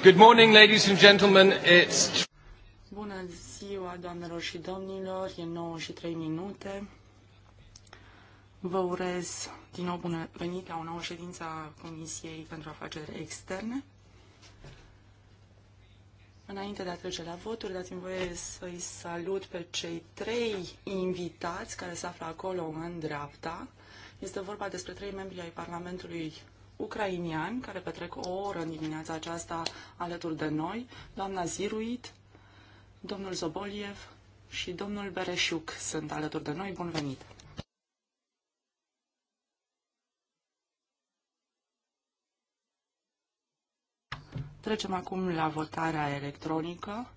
Good morning, ladies and gentlemen. It's... Bună ziua, doamnelor și domnilor. E 9 și 3 minute. Vă urez din nou bun venit la o nouă ședință a Comisiei pentru Afaceri Externe. Înainte de a trece la voturi, dați-mi voie să-i salut pe cei trei invitați care se află acolo în dreapta. Este vorba despre trei membri ai Parlamentului ucrainiani care petrec o oră în dimineața aceasta alături de noi, doamna Ziruit, domnul Zoboliev și domnul Bereșuc sunt alături de noi. Bun venit! Trecem acum la votarea electronică.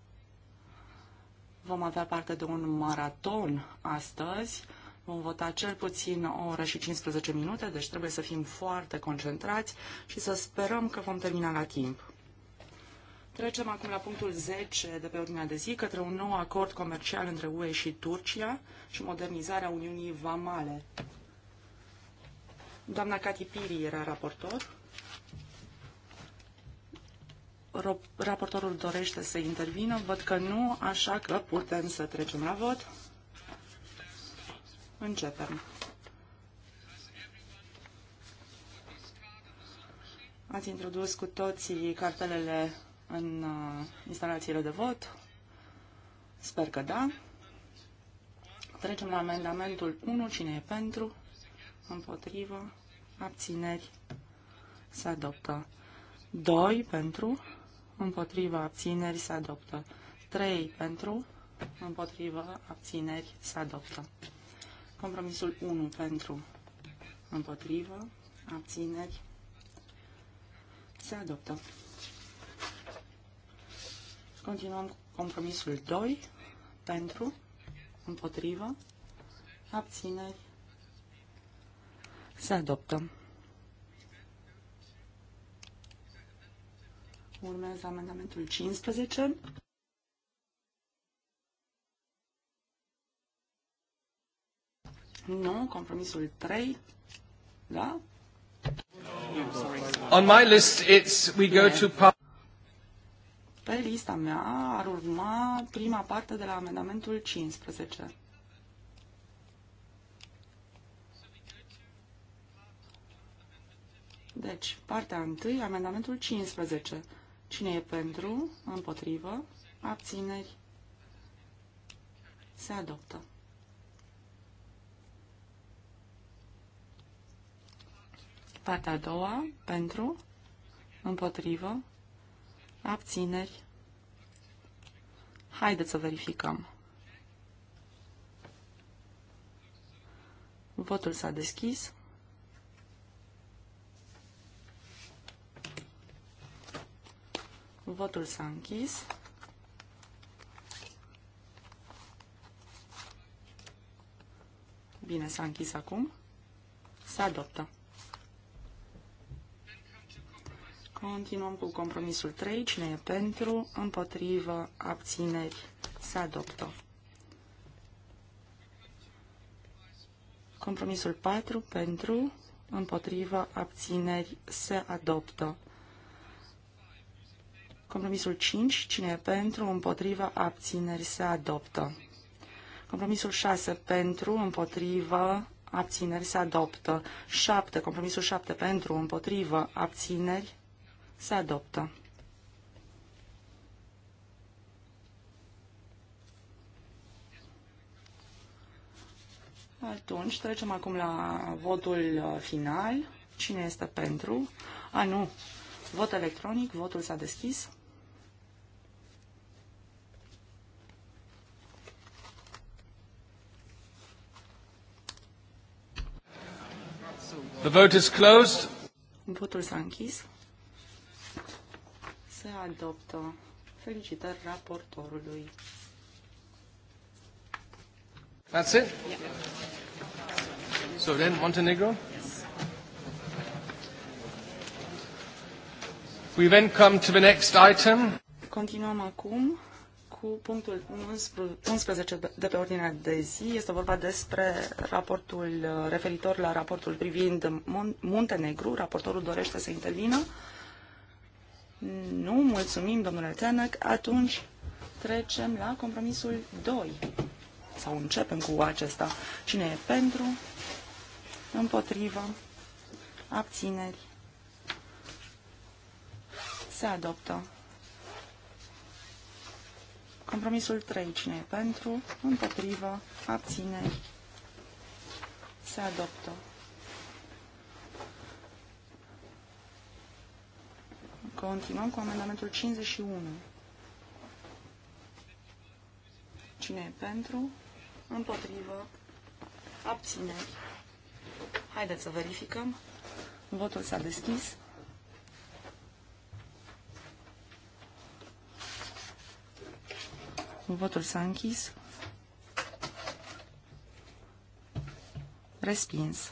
Vom avea parte de un maraton astăzi Vom vota cel puțin o oră și 15 minute, deci trebuie să fim foarte concentrați și să sperăm că vom termina la timp. Trecem acum la punctul 10 de pe ordinea de zi, către un nou acord comercial între UE și Turcia și modernizarea Uniunii Vamale. Doamna Cati Piri era raportor. Raportorul dorește să intervină, văd că nu, așa că putem să trecem la vot. Începem. Ați introdus cu toții cartelele în uh, instalațiile de vot? Sper că da. Trecem la amendamentul 1. Cine e pentru? Împotrivă? Abțineri? Se adoptă. 2 pentru? Împotrivă? Abțineri? Se adoptă. 3 pentru? Împotrivă? Abțineri? Se adoptă. Compromisul 1 pentru împotrivă, abțineri, se adoptă. Continuăm cu compromisul 2 pentru împotrivă, abțineri, se adoptă. Urmează amendamentul 15. Nu, compromisul 3. Da? On my list, it's we go to pe lista mea ar urma prima parte de la amendamentul 15. Deci, partea 1, amendamentul 15. Cine e pentru, împotrivă, abțineri, se adoptă. Partea a doua, pentru, împotrivă, abțineri. Haideți să verificăm. Votul s-a deschis. Votul s-a închis. Bine, s-a închis acum. Se adoptă. Continuăm cu compromisul 3. Cine e pentru? Împotrivă? Abțineri? Se adoptă. Compromisul 4. Pentru? Împotrivă? Abțineri? Se adoptă. Compromisul 5. Cine e pentru? Împotrivă? Abțineri? Se adoptă. Compromisul 6. Pentru? Împotrivă? Abțineri se adoptă. 7. Compromisul 7 pentru, împotrivă, abțineri se adoptă. Atunci, trecem acum la votul uh, final. Cine este pentru? A, nu. Vot electronic. Votul s-a deschis. The vote is closed. Votul s-a închis se adoptă. Felicitări raportorului. That's it? Yeah. So then, Montenegro? Yes. We then come to the next item. Continuăm acum cu punctul 11 de pe ordinea de zi. Este vorba despre raportul referitor la raportul privind Montenegru. Raportorul dorește să intervină. Nu, mulțumim, domnule Tenec. Atunci trecem la compromisul 2. Sau începem cu acesta. Cine e pentru? Împotrivă? Abțineri? Se adoptă. Compromisul 3. Cine e pentru? Împotrivă? Abțineri? Se adoptă. Continuăm cu amendamentul 51. Cine e pentru? Împotrivă? Abțineri? Haideți să verificăm. Votul s-a deschis. Votul s-a închis. Respins.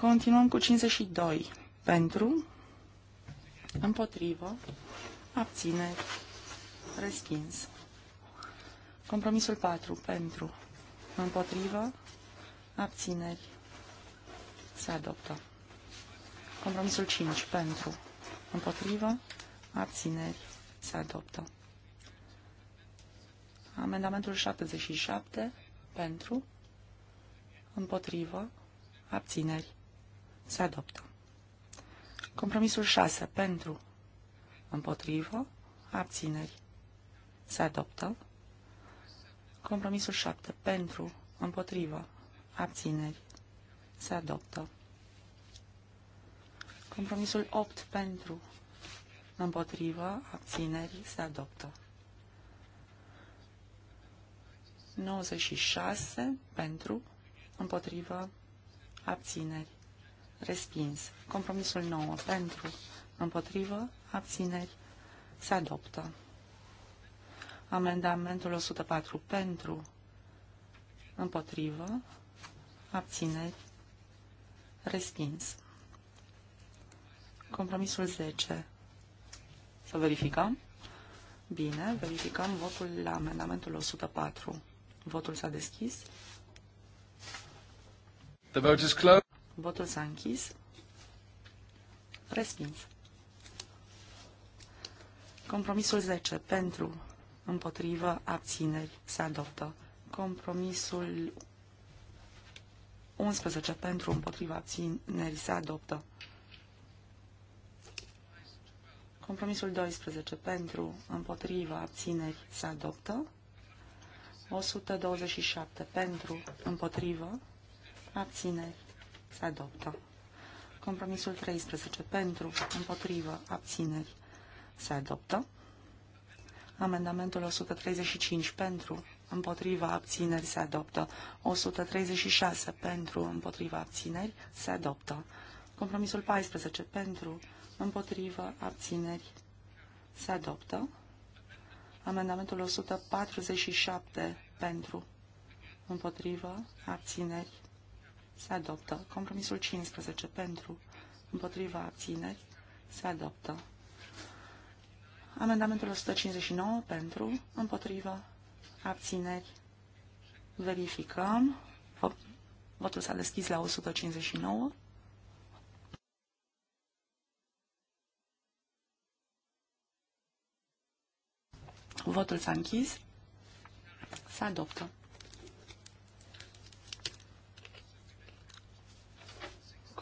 Continuăm cu 52. Pentru, împotrivă, abține, respins. Compromisul 4. Pentru, împotrivă, abțineri, se adoptă. Compromisul 5. Pentru, împotrivă, abțineri, se adoptă. Amendamentul 77. Pentru, împotrivă, abțineri, se adoptă. Compromisul 6. Pentru. Împotrivă. Abțineri. Se adoptă. Compromisul 7. Pentru. Împotrivă. Abțineri. Se adoptă. Compromisul 8. Pentru. Împotrivă. Abțineri. Se adoptă. 96. Pentru. Împotrivă. Abțineri respins. Compromisul 9 pentru, împotrivă, abțineri, se adoptă. Amendamentul 104 pentru, împotrivă, abțineri, respins. Compromisul 10. Să verificăm? Bine, verificăm votul la amendamentul 104. Votul s-a deschis. The vote is closed. Votul s-a închis. Respins. Compromisul 10. Pentru, împotrivă, abțineri. Se adoptă. Compromisul 11. Pentru, împotrivă, abțineri. Se adoptă. Compromisul 12. Pentru, împotrivă, abțineri. Se adoptă. 127. Pentru, împotrivă, abțineri se adoptă. Compromisul 13 pentru, împotrivă, abțineri. Se adoptă. Amendamentul 135 pentru, împotriva abțineri se adoptă. 136 pentru, împotriva abțineri se adoptă. Compromisul 14 pentru, împotriva abțineri se adoptă. Amendamentul 147 pentru, împotriva abțineri se adoptă. Compromisul 15 pentru, împotriva abțineri, se adoptă. Amendamentul 159 pentru, împotriva abțineri, verificăm. Votul s-a deschis la 159. Votul s-a închis. Se adoptă.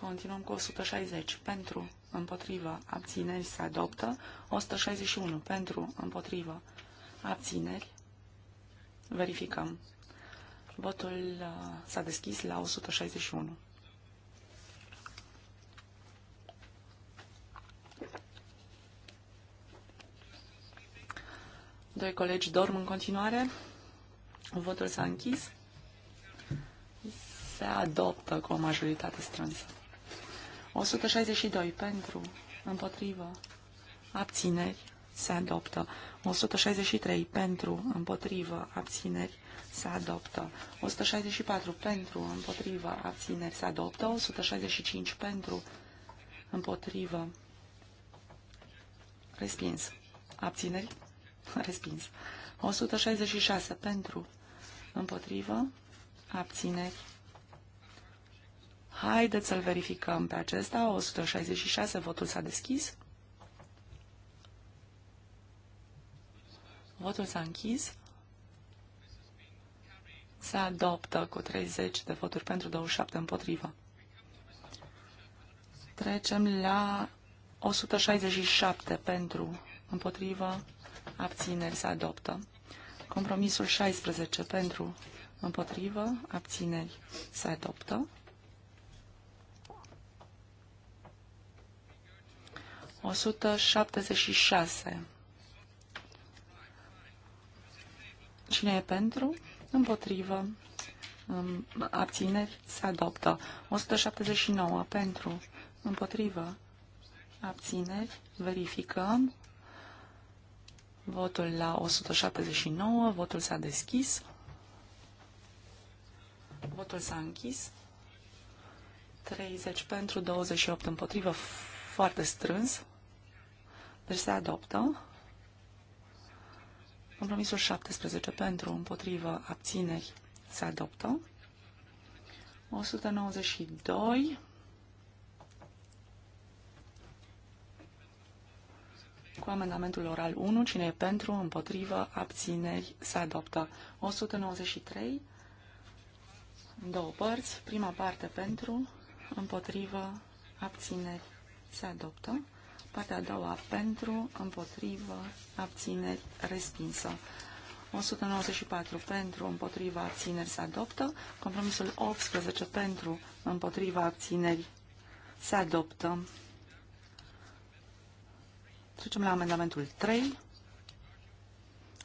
Continuăm cu 160. Pentru, împotrivă, abțineri se adoptă. 161. Pentru, împotrivă, abțineri. Verificăm. Votul uh, s-a deschis la 161. Doi colegi dorm în continuare. Votul s-a închis. Se adoptă cu o majoritate strânsă. 162 pentru, împotrivă, abțineri, se adoptă. 163 pentru, împotrivă, abțineri, se adoptă. 164 pentru, împotrivă, abțineri, se adoptă. 165 pentru, împotrivă, respins. Abțineri, respins. 166 pentru, împotrivă, abțineri, Haideți să-l verificăm pe acesta. 166, votul s-a deschis. Votul s-a închis. Se adoptă cu 30 de voturi pentru 27 împotrivă. Trecem la 167 pentru împotrivă, abțineri se adoptă. Compromisul 16 pentru împotrivă, abțineri se adoptă. 176. Cine e pentru? Împotrivă. Abțineri se adoptă. 179 pentru. Împotrivă. Abțineri. Verificăm. Votul la 179. Votul s-a deschis. Votul s-a închis. 30 pentru, 28 împotrivă. Foarte strâns. Deci se adoptă. Compromisul 17 pentru, împotrivă, abțineri se adoptă. 192 cu amendamentul oral 1, cine e pentru, împotrivă, abțineri, se adoptă. 193, două părți, prima parte pentru, împotrivă, abțineri, se adoptă. Partea a doua pentru, împotrivă, abțineri, respinsă. 194 pentru, împotriva abțineri se adoptă. Compromisul 18 pentru, împotriva abțineri se adoptă. Trecem la amendamentul 3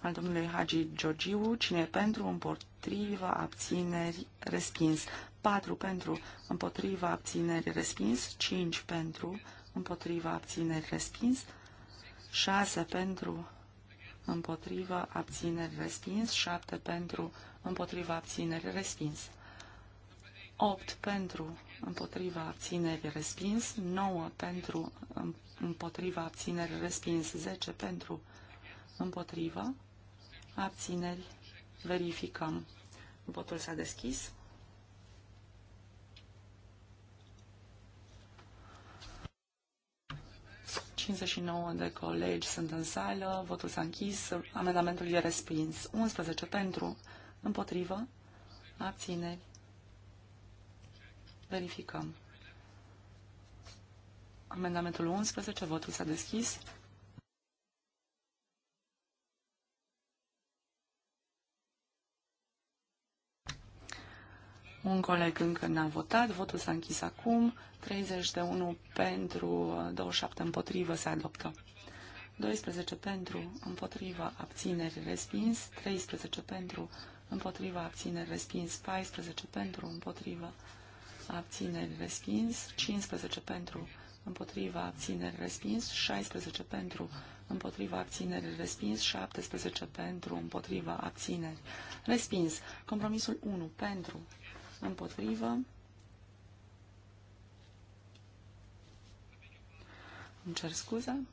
al domnului Hagi Georgiu. Cine e pentru, împotriva abțineri respins. 4 pentru, împotriva abțineri respins. 5 pentru, împotriva abțineri respins, 6 pentru împotriva abțineri respins, 7 pentru împotriva abțineri respins, 8 pentru împotriva abțineri respins, 9 pentru împotriva abțineri respins, 10 pentru împotriva abțineri verificăm. Votul s-a deschis. 59 de colegi sunt în sală, votul s-a închis, amendamentul e respins. 11 pentru, împotrivă, abțineri. Verificăm. Amendamentul 11, votul s-a deschis. Un coleg încă n-a votat, votul s-a închis acum, 31 pentru, 27 împotrivă se adoptă. 12 pentru, împotriva, abțineri, respins, 13 pentru, împotriva, abțineri, respins, 14 pentru, împotriva, abțineri, respins, 15 pentru, împotriva, abțineri, respins, 16 pentru, împotriva, abțineri, respins, 17 pentru, împotriva, abțineri, respins, compromisul 1 pentru, împotrivă. Îmi cer scuze.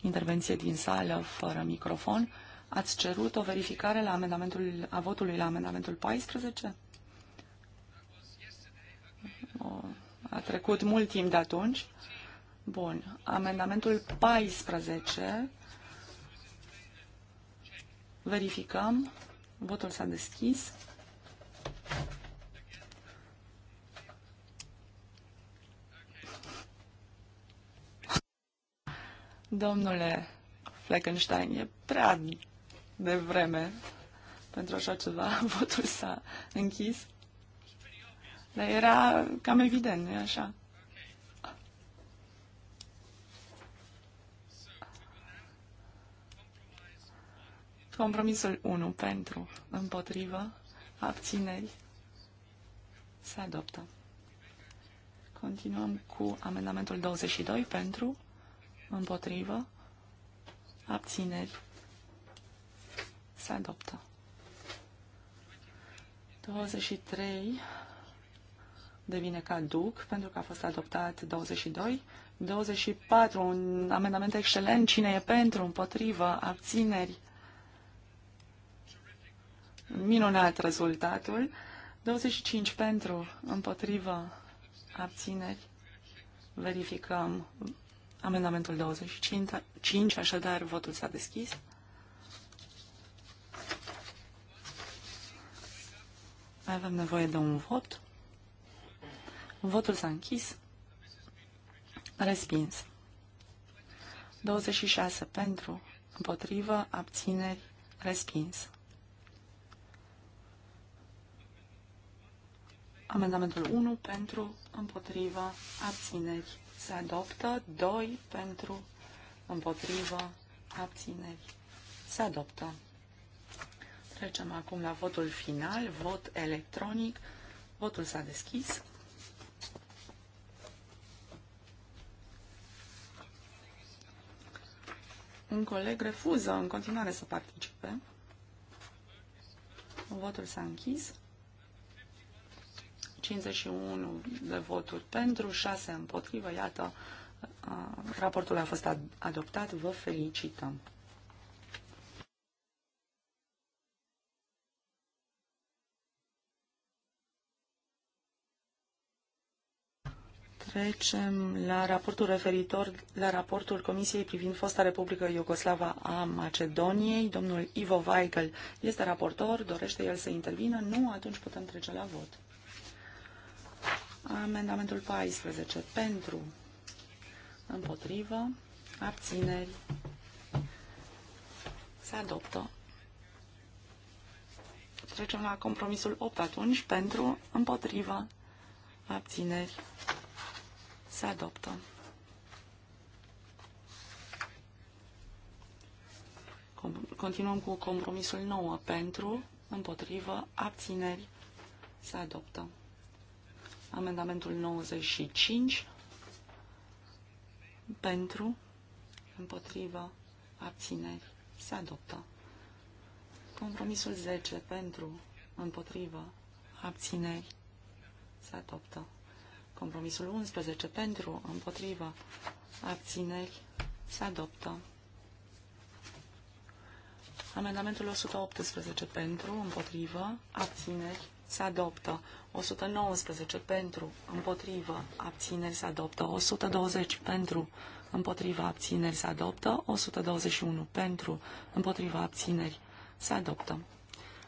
Intervenție din sală fără microfon. Ați cerut o verificare la amendamentul, a votului la amendamentul 14? O, a trecut mult timp de atunci. Bun. Amendamentul 14. Verificăm. Votul s-a deschis. Domnule Fleckenstein, e prea de vreme pentru așa ceva. Votul s-a închis. Dar era cam evident, nu-i așa? Compromisul 1 pentru, împotrivă, abțineri, se adoptă. Continuăm cu amendamentul 22 pentru, Împotrivă. Abțineri. Se adoptă. 23 devine caduc pentru că a fost adoptat 22. 24, un amendament excelent. Cine e pentru, împotrivă, abțineri? Minunat rezultatul. 25 pentru, împotrivă, abțineri. Verificăm Amendamentul 25, așadar, votul s-a deschis. Mai avem nevoie de un vot. Votul s-a închis. Respins. 26 pentru, împotrivă, abțineri, respins. Amendamentul 1 pentru, împotrivă, abțineri, se adoptă, 2 pentru, împotrivă, abțineri, se adoptă. Trecem acum la votul final, vot electronic, votul s-a deschis. Un coleg refuză în continuare să participe. Votul s-a închis. 51 de voturi pentru, 6 împotrivă. Iată, raportul a fost adoptat. Vă felicităm! trecem la raportul referitor la raportul Comisiei privind fosta Republică Iugoslava a Macedoniei. Domnul Ivo Weigel este raportor, dorește el să intervină? Nu, atunci putem trece la vot. Amendamentul 14 pentru, împotrivă, abțineri, se adoptă. Trecem la compromisul 8 atunci, pentru, împotrivă, abțineri, se adoptă. Continuăm cu compromisul 9 pentru, împotrivă, abțineri, se adoptă. Amendamentul 95 pentru, împotrivă, abțineri, se adoptă. Compromisul 10 pentru, împotrivă, abțineri, se adoptă. Compromisul 11 pentru, împotrivă, abțineri, se adoptă. Amendamentul 118 pentru, împotrivă, abțineri, se adoptă. 119 pentru, împotrivă, abțineri se adoptă. 120 pentru, împotrivă, abțineri se adoptă. 121 pentru, împotrivă, abțineri se adoptă.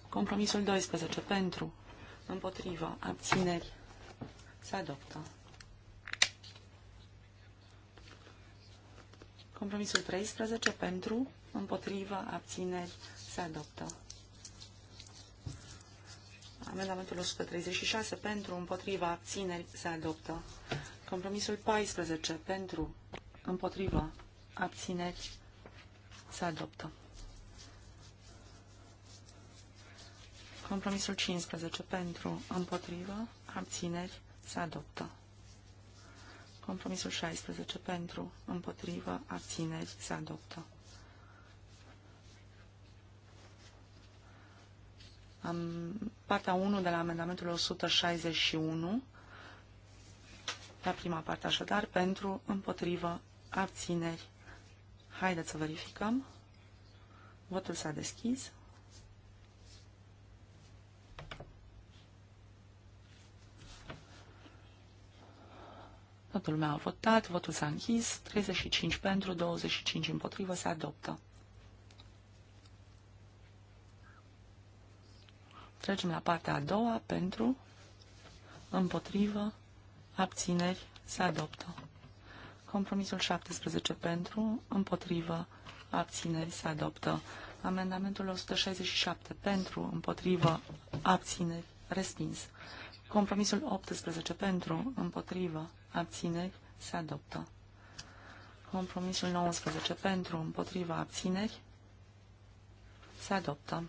Compromisul 12 pentru, împotrivă, abțineri se adoptă. Compromisul 13 pentru, împotrivă, abțineri se adoptă. Amendamentul 136 pentru, împotriva, abțineri se adoptă. Compromisul 14 pentru, împotriva, abțineri se adoptă. Compromisul 15 pentru, împotriva, abțineri se adoptă. Compromisul 16 pentru, împotriva, abțineri se adoptă. partea 1 de la amendamentul 161, la prima parte așadar, pentru, împotrivă, abțineri. Haideți să verificăm. Votul s-a deschis. Totul meu a votat, votul s-a închis, 35 pentru, 25 împotrivă, se adoptă. Trecem la partea a doua pentru, împotrivă, abțineri, se adoptă. Compromisul 17 pentru, împotrivă, abțineri, se adoptă. Amendamentul 167 pentru, împotrivă, abțineri, respins. Compromisul 18 pentru, împotrivă, abțineri, se adoptă. Compromisul 19 pentru, împotriva abțineri, se adoptă.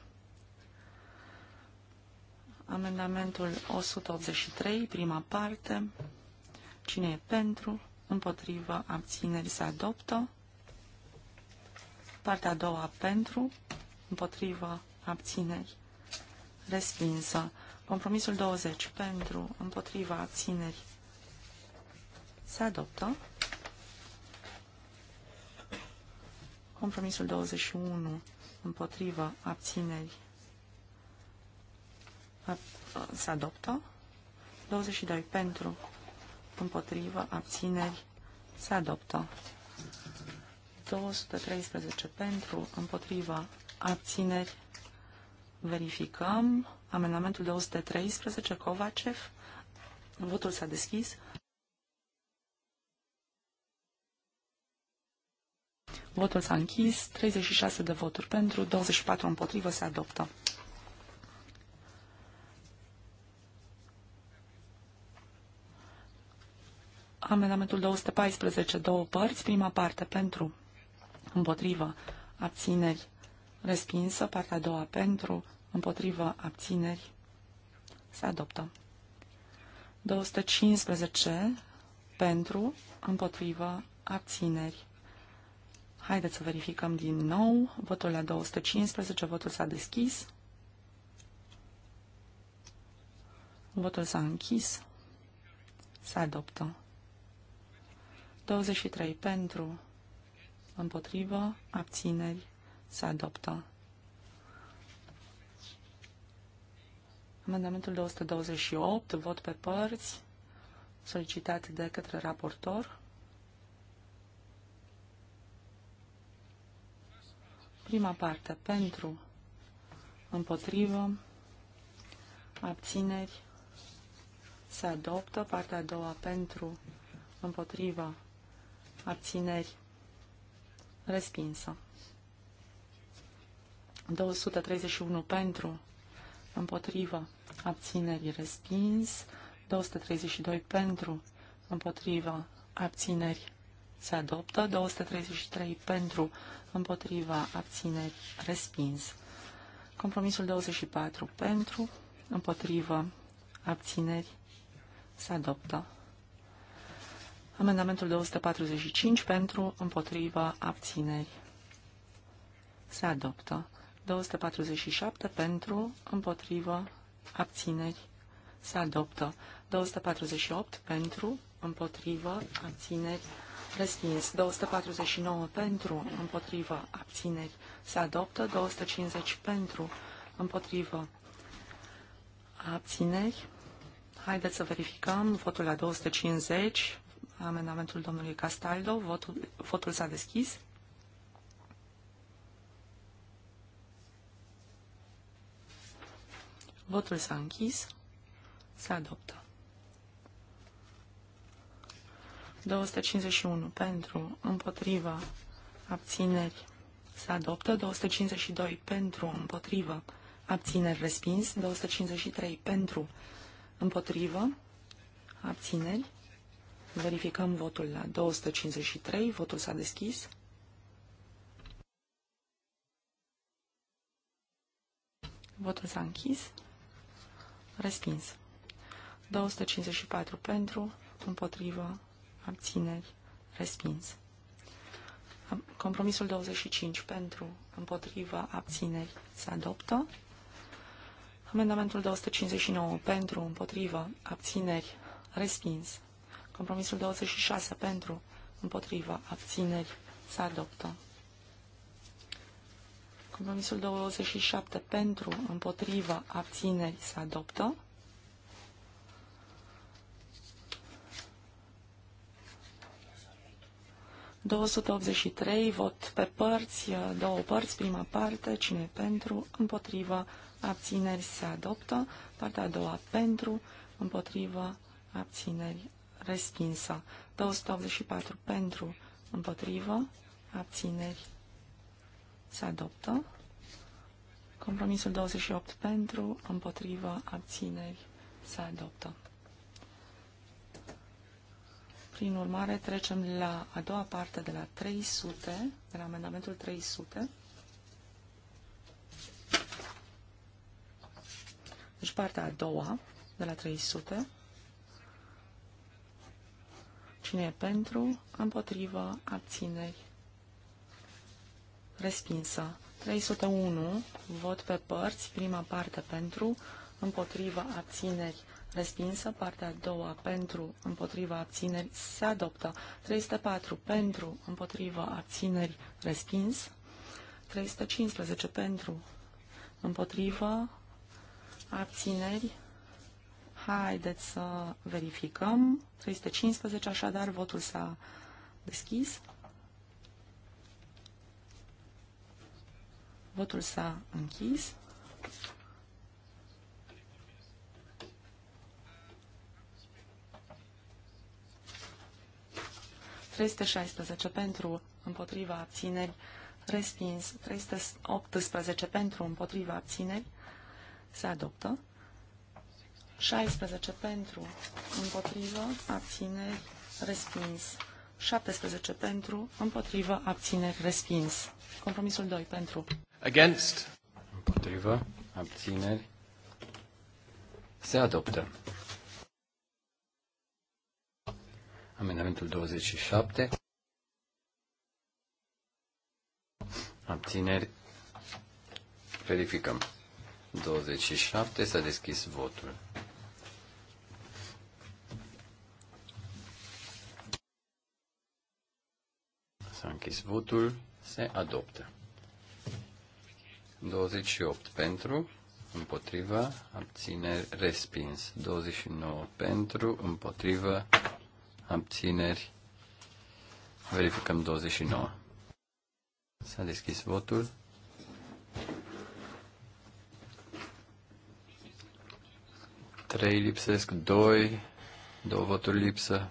Amendamentul 183, prima parte. Cine e pentru? Împotrivă. Abțineri se adoptă. Partea a doua pentru. Împotrivă. Abțineri. Respinsă. Compromisul 20 pentru. Împotriva. Abțineri. Se adoptă. Compromisul 21 împotriva abțineri se adoptă. 22 pentru, împotrivă, abțineri, se adoptă. 213 pentru, împotrivă, abțineri, verificăm. Amendamentul 213, Covacev, votul s-a deschis. Votul s-a închis, 36 de voturi pentru, 24 împotrivă, se adoptă. Amendamentul 214, două părți, prima parte pentru, împotrivă, abțineri, respinsă, partea a doua pentru, împotrivă, abțineri, se adoptă. 215 pentru, împotrivă, abțineri. Haideți să verificăm din nou. Votul la 215, votul s-a deschis. Votul s-a închis. Se adoptă. 23 pentru, împotrivă, abțineri, se adoptă. Amendamentul 228, vot pe părți, solicitat de către raportor. Prima parte, pentru, împotrivă, abțineri, se adoptă. Partea a doua, pentru, împotrivă, abțineri, respinsă. 231 pentru, împotrivă, abțineri, respins. 232 pentru, împotrivă, abțineri, se adoptă. 233 pentru, împotrivă, abțineri, respins. Compromisul 24 pentru, împotrivă, abțineri, se adoptă. Amendamentul 245 pentru, împotriva, abțineri. Se adoptă. 247 pentru, împotriva, abțineri. Se adoptă. 248 pentru, împotriva, abțineri. Respins. 249 pentru, împotriva, abțineri. Se adoptă. 250 pentru, împotriva, abțineri. Haideți să verificăm votul la 250 amendamentul domnului Castaldo. Votul, votul s-a deschis. Votul s-a închis. Se adoptă. 251 pentru, împotriva, abțineri. Se adoptă. 252 pentru, împotriva, abțineri respins. 253 pentru, împotrivă, abțineri Verificăm votul la 253. Votul s-a deschis. Votul s-a închis. Respins. 254 pentru, împotrivă, abțineri, respins. Compromisul 25 pentru, împotrivă, abțineri, se adoptă. Amendamentul 259 pentru, împotrivă, abțineri, respins. Compromisul 26 pentru, împotriva, abțineri, se adoptă. Compromisul 27 pentru, împotriva, abțineri, se adoptă. ...283, vot pe părți, două părți, prima parte, cine pentru, împotriva, abțineri se adoptă, partea a doua pentru, împotriva, abțineri respinsă. 284 pentru, împotrivă, abțineri, se adoptă. Compromisul 28 pentru, împotrivă, abțineri, se adoptă. Prin urmare, trecem la a doua parte de la 300, de la amendamentul 300. Deci partea a doua de la 300. Cine e pentru? Împotrivă. Abțineri. Respinsă. 301. Vot pe părți. Prima parte pentru. Împotrivă. Abțineri. Respinsă. Partea a doua pentru. Împotrivă. Abțineri. Se adoptă. 304. Pentru. Împotrivă. Abțineri. Respins. 315. Pentru. Împotrivă. Abțineri. Haideți să verificăm. 315, așadar, votul s-a deschis. Votul s-a închis. 16 pentru, împotriva abțineri, respins, 318 pentru, împotriva abțineri, se adoptă. 16 pentru, împotrivă, abțineri, respins. 17 pentru, împotrivă, abțineri, respins. Compromisul 2 pentru. Against. Împotrivă, abțineri, se adoptă. Amendamentul 27. Abțineri. Verificăm. 27. S-a deschis votul. S-a închis votul. Se adoptă. 28 pentru, împotriva, abțineri, respins. 29 pentru, împotriva, abțineri. Verificăm 29. S-a deschis votul. Trei lipsesc, doi, două voturi lipsă.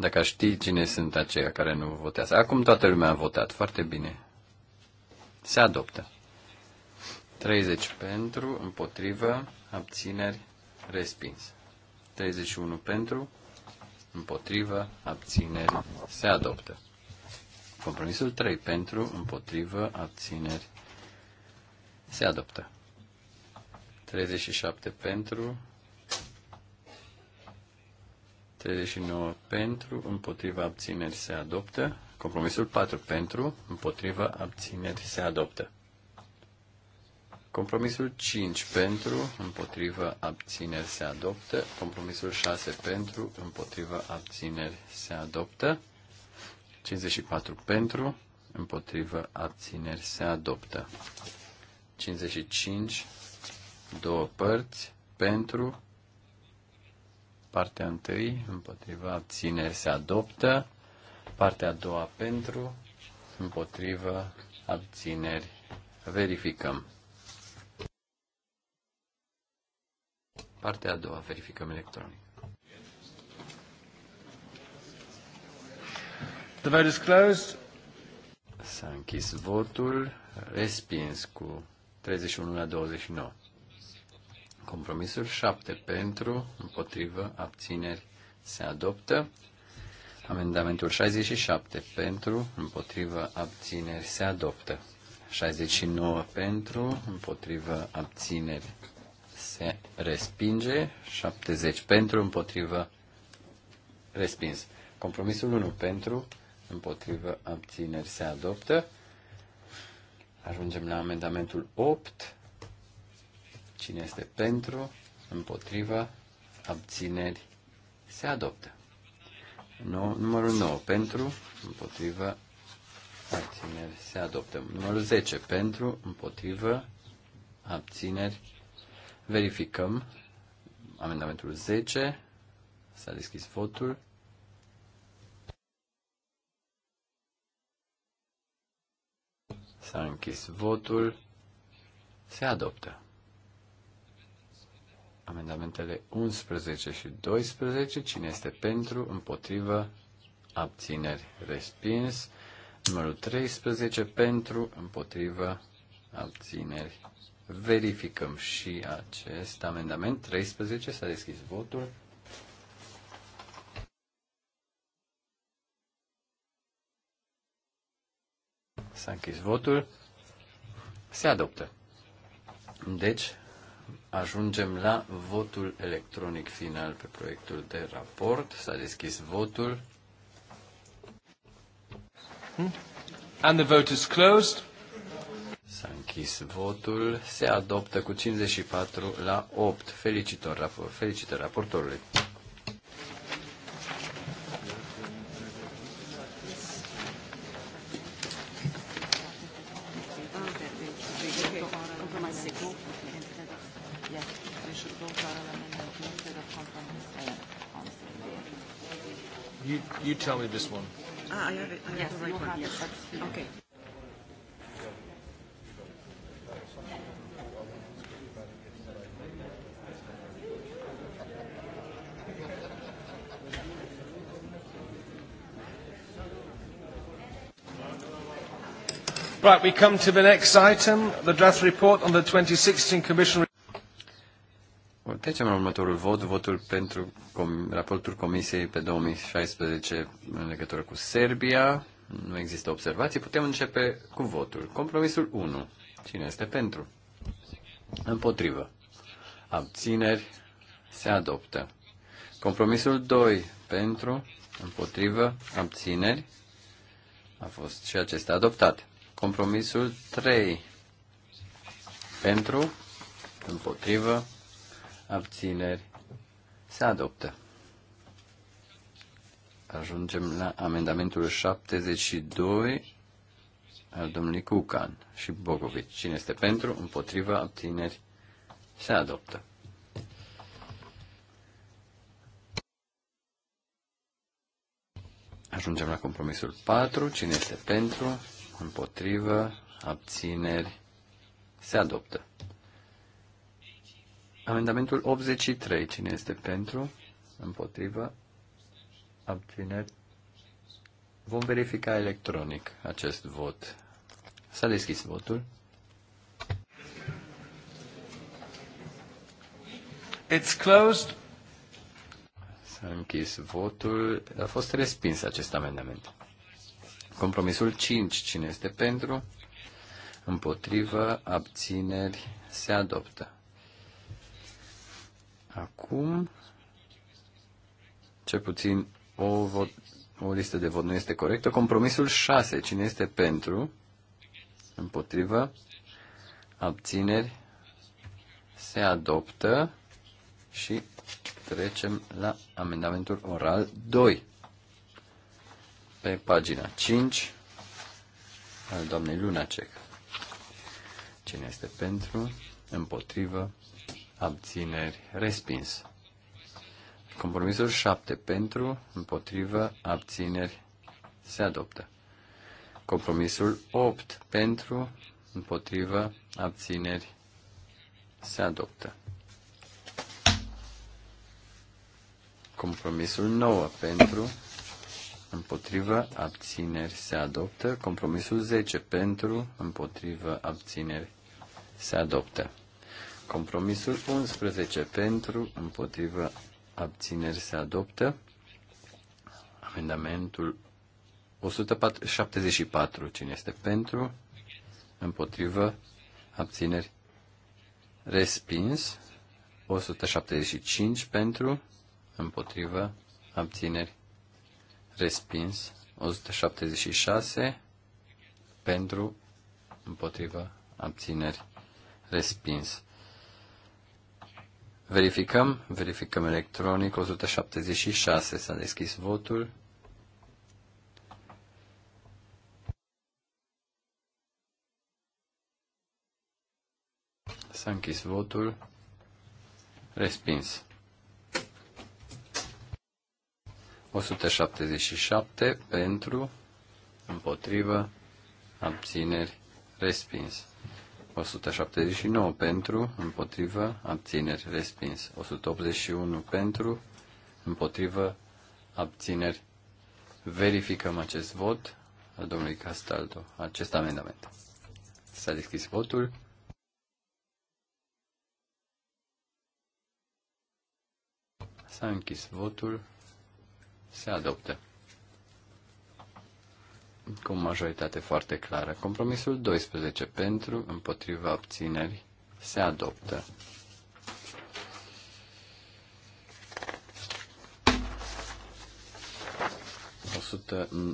Dacă știi cine sunt aceia care nu votează. Acum toată lumea a votat. Foarte bine. Se adoptă. 30 pentru, împotrivă, abțineri, respins. 31 pentru, împotrivă, abțineri, se adoptă. Compromisul 3 pentru, împotrivă, abțineri, se adoptă. 37 pentru, 39 pentru, împotriva abțineri se adoptă. Compromisul 4 pentru, împotriva abțineri se adoptă. Compromisul 5 pentru, împotriva abțineri se adoptă. Compromisul 6 pentru, împotriva abțineri se adoptă. 54 pentru, împotriva abțineri se adoptă. 55, două părți, pentru, Partea întâi, împotriva abțineri se adoptă. Partea a doua pentru, împotriva abțineri. Verificăm. Partea a doua, verificăm electronic. The vote is closed. S-a închis votul, respins cu 31 la 29. Compromisul 7 pentru, împotrivă, abțineri se adoptă. Amendamentul 67 pentru, împotrivă, abțineri se adoptă. 69 pentru, împotrivă, abțineri se respinge. 70 pentru, împotrivă, respins. Compromisul 1 pentru, împotrivă, abțineri se adoptă. Ajungem la amendamentul 8 Cine este pentru, împotriva, abțineri, se adoptă. No, numărul 9 pentru, împotriva, abțineri, se adoptă. Numărul 10 pentru, împotriva, abțineri, verificăm. Amendamentul 10, s-a deschis votul. S-a închis votul. Se adoptă. Amendamentele 11 și 12. Cine este pentru, împotrivă, abțineri, respins. Numărul 13. Pentru, împotrivă, abțineri. Verificăm și acest amendament. 13. S-a deschis votul. S-a închis votul. Se adoptă. Deci, ajungem la votul electronic final pe proiectul de raport. S-a deschis votul. And the vote is closed. S-a închis votul. Se adoptă cu 54 la 8. Felicitări, raportorului. tell me this one? Ah, I have it. I yes, have you have it. okay. Right, we come to the next item, the draft report on the 2016 Commission Trecem la următorul vot, votul pentru com- raportul Comisiei pe 2016 în legătură cu Serbia. Nu există observații, putem începe cu votul. Compromisul 1. Cine este pentru? Împotrivă. Abțineri. Se adoptă. Compromisul 2. Pentru. Împotrivă. Abțineri. A fost și acesta adoptat. Compromisul 3. Pentru. Împotrivă abțineri, se adoptă. Ajungem la amendamentul 72 al domnului Cucan și Bogovici. Cine este pentru, împotriva, abțineri, se adoptă. Ajungem la compromisul 4. Cine este pentru, împotriva, abțineri, se adoptă. Amendamentul 83. Cine este pentru? Împotrivă? Abțineri? Vom verifica electronic acest vot. S-a deschis votul. It's closed. S-a închis votul. A fost respins acest amendament. Compromisul 5. Cine este pentru? Împotrivă? Abțineri? Se adoptă. Acum, cel puțin o, vot, o listă de vot nu este corectă. Compromisul 6. Cine este pentru? Împotrivă? Abțineri? Se adoptă și trecem la amendamentul oral 2. Pe pagina 5 al doamnei Lunacek. Cine este pentru? Împotrivă? abțineri, respins. Compromisul 7 pentru, împotrivă, abțineri, se adoptă. Compromisul 8 pentru, împotrivă, abțineri, se adoptă. Compromisul 9 pentru, împotrivă, abțineri, se adoptă. Compromisul 10 pentru, împotrivă, abțineri, se adoptă. Compromisul 11 pentru, împotrivă, abțineri se adoptă. Amendamentul 174. Cine este pentru? Împotrivă? Abțineri? Respins. 175 pentru? Împotrivă? Abțineri? Respins. 176 pentru? Împotrivă? Abțineri? Respins. Verificăm, verificăm electronic, 176 s-a deschis votul. S-a închis votul. Respins. 177 pentru, împotrivă, abțineri, respins. 179 pentru, împotrivă, abțineri, respins. 181 pentru, împotrivă, abțineri. Verificăm acest vot al domnului Castaldo, acest amendament. S-a deschis votul. S-a închis votul. Se adoptă cu o majoritate foarte clară. Compromisul 12 pentru, împotriva abțineri, se adoptă.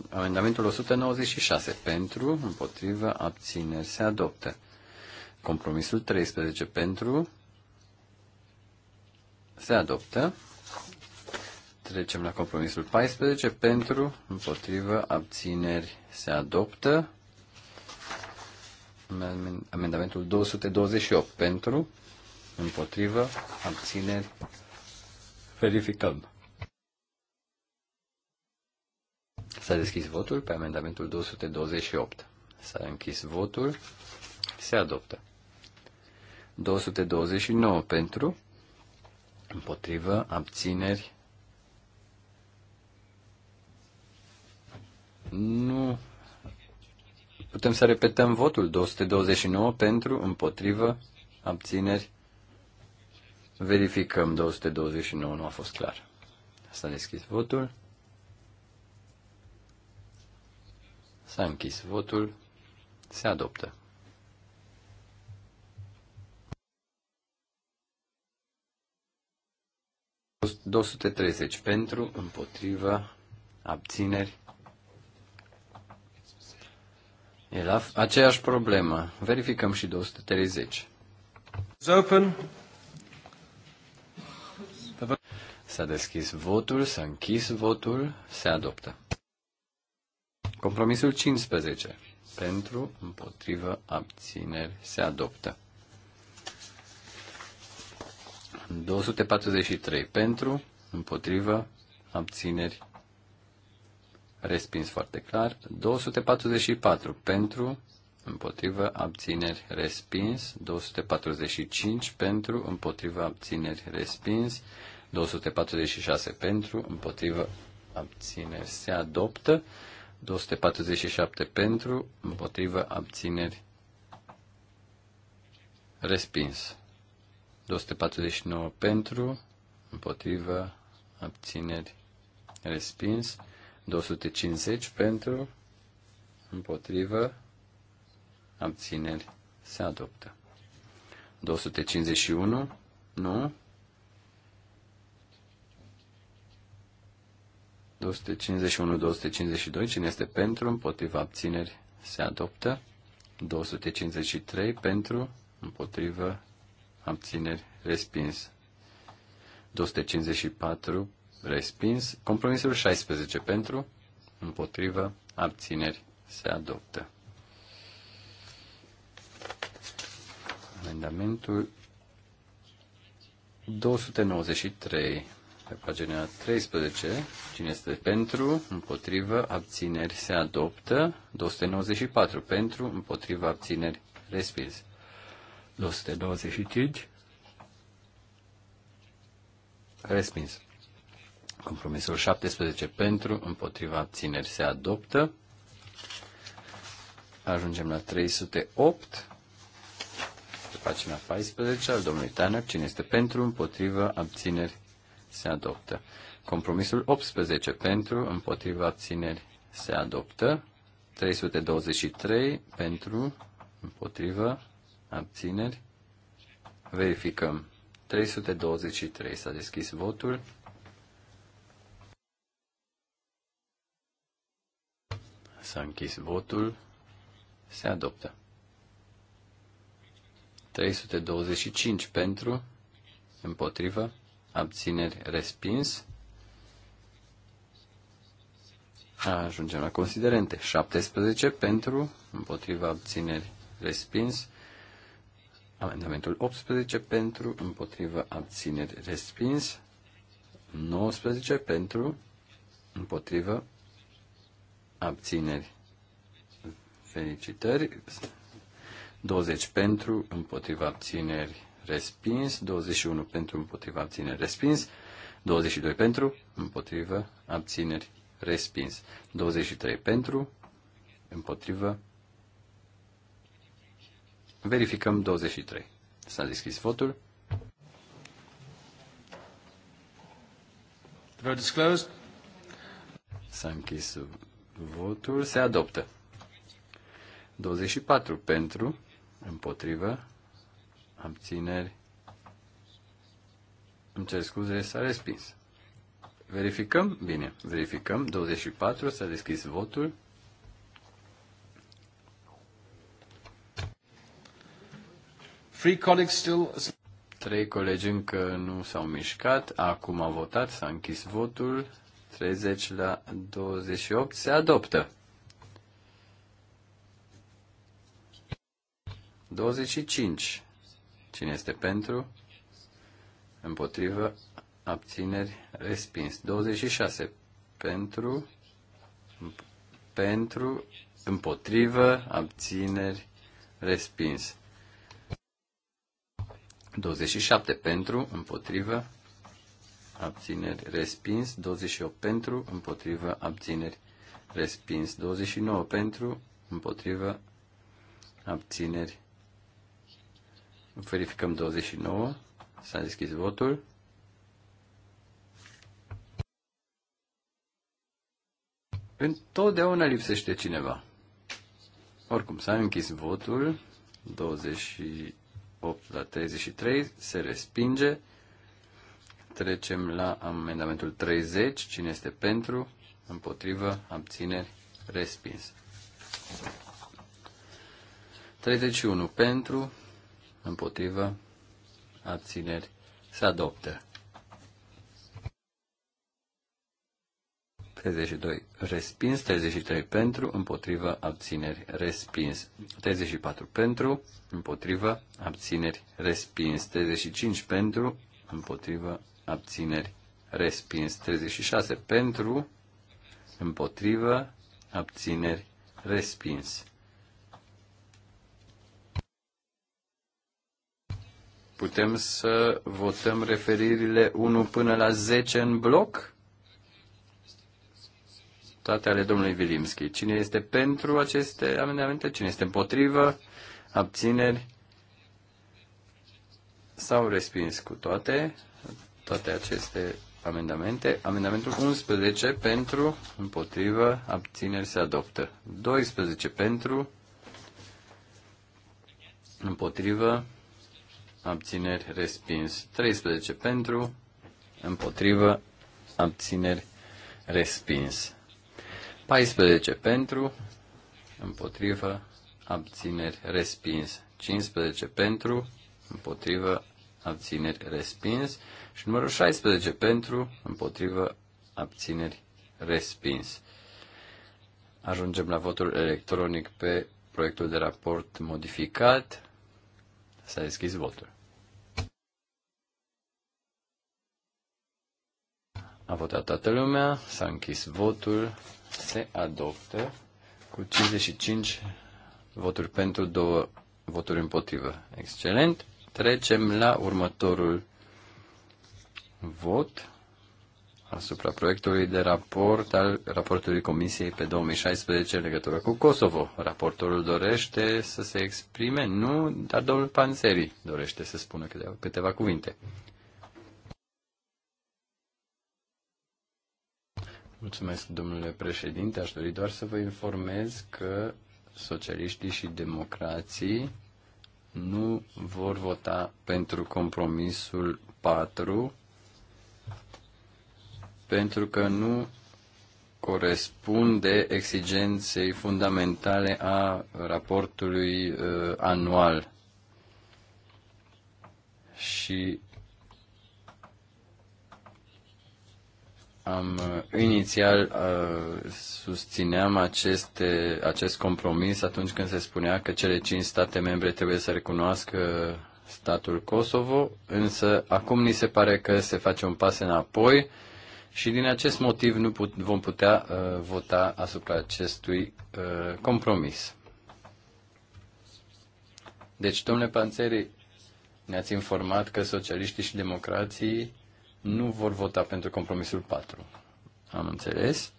amendamentul 196 pentru, împotriva, abțineri se adoptă. Compromisul 13 pentru se adoptă. Trecem la compromisul 14. Pentru, împotrivă, abțineri se adoptă. Amendamentul 228. Pentru, împotrivă, abțineri. Verificăm. S-a deschis votul pe amendamentul 228. S-a închis votul. Se adoptă. 229 pentru, împotrivă, abțineri, Nu putem să repetăm votul 229 pentru, împotrivă, abțineri. Verificăm 229, nu a fost clar. S-a deschis votul. S-a închis votul. Se adoptă. ...230 pentru, împotrivă abțineri, E la aceeași problemă. Verificăm și 230. Open. S-a deschis votul, s-a închis votul, se adoptă. Compromisul 15. Pentru, împotrivă, abțineri, se adoptă. 243. Pentru, împotrivă, abțineri, respins foarte clar. 244 pentru, împotrivă, abțineri, respins. 245 pentru, împotrivă, abțineri, respins. 246 pentru, împotrivă, abțineri, se adoptă. 247 pentru, împotrivă, abțineri, respins. 249 pentru, împotrivă, abțineri, respins. 250 pentru, împotrivă, abțineri, se adoptă. 251, nu? 251-252, cine este pentru, împotriva abțineri, se adoptă. 253 pentru, împotrivă, abțineri, respins. 254 respins. Compromisul 16 pentru, împotrivă, abțineri, se adoptă. Amendamentul 293 pe pagina 13, cine este pentru, împotrivă, abțineri, se adoptă. 294, pentru, împotrivă, abțineri, respins. 295, respins. Compromisul 17 pentru, împotriva abțineri se adoptă. Ajungem la 308, pe pagina 14 al domnului Tanner. Cine este pentru, împotriva abțineri se adoptă. Compromisul 18 pentru, împotriva abțineri se adoptă. 323 pentru, împotriva abțineri. Verificăm. 323 s-a deschis votul. S-a închis votul. Se adoptă. 325 pentru, împotrivă, abțineri respins. Ajungem la considerente. 17 pentru, împotriva abțineri respins. Amendamentul 18 pentru, împotriva abțineri respins. 19 pentru, împotriva abțineri. Felicitări. 20 pentru, împotriva abțineri, respins. 21 pentru, împotriva abțineri, respins. 22 pentru, împotriva abțineri, respins. 23 pentru, împotriva. Verificăm 23. S-a deschis votul. The vote is closed. S-a închis Votul se adoptă. 24 pentru, împotrivă, abțineri. Îmi cer scuze, s-a respins. Verificăm? Bine, verificăm. 24, s-a deschis votul. Three colleagues still... Trei colegi încă nu s-au mișcat, acum a votat, s-a închis votul, 30 la 28 se adoptă. 25. Cine este pentru? Împotrivă. Abțineri. Respins. 26. Pentru. Pentru. Împotrivă. Abțineri. Respins. 27. Pentru. Împotrivă abțineri, respins. 28 pentru, împotrivă, abțineri, respins. 29 pentru, împotrivă, abțineri. Verificăm 29. S-a deschis votul. Întotdeauna lipsește cineva. Oricum, s-a închis votul. 28 la 33 se respinge. Trecem la amendamentul 30. Cine este pentru? Împotrivă? Abțineri? Respins. 31 pentru, împotrivă, abțineri, se adoptă. 32 respins, 33 pentru, împotrivă, abțineri, respins. 34 pentru, împotrivă, abțineri, respins. 35 pentru, împotrivă, abțineri, respins. 36 pentru, împotrivă, abțineri, respins. Putem să votăm referirile 1 până la 10 în bloc? Toate ale domnului Vilimski. Cine este pentru aceste amendamente? Cine este împotrivă? Abțineri? S-au respins cu toate toate aceste amendamente. Amendamentul 11 pentru, împotrivă, abțineri se adoptă. 12 pentru, împotrivă, abțineri respins. 13 pentru, împotrivă, abțineri respins. 14 pentru, împotrivă, abțineri respins. 15 pentru, împotrivă, abțineri respins și numărul 16 pentru, împotrivă, abțineri respins. Ajungem la votul electronic pe proiectul de raport modificat. S-a deschis votul. A votat toată lumea, s-a închis votul, se adoptă cu 55 voturi pentru, două voturi împotrivă. Excelent! Trecem la următorul vot asupra proiectului de raport al raportului Comisiei pe 2016 în legătură cu Kosovo. Raportorul dorește să se exprime, nu, dar domnul Panzeri dorește să spună câteva, câteva cuvinte. Mulțumesc, domnule președinte. Aș dori doar să vă informez că socialiștii și democrații nu vor vota pentru compromisul 4 pentru că nu corespunde exigenței fundamentale a raportului uh, anual. Și Am uh, inițial uh, susțineam aceste, acest compromis atunci când se spunea că cele cinci state membre trebuie să recunoască statul Kosovo, însă acum ni se pare că se face un pas înapoi și din acest motiv nu put, vom putea uh, vota asupra acestui uh, compromis. Deci, domnule Panțeri, ne-ați informat că socialiștii și democrații nu vor vota pentru compromisul 4. Am înțeles.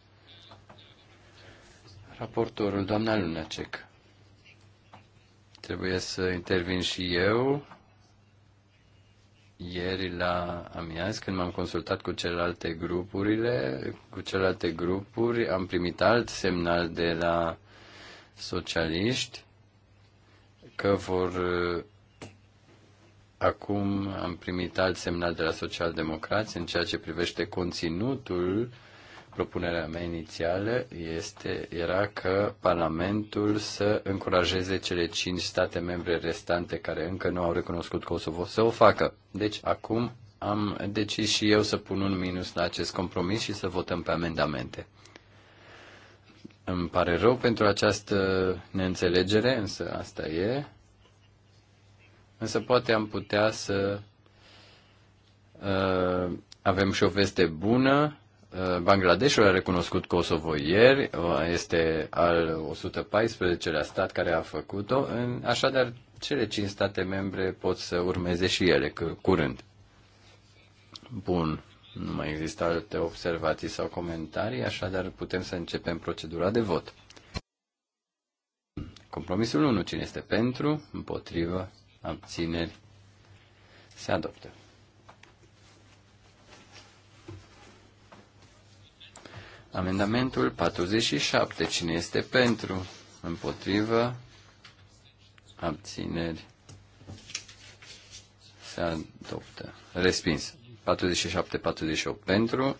Raportorul, doamna Lunacek. Trebuie să intervin și eu. Ieri la amiază, când m-am consultat cu celelalte grupurile, cu celelalte grupuri, am primit alt semnal de la socialiști că vor Acum am primit alt semnal de la socialdemocrați în ceea ce privește conținutul. Propunerea mea inițială este, era că Parlamentul să încurajeze cele cinci state membre restante care încă nu au recunoscut Kosovo să o facă. Deci acum am decis și eu să pun un minus la acest compromis și să votăm pe amendamente. Îmi pare rău pentru această neînțelegere, însă asta e. Însă poate am putea să uh, avem și o veste bună. Uh, Bangladeshul a recunoscut Kosovo ieri, uh, este al 114-lea stat care a făcut-o, așadar cele cinci state membre pot să urmeze și ele curând. Bun, nu mai există alte observații sau comentarii, așadar putem să începem procedura de vot. Compromisul 1. Cine este pentru? Împotrivă? abțineri, se adoptă. Amendamentul 47. Cine este pentru? Împotrivă? Abțineri? Se adoptă. Respins. 47-48 pentru,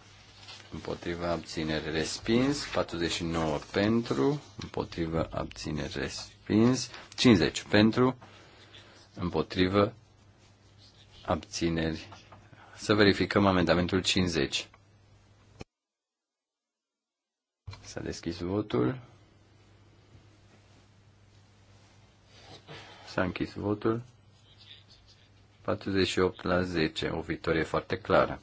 Împotrivă abțineri respins, 49 pentru, Împotrivă abțineri respins, 50 pentru, împotrivă, abțineri. Să verificăm amendamentul 50. S-a deschis votul. S-a închis votul. 48 la 10, o victorie foarte clară.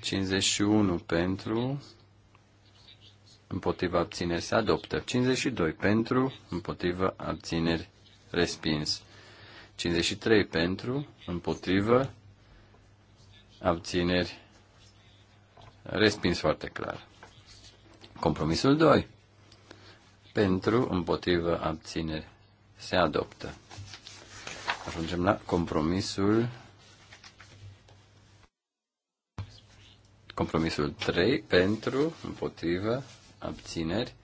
51 pentru, împotriva abțineri se adoptă. 52 pentru, împotriva abțineri respins. 53 pentru, împotrivă, abțineri, respins foarte clar. Compromisul 2. Pentru, împotrivă, abțineri, se adoptă. Ajungem la compromisul Compromisul 3 pentru, împotrivă, abțineri,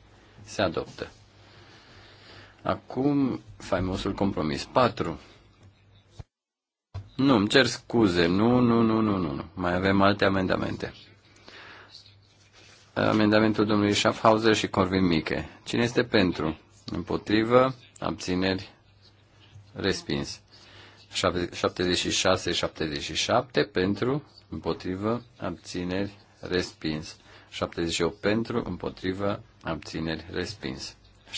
se adoptă. Acum, faimosul compromis 4 nu, îmi cer scuze. Nu, nu, nu, nu, nu. Mai avem alte amendamente. Amendamentul domnului Schaffhauser și Corvin Miche. Cine este pentru? Împotrivă? Abțineri? Respins. 76-77 pentru, împotrivă, abțineri, respins. 78 pentru, împotrivă, abțineri, respins. 79-80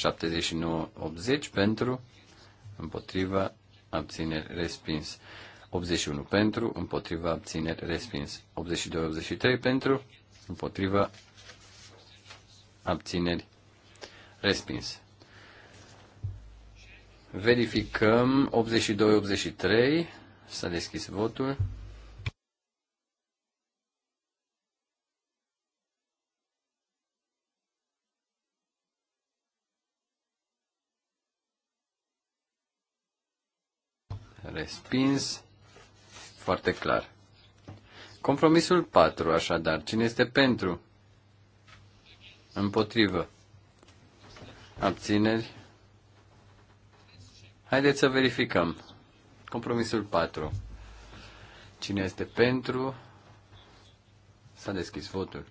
pentru, împotrivă, abțineri, respins. 81 pentru, împotriva abțineri respins. 82-83 pentru, împotriva abțineri respins. Verificăm 82-83. S-a deschis votul. Respins foarte clar. Compromisul 4, așadar, cine este pentru? Împotrivă. Abțineri. Haideți să verificăm. Compromisul 4. Cine este pentru? S-a deschis votul.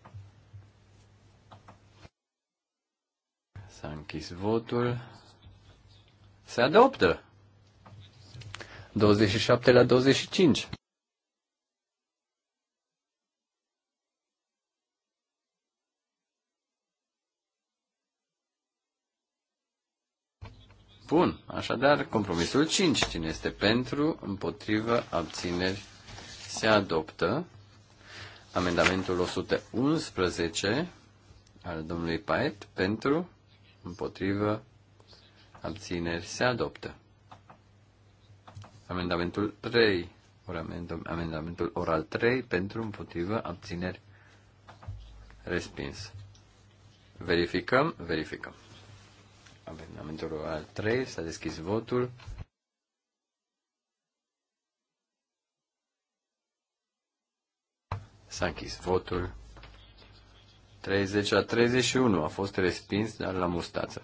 S-a închis votul. Se adoptă. 27 la 25. Bun, așadar, compromisul 5. Cine este pentru, împotrivă, abțineri, se adoptă. Amendamentul 111 al domnului Paet, pentru, împotrivă, abțineri, se adoptă. Amendamentul 3, amendamentul oral 3, pentru, împotrivă, abțineri, respins. Verificăm, verificăm. Amendamentul al 3. S-a deschis votul. S-a închis votul. 30 la 31 a fost respins, dar la mustață.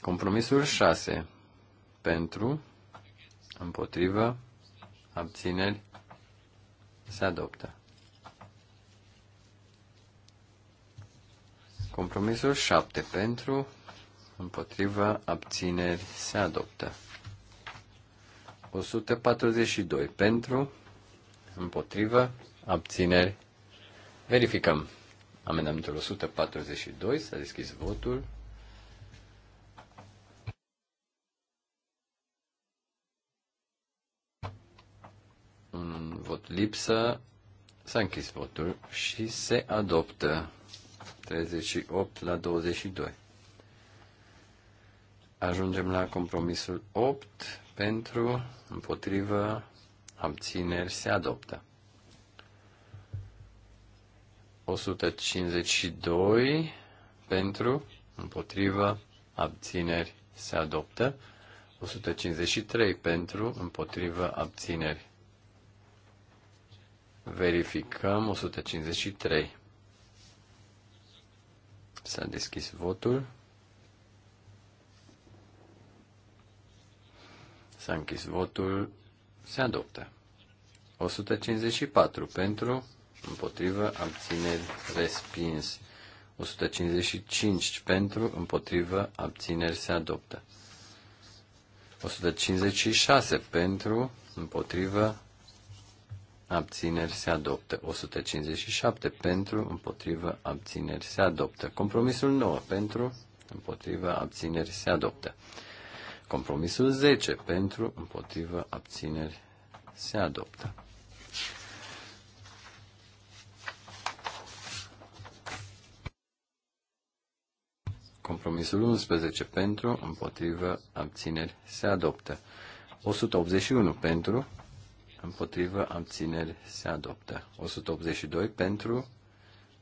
Compromisul 6. Pentru, împotrivă, abțineri, se adoptă. Compromisul 7 pentru, împotriva, abțineri, se adoptă. 142 pentru, împotriva, abțineri, verificăm. Amendamentul 142, s-a deschis votul. Un vot lipsă, s-a închis votul și se adoptă 38 la 22. Ajungem la compromisul 8 pentru, împotrivă, abțineri se adoptă. 152 pentru, împotrivă, abțineri se adoptă. 153 pentru, împotrivă, abțineri. Verificăm 153. S-a deschis votul. S-a închis votul. Se adoptă. 154 pentru, împotrivă, abțineri, respins. 155 pentru, împotrivă, abțineri, se adoptă. 156 pentru, împotrivă, abțineri se adoptă. 157 pentru, împotrivă, abțineri se adoptă. Compromisul 9 pentru, împotrivă, abțineri se adoptă. Compromisul 10 pentru, împotrivă, abțineri se adoptă. Compromisul 11 pentru, împotrivă, abțineri se adoptă. 181 pentru, împotrivă, abțineri, se adoptă. 182 pentru,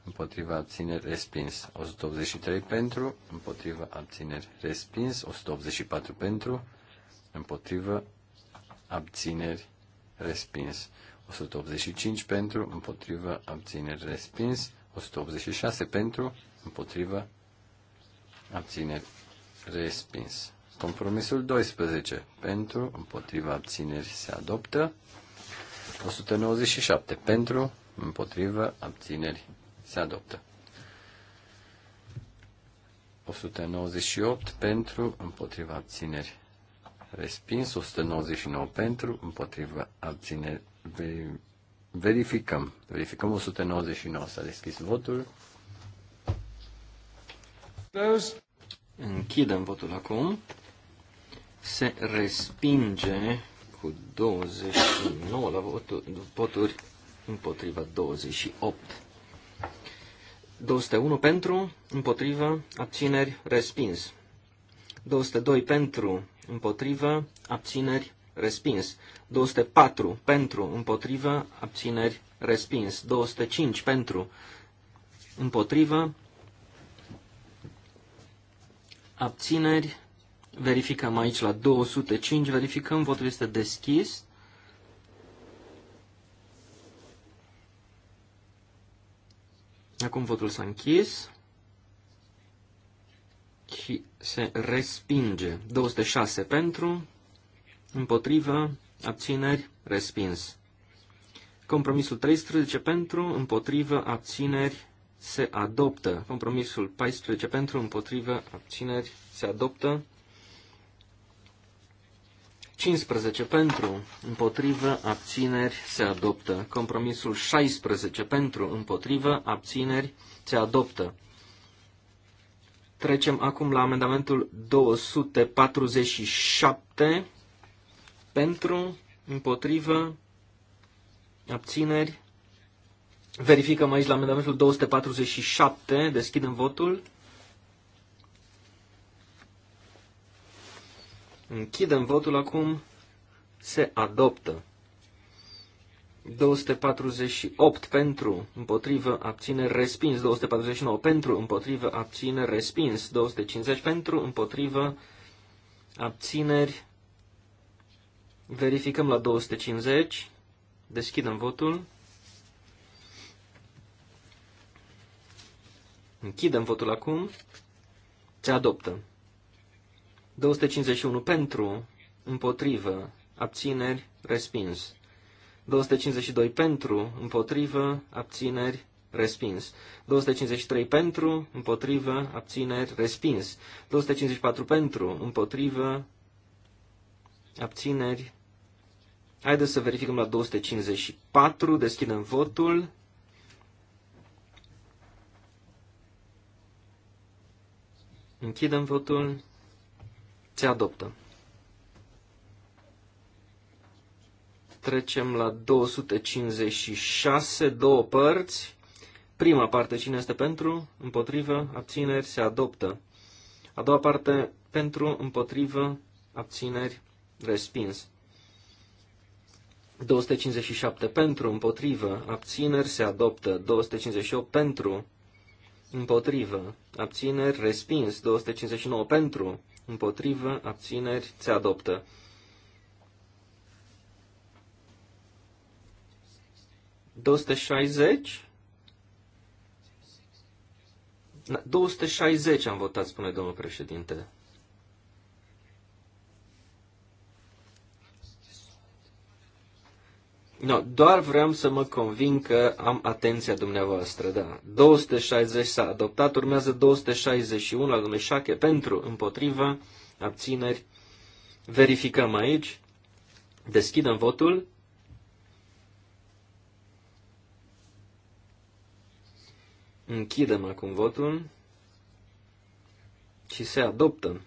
împotriva abțineri, respins. 183 pentru, împotriva abțineri, respins. 184 pentru, împotrivă, abțineri, respins. 185 pentru, împotrivă, abțineri, respins. 186 pentru, împotrivă, abțineri, respins. Compromisul 12 pentru, împotriva abțineri, se adoptă. 197. Pentru, împotrivă, abțineri. Se adoptă. 198 pentru, împotriva abțineri. Respins 199 pentru, împotriva abțineri. Verificăm. Verificăm 199. S-a deschis votul. Close. Închidem votul acum. Se respinge cu 29 la voturi, împotriva 28. 201 pentru, împotriva, abțineri, respins. 202 pentru, împotriva, abțineri, respins. 204 pentru, împotriva, abțineri, respins. 205 pentru, împotriva, abțineri, respins. Verificăm aici la 205, verificăm, votul este deschis. Acum votul s-a închis și se respinge. 206 pentru, împotrivă, abțineri, respins. Compromisul 13 pentru, împotrivă, abțineri, se adoptă. Compromisul 14 pentru, împotrivă, abțineri, se adoptă. 15 pentru, împotrivă, abțineri, se adoptă. Compromisul 16 pentru, împotrivă, abțineri, se adoptă. Trecem acum la amendamentul 247 pentru, împotrivă, abțineri. Verificăm aici la amendamentul 247, deschidem votul. Închidem votul acum. Se adoptă. 248 pentru, împotrivă, abține, respins. 249 pentru, împotrivă, abține, respins. 250 pentru, împotrivă, abțineri. Verificăm la 250. Deschidem votul. Închidem votul acum. Se adoptă. 251 pentru, împotrivă, abțineri, respins. 252 pentru, împotrivă, abțineri, respins. 253 pentru, împotrivă, abțineri, respins. 254 pentru, împotrivă, abțineri. Haideți să verificăm la 254, deschidem votul. Închidem votul. Se adoptă. Trecem la 256, două părți. Prima parte, cine este pentru, împotrivă, abțineri, se adoptă. A doua parte, pentru, împotrivă, abțineri, respins. 257 pentru, împotrivă, abțineri, se adoptă. 258 pentru, împotrivă, abțineri, respins. 259 pentru, împotrivă, abțineri, se adoptă. Doste 60? 260 am votat, spune domnul președinte. No, doar vreau să mă convin că am atenția dumneavoastră, da. 260 s-a adoptat, urmează 261 al domnului Șache pentru, împotriva, abțineri. Verificăm aici. Deschidem votul. Închidem acum votul și se adoptă.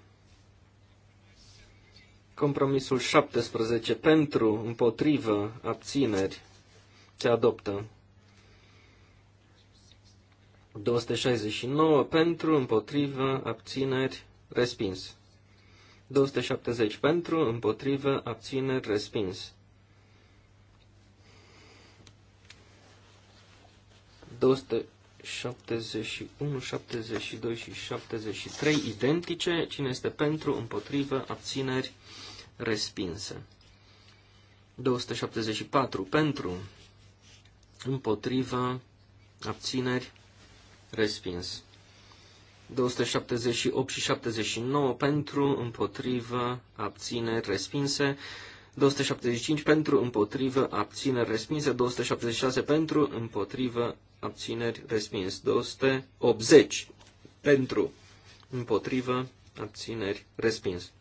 Compromisul 17 pentru, împotrivă, abțineri se adoptă. 269 pentru, împotrivă, abțineri, respins. 270 pentru, împotrivă, abțineri, respins. 271, 72 și 73 identice. Cine este pentru, împotrivă, abțineri, respins respinse. 274 pentru, împotriva, abțineri, respins. 278 și 79 pentru, împotrivă, abțineri, respinse. 275 pentru, împotrivă, abțineri, respinse. 276 pentru, împotrivă, abțineri, respins. 280 pentru, împotrivă, abțineri, respins.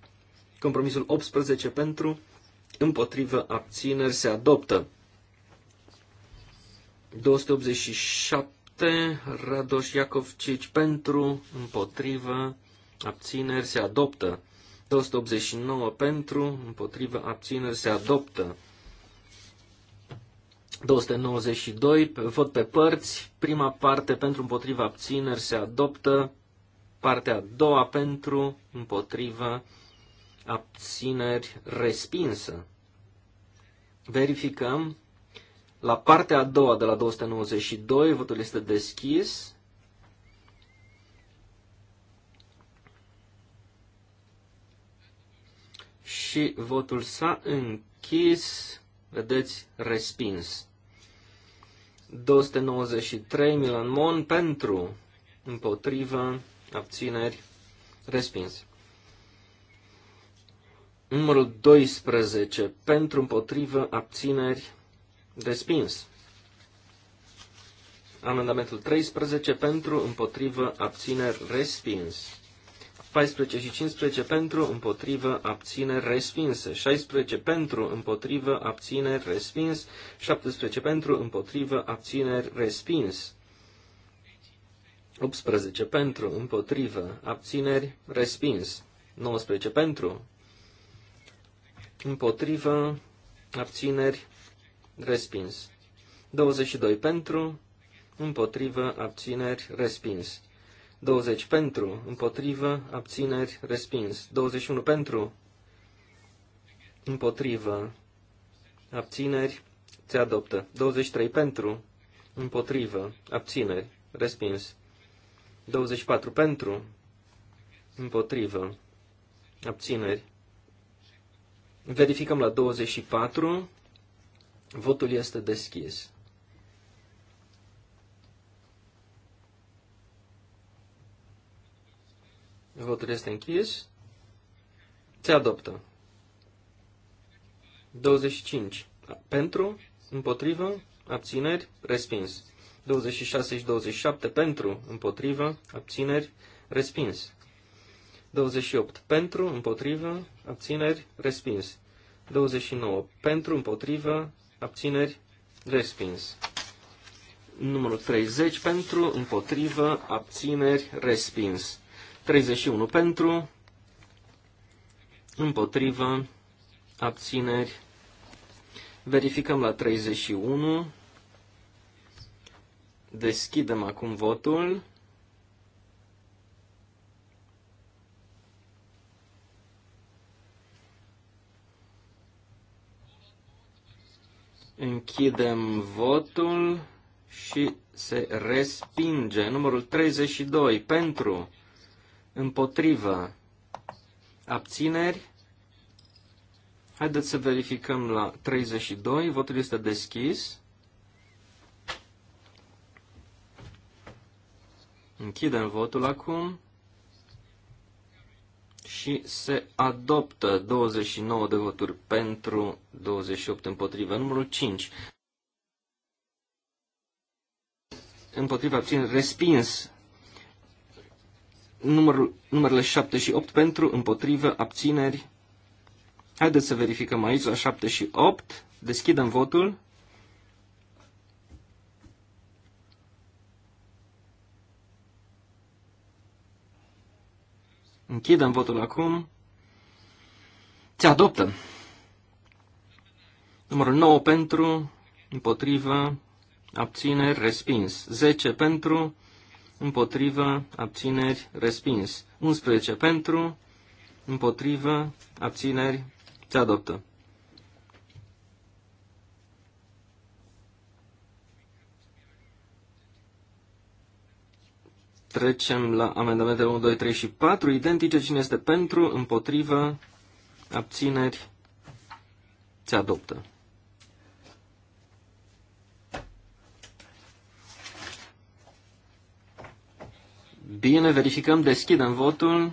Compromisul 18 pentru, împotrivă, abțineri, se adoptă. 287, Radoș Iacovcici pentru, împotrivă, abțineri, se adoptă. 289 pentru, împotrivă, abțineri, se adoptă. 292, vot pe părți, prima parte pentru împotriva abțineri se adoptă, partea a doua pentru împotriva abțineri, respinsă. Verificăm. La partea a doua de la 292, votul este deschis. Și votul s-a închis, vedeți, respins. 293 Milan Mon pentru, împotrivă, abțineri, respins. Numărul 12. Pentru împotrivă abțineri respins. Amendamentul 13. Pentru împotrivă abțineri respins. 14 și 15 pentru, împotrivă, abțineri, respinse. 16 pentru, împotrivă, abțineri, respins. 17 pentru, împotrivă, abțineri, respins. 18 pentru, împotrivă, abțineri, respins. 19 pentru, împotrivă, abțineri, respins. 22 pentru, împotrivă, abțineri, respins. 20 pentru, împotrivă, abțineri, respins. 21 pentru, împotrivă, abțineri, se adoptă. 23 pentru, împotrivă, abțineri, respins. 24 pentru, împotrivă, abțineri, Verificăm la 24. Votul este deschis. Votul este închis. Se adoptă. 25. Pentru, împotrivă, abțineri, respins. 26 și 27 pentru, împotrivă, abțineri, respins. 28. Pentru, împotrivă, abțineri, respins. 29. Pentru, împotrivă, abțineri, respins. Numărul 30. Pentru, împotrivă, abțineri, respins. 31. Pentru, împotrivă, abțineri. Verificăm la 31. Deschidem acum votul. Închidem votul și se respinge. Numărul 32 pentru, împotrivă, abțineri. Haideți să verificăm la 32. Votul este deschis. Închidem votul acum și se adoptă 29 de voturi pentru, 28 împotrivă. Numărul 5. Împotriva abțin respins. Numărul, numărele 7 și 8 pentru, împotrivă, abțineri. Haideți să verificăm aici la 7 și 8. Deschidem votul. Închidem votul acum. Se adoptă. Numărul 9 pentru, împotrivă, abțineri, respins. 10 pentru, împotrivă, abțineri, respins. 11 pentru, împotrivă, abțineri, se adoptă. Trecem la amendamentele 1, 2, 3 și 4, identice. Cine este pentru, împotrivă, abțineri, se adoptă. Bine, verificăm, deschidem votul.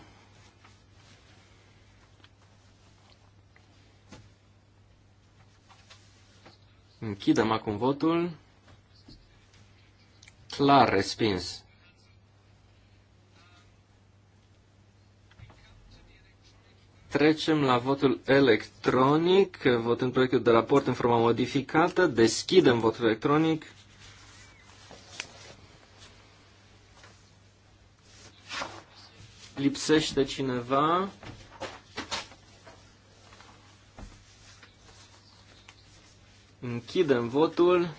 Închidem acum votul. Clar respins. Trecem la votul electronic, votând proiectul de raport în forma modificată. Deschidem votul electronic. Lipsește cineva? Închidem votul.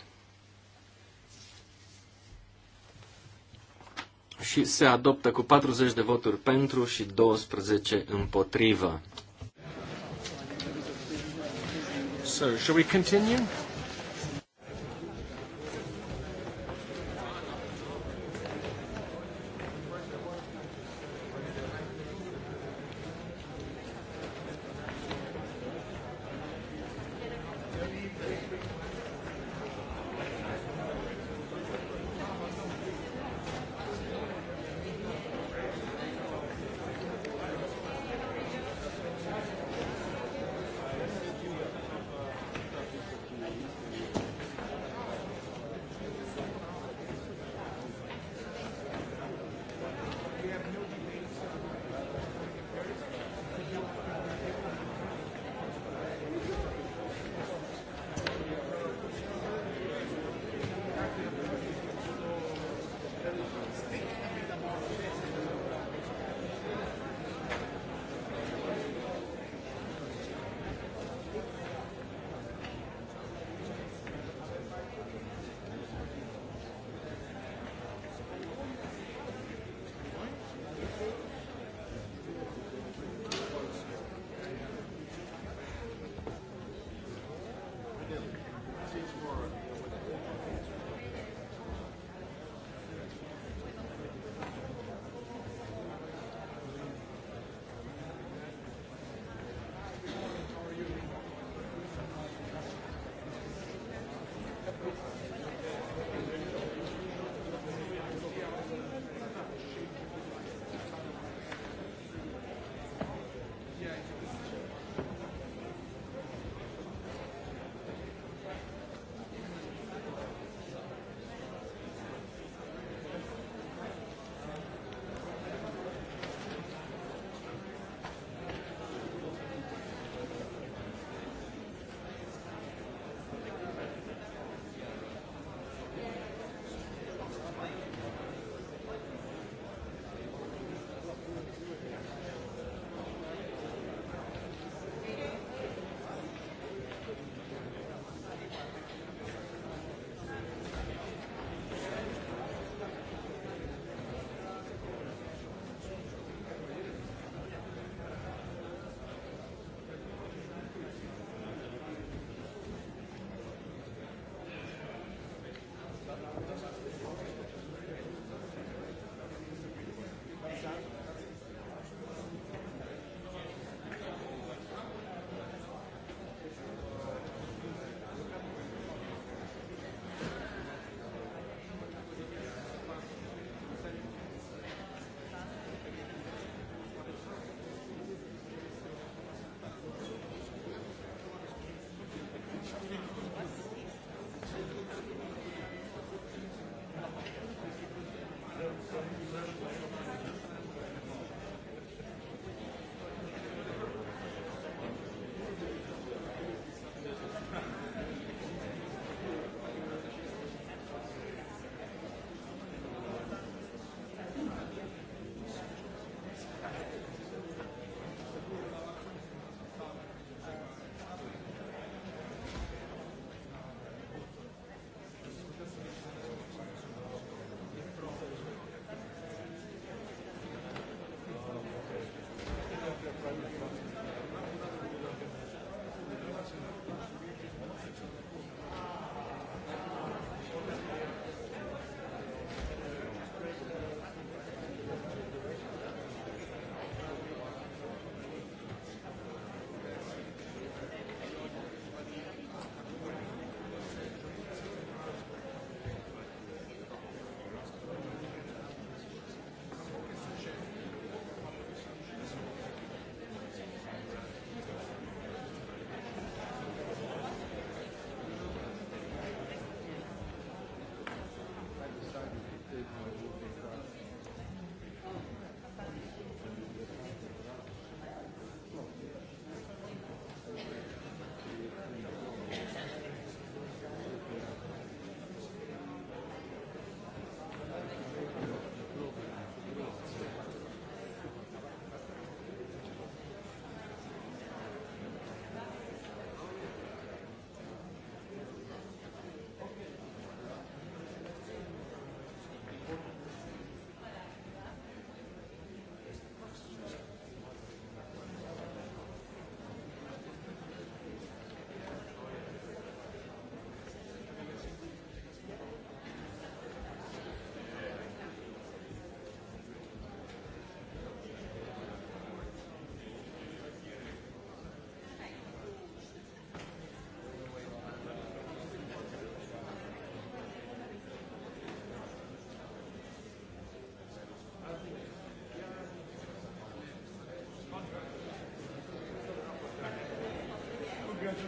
și se adoptă cu 40 de voturi pentru și 12 împotrivă. So, shall we continue?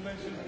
Mulțumesc.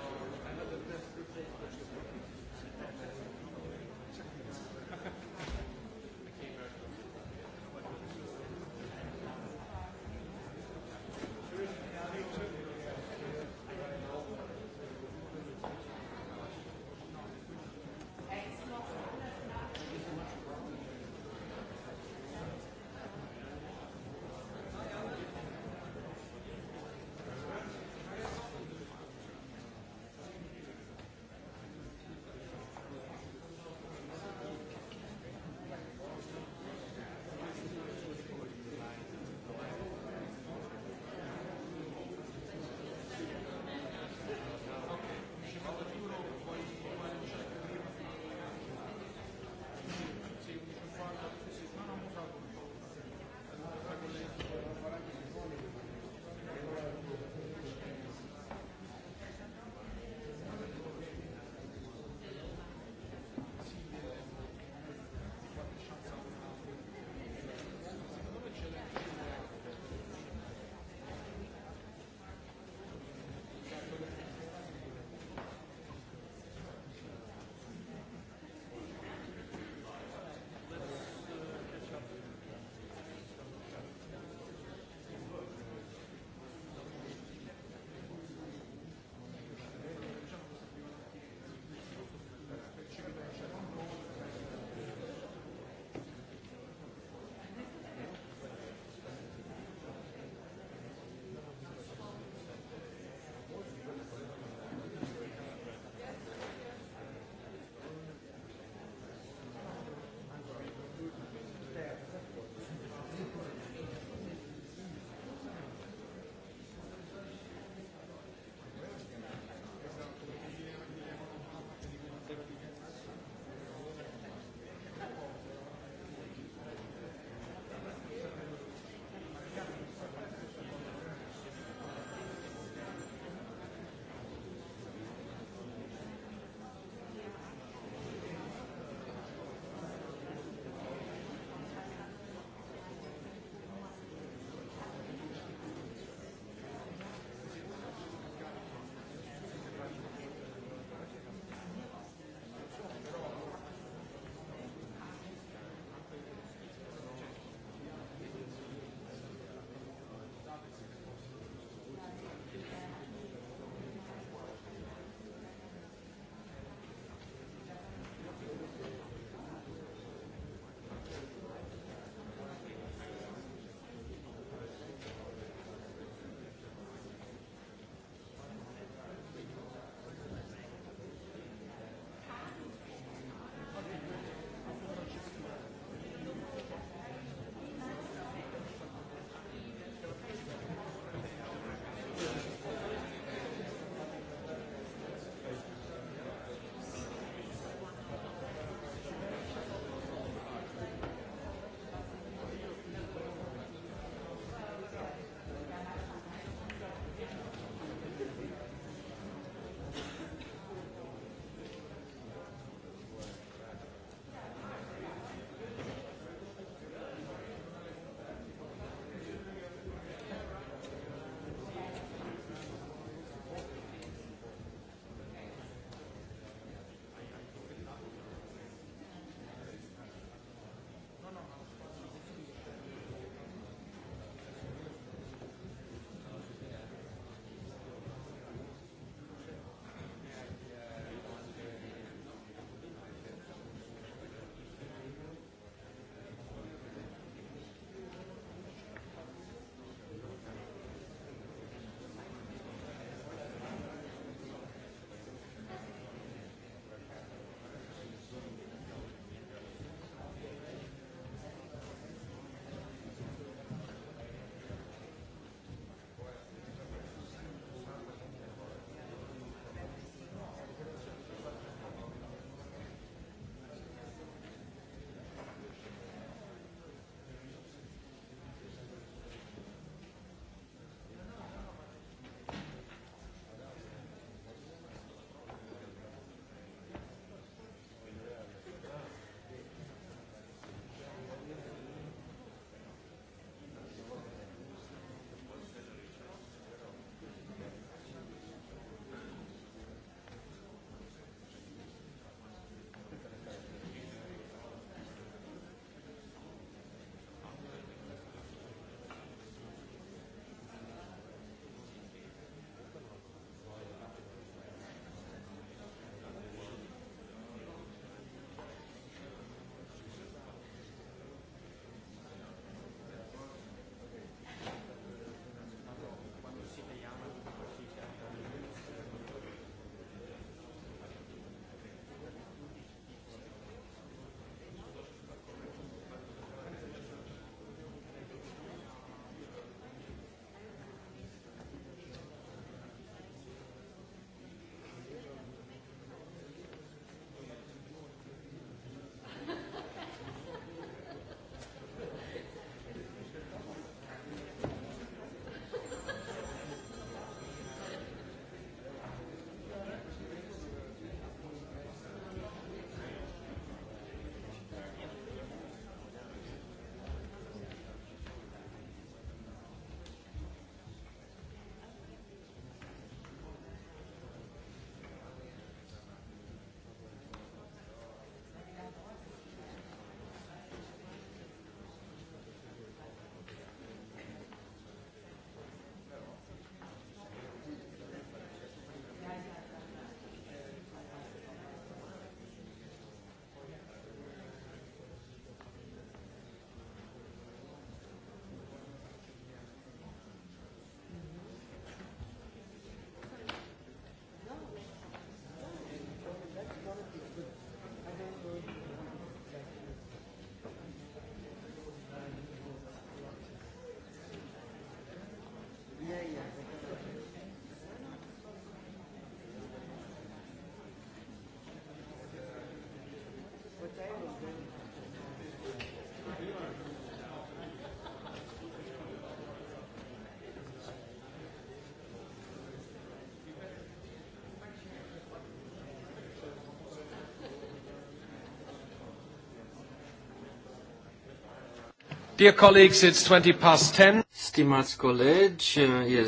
Dear colleagues, it's 20 past 10. Stimați colegi, e 10.20.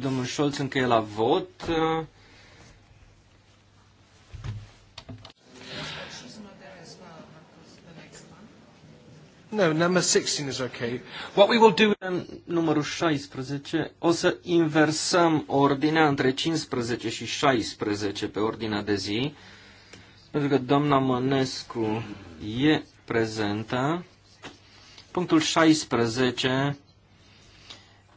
Domnul Scholz e la vot. No, number 16 is okay. What we will do... Numărul 16. O să inversăm ordinea între 15 și 16 pe ordinea de zi, pentru că doamna Mănescu e prezentă. Punctul 16.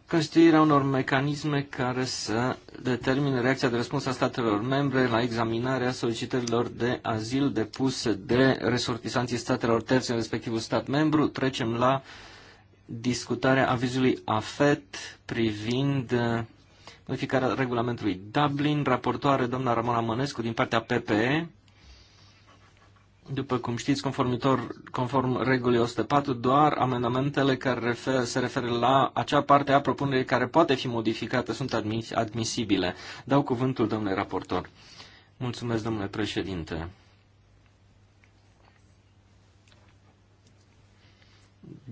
Constituirea unor mecanisme care să determine reacția de răspuns a statelor membre la examinarea solicitărilor de azil depuse de resortisanții statelor terțe în respectivul stat membru. Trecem la discutarea avizului AFET privind uh, modificarea regulamentului Dublin, raportoare doamna Ramona Mănescu din partea PPE. După cum știți, conformitor, conform regulii 104, doar amendamentele care refer, se referă la acea parte a propunerii care poate fi modificată sunt admis, admisibile. Dau cuvântul, domnule raportor. Mulțumesc, domnule președinte.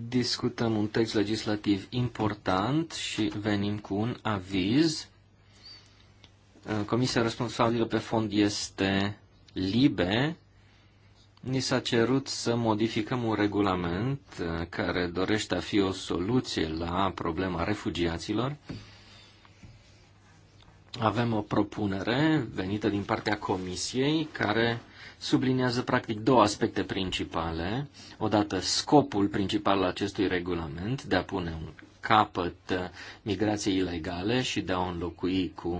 Discutăm un text legislativ important și venim cu un aviz. Comisia responsabilă pe fond este LIBE, Ni s-a cerut să modificăm un regulament uh, care dorește a fi o soluție la problema refugiaților. Avem o propunere venită din partea Comisiei care subliniază practic două aspecte principale. Odată scopul principal al acestui regulament de a pune un capăt uh, migrației ilegale și de a o înlocui cu uh,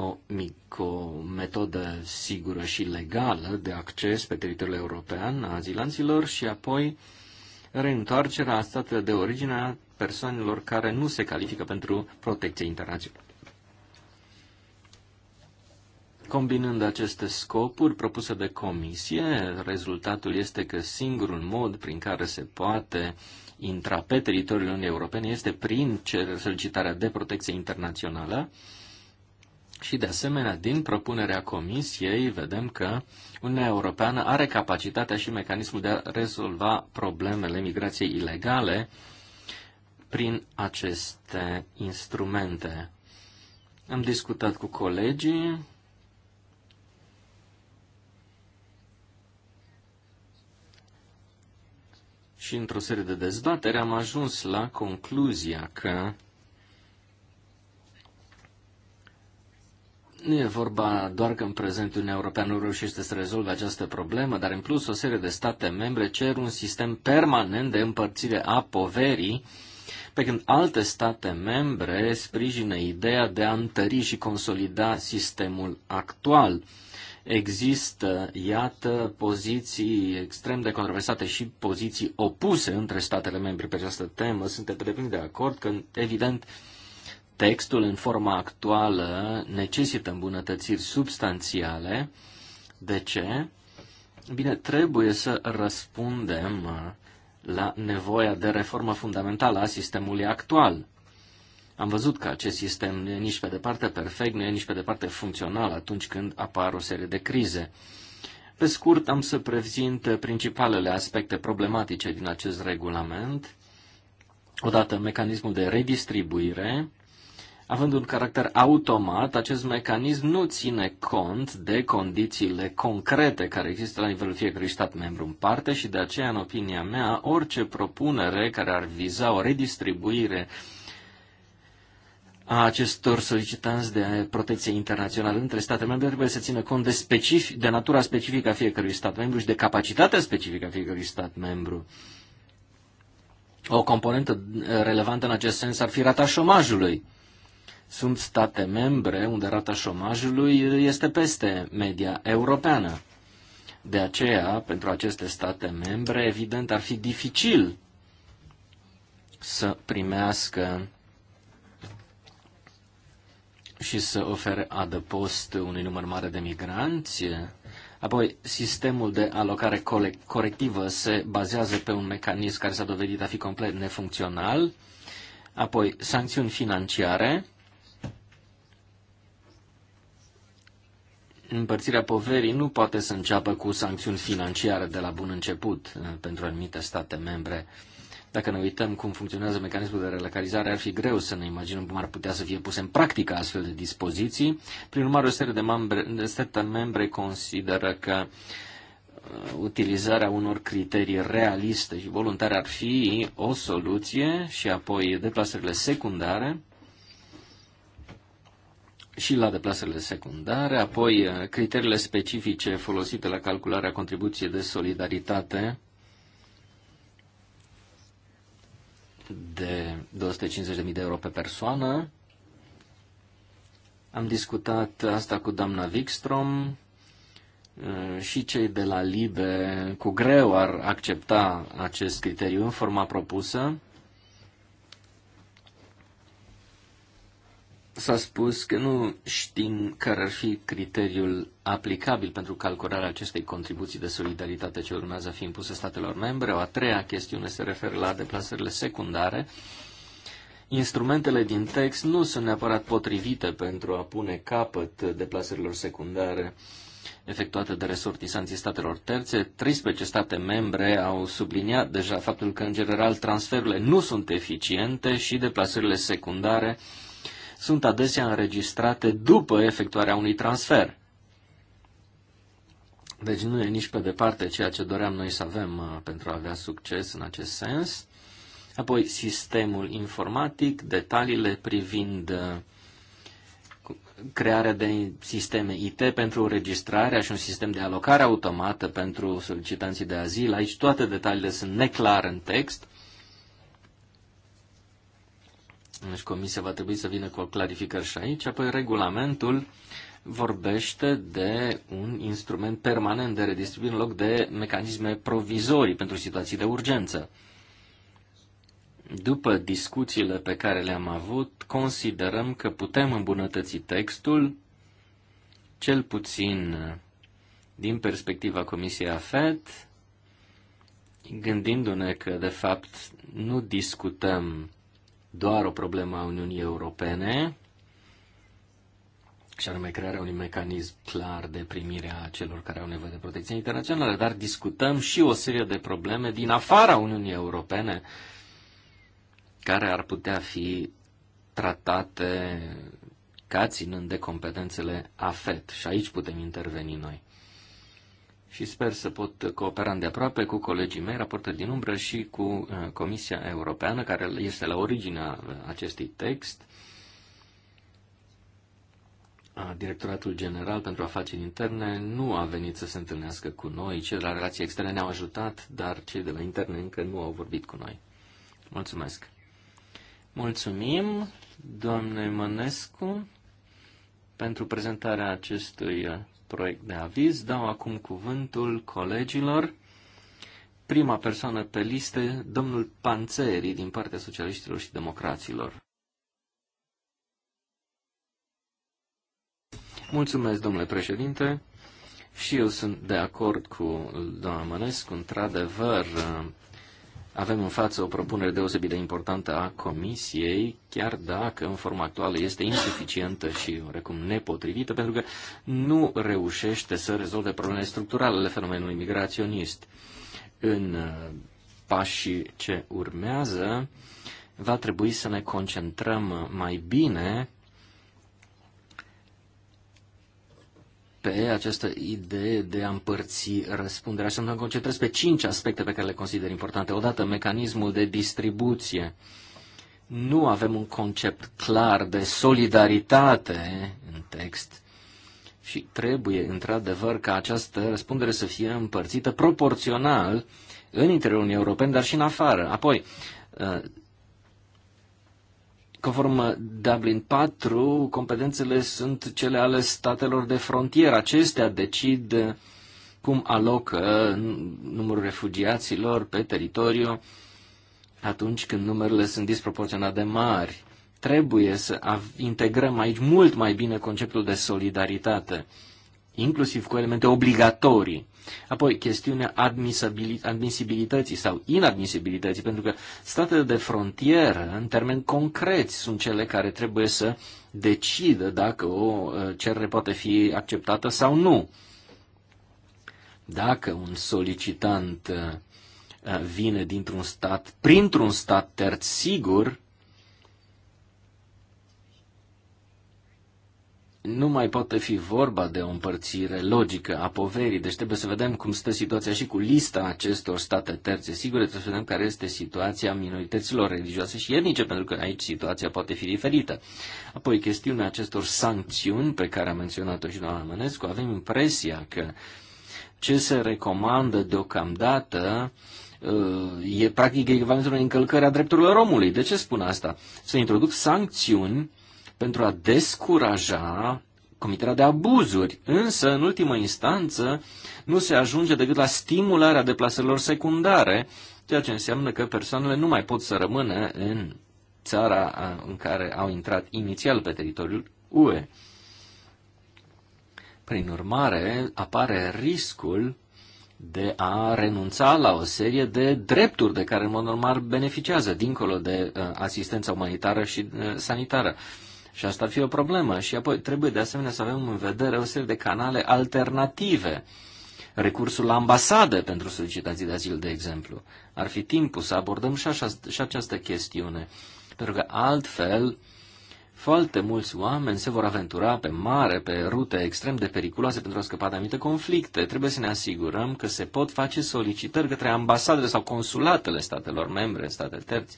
o, mică metodă sigură și legală de acces pe teritoriul european a azilanților și apoi reîntoarcerea a statului de origine a persoanelor care nu se califică pentru protecție internațională. Combinând aceste scopuri propuse de comisie, rezultatul este că singurul mod prin care se poate intra pe teritoriul Uniunii Europene este prin solicitarea de protecție internațională, și, de asemenea, din propunerea Comisiei, vedem că Uniunea Europeană are capacitatea și mecanismul de a rezolva problemele migrației ilegale prin aceste instrumente. Am discutat cu colegii. Și într-o serie de dezbatere am ajuns la concluzia că Nu e vorba doar că în prezent Uniunea Europeană nu reușește să rezolve această problemă, dar în plus o serie de state membre cer un sistem permanent de împărțire a poverii, pe când alte state membre sprijină ideea de a întări și consolida sistemul actual. Există, iată, poziții extrem de controversate și poziții opuse între statele membre pe această temă. Sunt pe deplin de acord că, evident, Textul în forma actuală necesită îmbunătățiri substanțiale. De ce? Bine, trebuie să răspundem uh, la nevoia de reformă fundamentală a sistemului actual. Am văzut că acest sistem nu e nici pe departe perfect, nu e nici pe departe funcțional atunci când apar o serie de crize. Pe scurt, am să prezint principalele aspecte problematice din acest regulament. Odată, mecanismul de redistribuire, Având un caracter automat, acest mecanism nu ține cont de condițiile concrete care există la nivelul fiecărui stat membru în parte și de aceea, în opinia mea, orice propunere care ar viza o redistribuire a acestor solicitanți de protecție internațională între state membre trebuie să țină cont de, specific, de natura specifică a fiecărui stat membru și de capacitatea specifică a fiecărui stat membru. O componentă relevantă în acest sens ar fi rata șomajului. Sunt state membre unde rata șomajului este peste media europeană. De aceea, pentru aceste state membre, evident, ar fi dificil să primească și să ofere adăpost unui număr mare de migranți. Apoi, sistemul de alocare corectivă se bazează pe un mecanism care s-a dovedit a fi complet nefuncțional. Apoi, sancțiuni financiare împărțirea poverii nu poate să înceapă cu sancțiuni financiare de la bun început uh, pentru anumite state membre. Dacă ne uităm cum funcționează mecanismul de relocalizare, ar fi greu să ne imaginăm cum ar putea să fie puse în practică astfel de dispoziții. Prin urmare, o serie de, membre, de state membre consideră că uh, utilizarea unor criterii realiste și voluntare ar fi o soluție și apoi deplasările secundare și la deplasările secundare, apoi uh, criteriile specifice folosite la calcularea contribuției de solidaritate de 250.000 de euro pe persoană. Am discutat asta cu doamna Wikstrom uh, și cei de la LIBE cu greu ar accepta acest criteriu în forma propusă. s-a spus că nu știm care ar fi criteriul aplicabil pentru calcularea acestei contribuții de solidaritate ce urmează a fi impuse statelor membre. O a treia chestiune se referă la deplasările secundare. Instrumentele din text nu sunt neapărat potrivite pentru a pune capăt deplasărilor secundare efectuate de resortisanții statelor terțe. 13 state membre au subliniat deja faptul că, în general, transferurile nu sunt eficiente și deplasările secundare uh, sunt adesea înregistrate după efectuarea unui transfer. Deci nu e nici pe departe ceea ce doream noi să avem uh, pentru a avea succes în acest sens. Apoi sistemul informatic, detaliile privind uh, crearea de sisteme IT pentru înregistrarea și un sistem de alocare automată pentru solicitanții de azil. Aici toate detaliile sunt neclare în text. Deci comisia va trebui să vină cu o clarificare și aici. Apoi regulamentul vorbește de un instrument permanent de redistribuire în loc de mecanisme provizorii pentru situații de urgență. După discuțiile pe care le-am avut, considerăm că putem îmbunătăți textul, cel puțin din perspectiva Comisiei AFET, gândindu-ne că, de fapt, nu discutăm doar o problemă a Uniunii Europene, și anume crearea unui mecanism clar de primire a celor care au nevoie de protecție internațională, dar discutăm și o serie de probleme din afara Uniunii Europene care ar putea fi tratate ca ținând de competențele AFET și aici putem interveni noi și sper să pot coopera de aproape cu colegii mei, raportă din umbră, și cu uh, Comisia Europeană, care este la originea uh, acestui text, Directoratul General pentru Afaceri Interne nu a venit să se întâlnească cu noi. Cei de la relații externe ne-au ajutat, dar cei de la interne încă nu au vorbit cu noi. Mulțumesc! Mulțumim, doamne Mănescu, pentru prezentarea acestui uh, proiect de aviz. Dau acum cuvântul colegilor. Prima persoană pe listă, domnul Panțeri, din partea socialiștilor și democraților. Mulțumesc, domnule președinte. Și eu sunt de acord cu doamna Mănescu. Într-adevăr, avem în față o propunere deosebit de importantă a Comisiei, chiar dacă în forma actuală este insuficientă și oarecum nepotrivită, pentru că nu reușește să rezolve problemele structurale ale fenomenului migraționist. În uh, pașii ce urmează, va trebui să ne concentrăm mai bine pe această idee de a împărți răspunderea să mă concentrez pe cinci aspecte pe care le consider importante. Odată, mecanismul de distribuție. Nu avem un concept clar de solidaritate în text și trebuie, într-adevăr, ca această răspundere să fie împărțită proporțional în interiorul Uniunii Europene, dar și în afară. Apoi, Conform uh, Dublin 4, competențele sunt cele ale statelor de frontieră. Acestea decid uh, cum alocă uh, numărul refugiaților pe teritoriu atunci când numerele sunt disproporționat de mari. Trebuie să integrăm aici mult mai bine conceptul de solidaritate inclusiv cu elemente obligatorii. Apoi, chestiunea admisibilității sau inadmisibilității, pentru că statele de frontieră, în termeni concreți, sunt cele care trebuie să decidă dacă o uh, cerere poate fi acceptată sau nu. Dacă un solicitant uh, vine dintr-un stat, printr-un stat terț sigur, nu mai poate fi vorba de o împărțire logică a poverii, deci trebuie să vedem cum stă situația și cu lista acestor state terțe. Sigur, trebuie să vedem care este situația minorităților religioase și etnice, pentru că aici situația poate fi diferită. Apoi, chestiunea acestor sancțiuni pe care a menționat-o și doamna Mănescu, avem impresia că ce se recomandă deocamdată uh, e practic echivalentul unei încălcări a drepturilor omului. De ce spun asta? Să introduc sancțiuni pentru a descuraja comiterea de abuzuri, însă, în ultimă instanță, nu se ajunge decât la stimularea deplasărilor secundare, ceea ce înseamnă că persoanele nu mai pot să rămână în țara în care au intrat inițial pe teritoriul UE. Prin urmare, apare riscul de a renunța la o serie de drepturi de care, în mod normal, beneficiază, dincolo de uh, asistența umanitară și uh, sanitară. Uh, și asta ar fi o problemă. Și apoi trebuie de asemenea să avem în vedere o serie de canale alternative. Recursul la ambasade pentru solicitații de azil, de exemplu. Ar fi timpul să abordăm și, așa, și această chestiune. Pentru că altfel, foarte mulți oameni se vor aventura pe mare, pe rute extrem de periculoase pentru a scăpa de anumite conflicte. Trebuie să ne asigurăm că se pot face solicitări către ambasadele sau consulatele statelor membre în state terți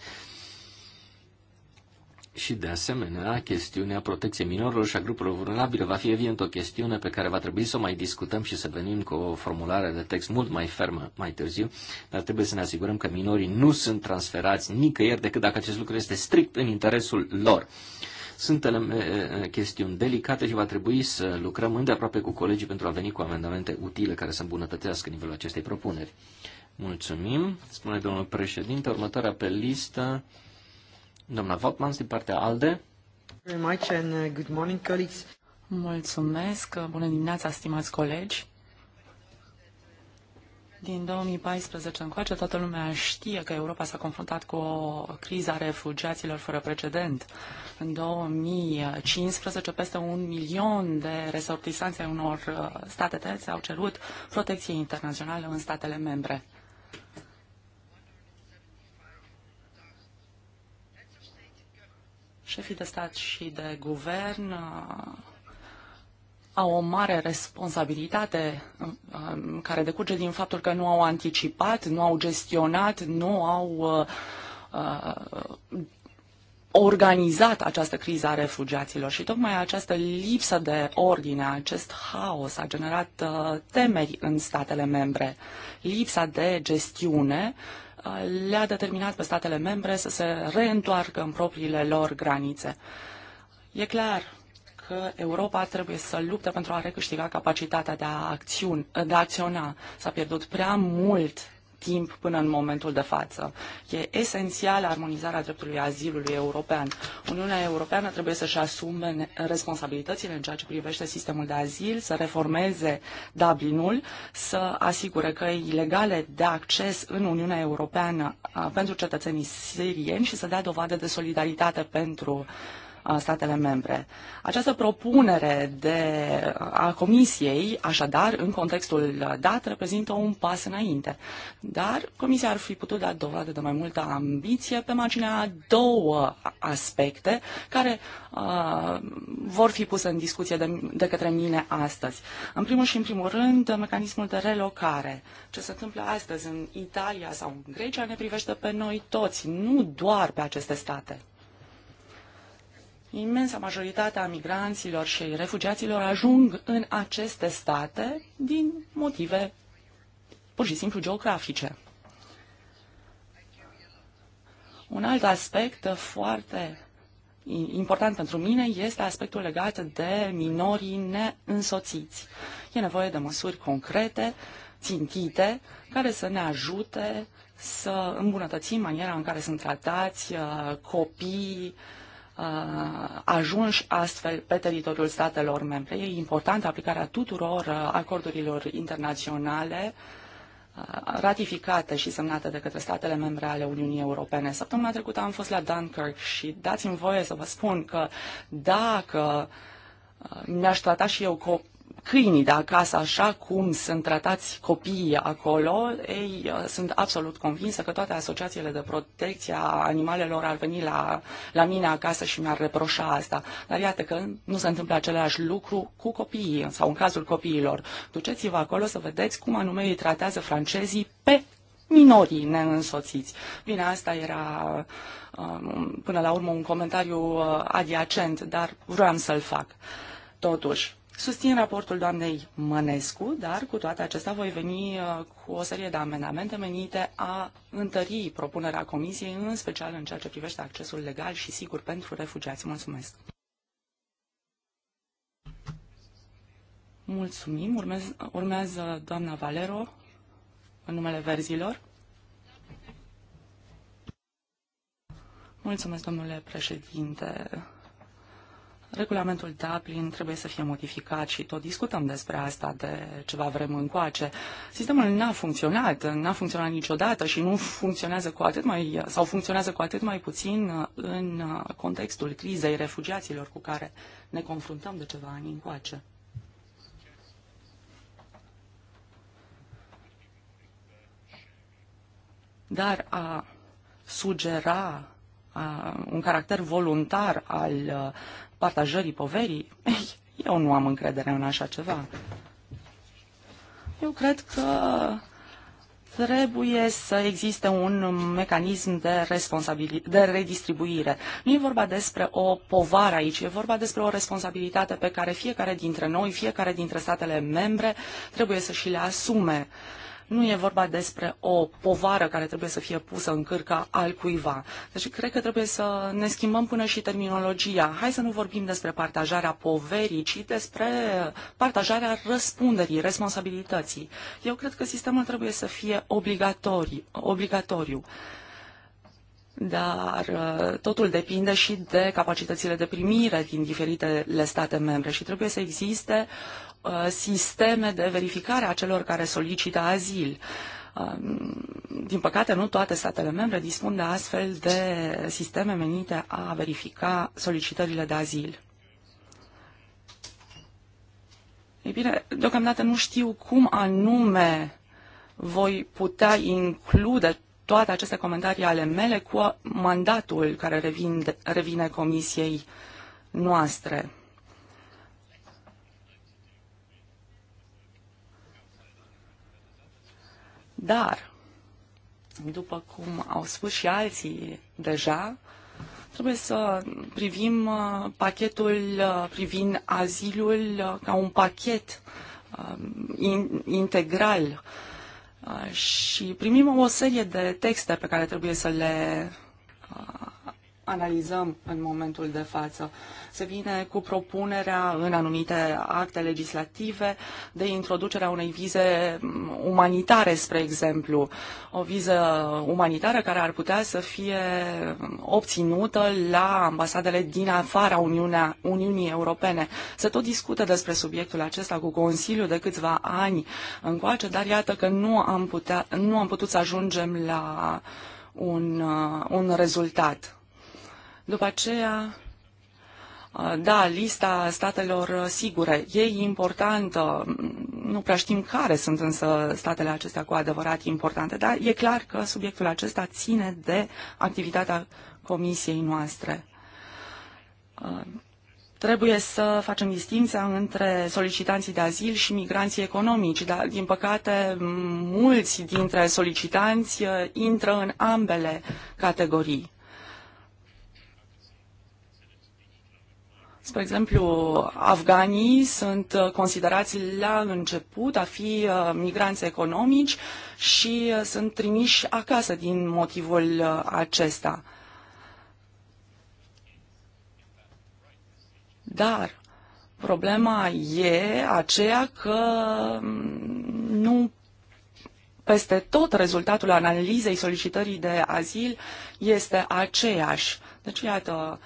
și de asemenea, chestiunea protecției minorilor și a grupurilor vulnerabile va fi evident o chestiune pe care va trebui să o mai discutăm și să venim cu o formulare de text mult mai fermă mai târziu, dar trebuie să ne asigurăm că minorii nu sunt transferați nicăieri decât dacă acest lucru este strict în interesul lor. Sunt chestiuni delicate și va trebui să lucrăm îndeaproape cu colegii pentru a veni cu amendamente utile care să îmbunătățească nivelul acestei propuneri. Mulțumim, spune domnul președinte. Următoarea pe listă Doamna Votmans, din partea ALDE. Very much and uh, good morning, colleagues. Mulțumesc. Bună dimineața, stimați colegi. Din 2014 încoace, toată lumea știe că Europa s-a confruntat cu o criză a refugiaților fără precedent. În 2015, peste un milion de resortisanți ai unor uh, state terțe au cerut protecție internațională în statele membre. Șefii de stat și de guvern uh, au o mare responsabilitate uh, uh, care decurge din faptul că nu au anticipat, nu au gestionat, nu au organizat această criză a refugiaților și tocmai această lipsă de ordine, acest haos a generat temeri în statele membre. Lipsa de gestiune uh, le-a determinat pe statele membre să se reîntoarcă în propriile lor granițe. E clar că Europa trebuie să lupte pentru a recâștiga capacitatea de a, acțiun, de a acționa. S-a pierdut prea mult timp până în momentul de față. E esențială armonizarea dreptului azilului european. Uniunea Europeană trebuie să-și asume responsabilitățile în ceea ce privește sistemul de azil, să reformeze Dublinul, să asigure că ilegale de acces în Uniunea Europeană pentru cetățenii sirieni și să dea dovadă de solidaritate pentru uh, statele membre. Această propunere de, a Comisiei, așadar, în contextul dat, reprezintă un pas înainte. Dar Comisia ar fi putut da dovadă de mai multă ambiție pe marginea două aspecte care uh, vor fi puse în discuție de, de către mine astăzi. În primul și în primul rând, mecanismul de relocare. Ce se întâmplă astăzi în Italia sau în Grecia ne privește pe noi toți, nu doar pe aceste state. Imensa majoritate a migranților și refugiaților ajung în aceste state din motive pur și simplu geografice. Un alt aspect foarte important pentru mine este aspectul legat de minorii neînsoțiți. E nevoie de măsuri concrete, țintite, care să ne ajute să îmbunătățim maniera în care sunt tratați uh, copiii, Uh, ajunși astfel pe teritoriul statelor membre. E importantă aplicarea tuturor uh, acordurilor internaționale uh, ratificate și semnate de către statele membre ale Uniunii Europene. Săptămâna trecută am fost la Dunkirk și dați-mi voie să vă spun că dacă mi-aș trata și eu câinii de acasă, așa cum sunt tratați copiii acolo, ei uh, sunt absolut convinsă că toate asociațiile de protecție a animalelor ar veni la, la mine acasă și mi-ar reproșa asta. Dar iată că nu se întâmplă același lucru cu copiii sau în cazul copiilor. Duceți-vă acolo să vedeți cum anume îi tratează francezii pe minorii neînsoțiți. Bine, asta era uh, până la urmă un comentariu uh, adiacent, dar vreau să-l fac. Totuși, Susțin raportul doamnei Mănescu, dar cu toate acestea voi veni uh, cu o serie de amendamente menite a întări propunerea Comisiei, în special în ceea ce privește accesul legal și sigur pentru refugiați. Mulțumesc! Mulțumim. Urmez, urmează doamna Valero în numele verzilor. Mulțumesc, domnule președinte. Regulamentul Dublin trebuie să fie modificat și tot discutăm despre asta de ceva vreme încoace. Sistemul n-a funcționat, n-a funcționat niciodată și nu funcționează cu atât mai, sau funcționează cu atât mai puțin în contextul crizei refugiaților cu care ne confruntăm de ceva ani încoace. Dar a sugera un caracter voluntar al partajării poverii, eu nu am încredere în așa ceva. Eu cred că trebuie să existe un mecanism de, responsabili- de redistribuire. Nu e vorba despre o povară aici, e vorba despre o responsabilitate pe care fiecare dintre noi, fiecare dintre statele membre trebuie să și le asume. Uh, nu e vorba despre o povară care trebuie să fie pusă în cârca al cuiva. Deci cred că trebuie să ne schimbăm până și terminologia. Hai să nu vorbim despre partajarea poverii, ci despre partajarea răspunderii, responsabilității. Eu cred că sistemul trebuie să fie obligatoriu. obligatoriu dar uh, totul depinde și de capacitățile de primire din diferitele state membre și trebuie să existe Uh, sisteme de verificare a celor care solicită azil. Um, din păcate, nu toate statele membre dispun de astfel de sisteme menite a verifica solicitările de azil. Ei bine, deocamdată nu știu cum anume voi putea include toate aceste comentarii ale mele cu mandatul care revin, revine comisiei noastre. Dar, după cum au spus și alții deja, trebuie să privim uh, pachetul uh, privind azilul uh, ca un pachet integral și primim o serie de texte pe care trebuie să le analizăm în momentul de față. Se vine cu propunerea în anumite acte legislative de introducerea unei vize umanitare, spre exemplu. O viză umanitară care ar putea să fie obținută la ambasadele din afara Uniunea, Uniunii Europene. Se tot discută despre subiectul acesta cu Consiliul de câțiva ani încoace, dar iată că nu am, putea, nu am putut să ajungem la un, un rezultat. După aceea, uh, da, lista statelor sigure e importantă. Nu prea știm care sunt însă statele acestea cu adevărat importante, dar e clar că subiectul acesta ține de activitatea comisiei noastre. Uh, trebuie să facem distinția între solicitanții de azil și migranții economici, dar din păcate mulți dintre solicitanți uh, intră în ambele categorii. Spre exemplu, afganii sunt uh, considerați la început a fi uh, migranți economici și uh, sunt trimiși acasă din motivul acesta. Dar problema e aceea că mm, nu peste tot rezultatul analizei solicitării de azil este aceeași. Deci, iată,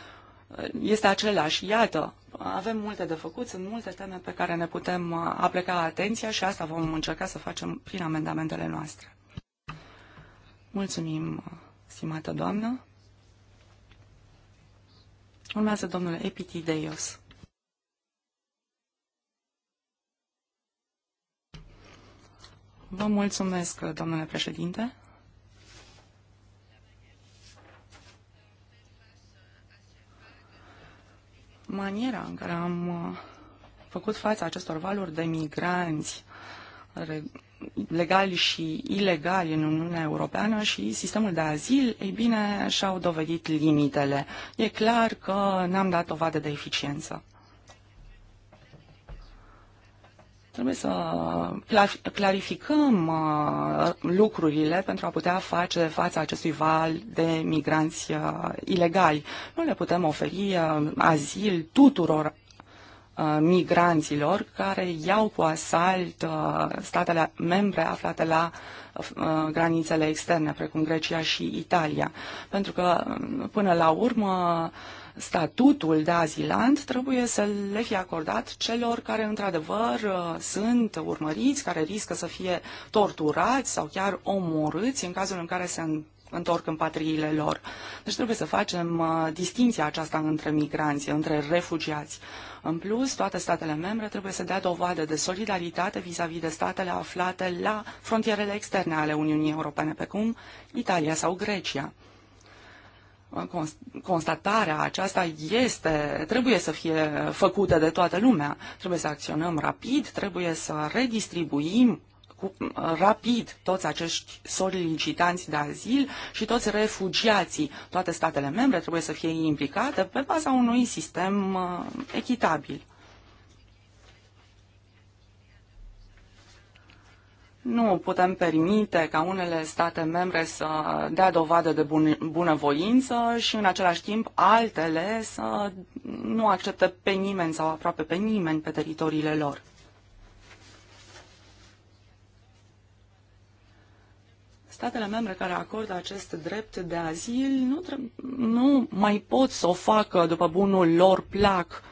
este același. Iată, avem multe de făcut, sunt multe teme pe care ne putem uh, apleca atenția și asta vom încerca să facem prin amendamentele noastre. Mulțumim, uh, stimată doamnă. Urmează domnul Epitideios. Vă mulțumesc, domnule președinte. Maniera în care am uh, făcut față acestor valuri de migranți legali și ilegali în Uniunea Europeană și sistemul de azil, ei bine, și-au dovedit limitele. E clar că n-am dat dovadă de eficiență. Trebuie să clarificăm uh, lucrurile pentru a putea face fața acestui val de migranți uh, ilegali. Nu le putem oferi uh, azil tuturor migranților care iau cu asalt statele membre aflate la granițele externe, precum Grecia și Italia. Pentru că, um, până la urmă, statutul de azilant trebuie să le fie acordat celor care într-adevăr uh, sunt urmăriți, care riscă să fie torturați sau chiar omorâți în cazul în care se întorc în patriile lor. Deci trebuie să facem uh, distinția aceasta între migranți, între refugiați. În plus, toate statele membre trebuie să dea dovadă de solidaritate vis-a-vis -vis de statele aflate la frontierele externe ale Uniunii Europene, pe cum Italia sau Grecia constatarea aceasta este, trebuie să fie făcută de toată lumea. Trebuie să acționăm rapid, trebuie să redistribuim cu, rapid toți acești solicitanți de azil și toți refugiații. Toate statele membre trebuie să fie implicate pe baza unui sistem uh, echitabil. Nu putem permite ca unele state membre să dea dovadă de bun, bunăvoință și în același timp altele să nu accepte pe nimeni sau aproape pe nimeni pe teritoriile lor. Statele membre care acordă acest drept de azil nu, nu mai pot să o facă după bunul lor plac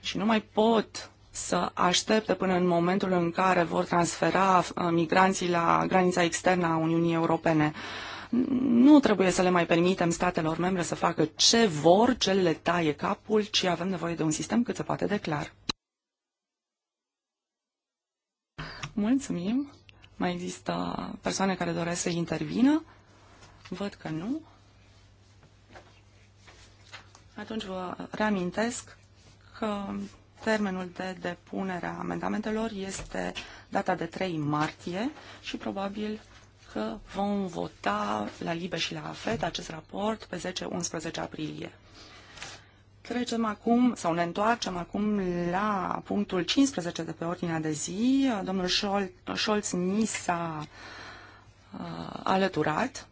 și nu mai pot să aștepte până în momentul în care vor transfera uh, migranții la granița externă a Uniunii Europene. Nu trebuie să le mai permitem statelor membre să facă ce vor, ce le taie capul, ci avem nevoie de un sistem cât se poate de clar. Mulțumim. Mai există persoane care doresc să intervină? Văd că nu. Atunci vă reamintesc că Termenul de depunere a amendamentelor este data de 3 martie și probabil că vom vota la LIBE și la AFET acest raport pe 10-11 aprilie. Trecem acum, sau ne întoarcem acum la punctul 15 de pe ordinea de zi. Domnul Scholz, Scholz ni s-a uh, alăturat.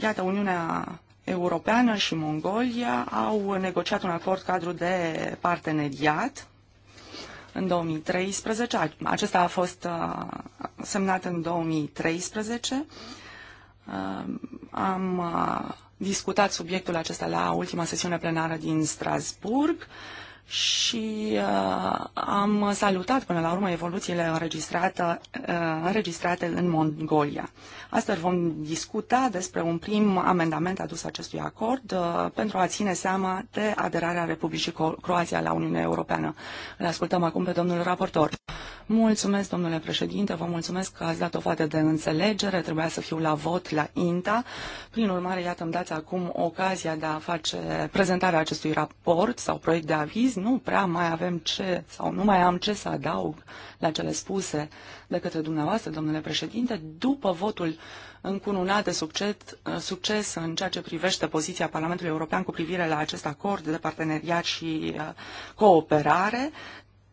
Iată, Uniunea Europeană și Mongolia au negociat un acord cadru de parteneriat în 2013. Acesta a fost uh, semnat în 2013. Uh, am uh, discutat subiectul acesta la ultima sesiune plenară din Strasburg și uh, am salutat până la urmă evoluțiile înregistrate, uh, înregistrate în Mongolia. Astăzi vom discuta despre un prim amendament adus acestui acord uh, pentru a ține seama de aderarea Republicii Croația la Uniunea Europeană. Îl ascultăm acum pe domnul raportor. Mulțumesc, domnule președinte, vă mulțumesc că ați dat o fată de înțelegere, trebuia să fiu la vot la INTA. Prin urmare, iată, îmi dați acum ocazia de a face prezentarea acestui raport sau proiect de aviz aviz, nu prea mai avem ce sau nu mai am ce să adaug la cele spuse de către dumneavoastră, domnule președinte, după votul încununat de succes, uh, succes în ceea ce privește poziția Parlamentului European cu privire la acest acord de parteneriat și uh, cooperare,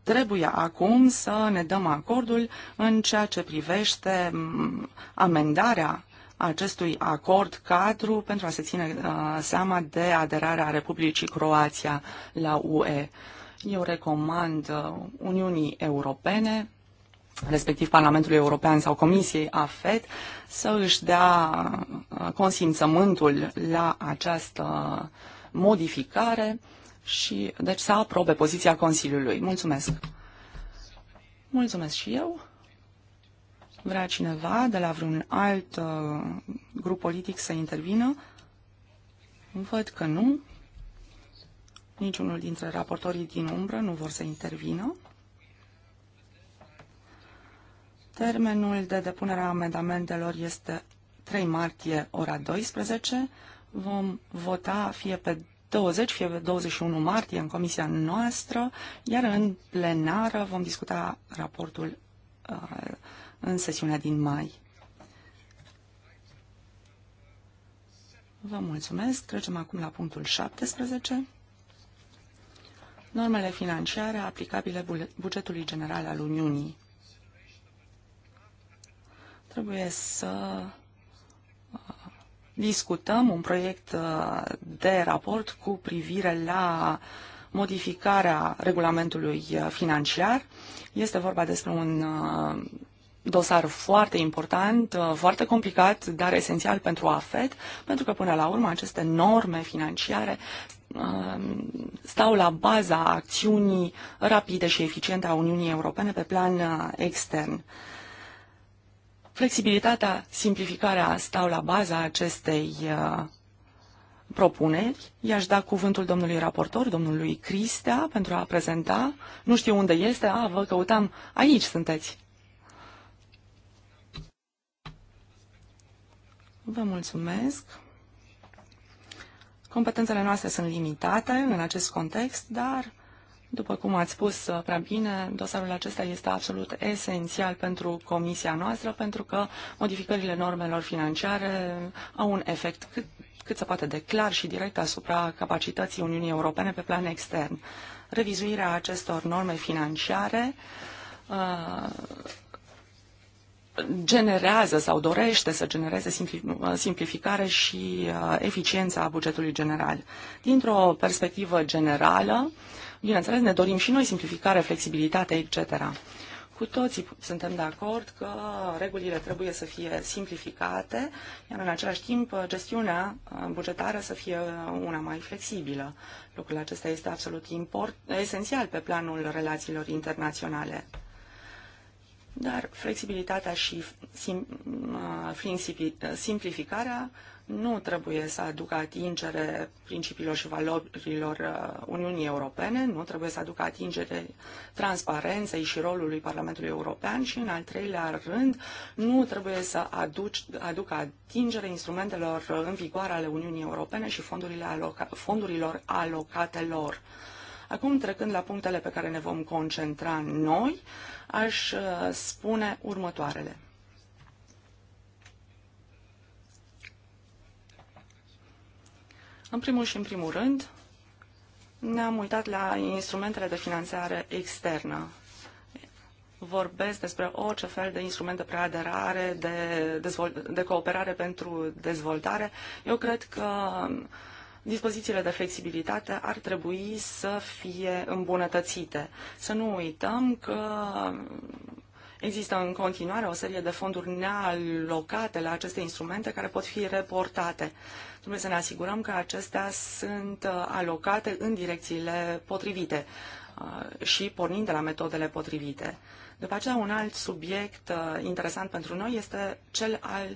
trebuie acum să ne dăm acordul în ceea ce privește mm, amendarea acestui acord cadru pentru a se ține uh, seama de aderarea Republicii Croația la UE. Eu recomand uh, Uniunii Europene, respectiv Parlamentului European sau Comisiei AFET, să își dea uh, consimțământul la această modificare și deci să aprobe poziția Consiliului. Mulțumesc! Mulțumesc și eu! vrea cineva de la vreun alt uh, grup politic să intervină? Văd că nu. Niciunul dintre raportorii din umbră nu vor să intervină. Termenul de depunere a amendamentelor este 3 martie, ora 12. Vom vota fie pe 20, fie pe 21 martie în comisia noastră, iar în plenară vom discuta raportul uh, în sesiunea din mai. Vă mulțumesc. Trecem acum la punctul 17. Normele financiare aplicabile bugetului general al Uniunii. Trebuie să uh, discutăm un proiect uh, de raport cu privire la modificarea regulamentului uh, financiar. Este vorba despre un dosar foarte important, uh, foarte complicat, dar esențial pentru AFET, pentru că până la urmă aceste norme financiare uh, stau la baza acțiunii rapide și eficiente a Uniunii Europene pe plan uh, extern. Flexibilitatea, simplificarea stau la baza acestei propuneri. I-aș da cuvântul domnului raportor, domnului Cristea, pentru a prezenta. Nu știu unde este. A, vă căutam. Aici sunteți. Vă mulțumesc. Competențele noastre sunt limitate în acest context, dar, după cum ați spus prea bine, dosarul acesta este absolut esențial pentru comisia noastră, pentru că modificările normelor financiare au un efect cât, cât se poate de clar și direct asupra capacității Uniunii Europene pe plan extern. Revizuirea acestor norme financiare uh, generează sau dorește să genereze simplificare și uh, eficiența bugetului general. Dintr-o perspectivă generală, bineînțeles, ne dorim și noi simplificare, flexibilitate, etc. Cu toții suntem de acord că regulile trebuie să fie simplificate, iar în același timp uh, gestiunea uh, bugetară să fie una mai flexibilă. Lucrul acesta este absolut import, esențial pe planul relațiilor internaționale. Dar flexibilitatea și sim, uh, simplificarea nu trebuie să aducă atingere principiilor și valorilor uh, Uniunii Europene, nu trebuie să aducă atingere transparenței și rolului Parlamentului European și, în al treilea rând, nu trebuie să aduci, aducă atingere instrumentelor în vigoare ale Uniunii Europene și fondurile aloca, fondurilor alocate lor. Acum, trecând la punctele pe care ne vom concentra noi, aș uh, spune următoarele. În primul și în primul rând, ne-am uitat la instrumentele de finanțare externă. Vorbesc despre orice fel de instrument de preaderare, de, de cooperare pentru dezvoltare. Eu cred că dispozițiile de flexibilitate ar trebui să fie îmbunătățite. Să nu uităm că Există în continuare o serie de fonduri nealocate la aceste instrumente care pot fi reportate. Trebuie să ne asigurăm că acestea sunt uh, alocate în direcțiile potrivite uh, și pornind de la metodele potrivite. După aceea, un alt subiect uh, interesant pentru noi este cel al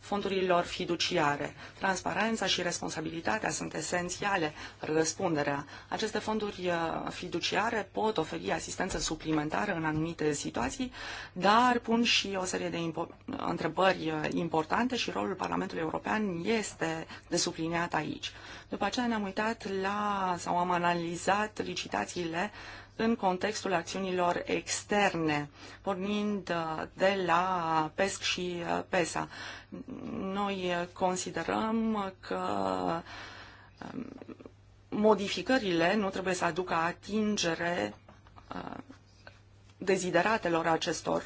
fondurilor fiduciare. Transparența și responsabilitatea sunt esențiale, răspunderea. Aceste fonduri uh, fiduciare pot oferi asistență suplimentară în anumite situații, dar pun și o serie de impo întrebări uh, importante și rolul Parlamentului European este de subliniat aici. După aceea ne-am uitat la sau am analizat licitațiile în contextul acțiunilor externe, pornind uh, de la PESC și uh, PESA. Noi uh, considerăm că um, modificările nu trebuie să aducă atingere dezideratelor acestor,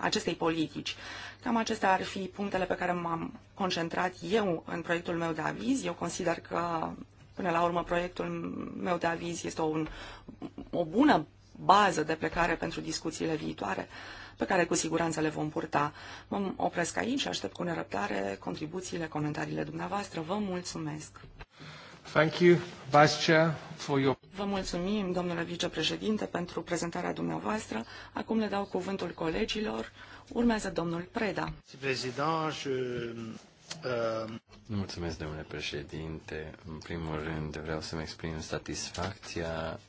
acestei politici. Cam acestea ar fi punctele pe care m-am concentrat eu în proiectul meu de aviz. Eu consider că Până la urmă, proiectul meu de aviz este un, o bună bază de plecare pentru discuțiile viitoare pe care cu siguranță le vom purta. Mă opresc aici și aștept cu nerăbdare contribuțiile, comentariile dumneavoastră. Vă mulțumesc! Thank you, Vice Chair, for your... Vă mulțumim, domnule vicepreședinte, pentru prezentarea dumneavoastră. Acum le dau cuvântul colegilor. Urmează domnul Preda. President, Mulțumesc, domnule președinte. În primul rând, vreau să-mi exprim satisfacția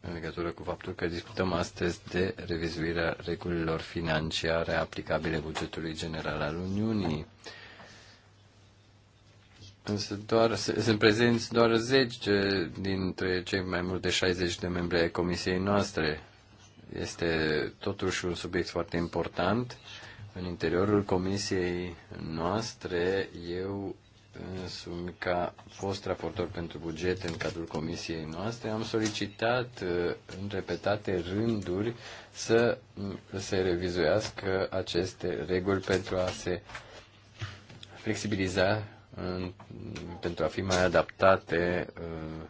în legătură cu faptul că discutăm astăzi de revizuirea regulilor financiare aplicabile bugetului general al Uniunii. Însă doar, sunt prezenți doar 10 dintre cei mai mulți de 60 de membri ai comisiei noastre. Este totuși un subiect foarte important în interiorul comisiei noastre, eu sunt ca fost raportor pentru buget în cadrul comisiei noastre, am solicitat în repetate rânduri să se revizuiască aceste reguli pentru a se flexibiliza, în, pentru a fi mai adaptate uh,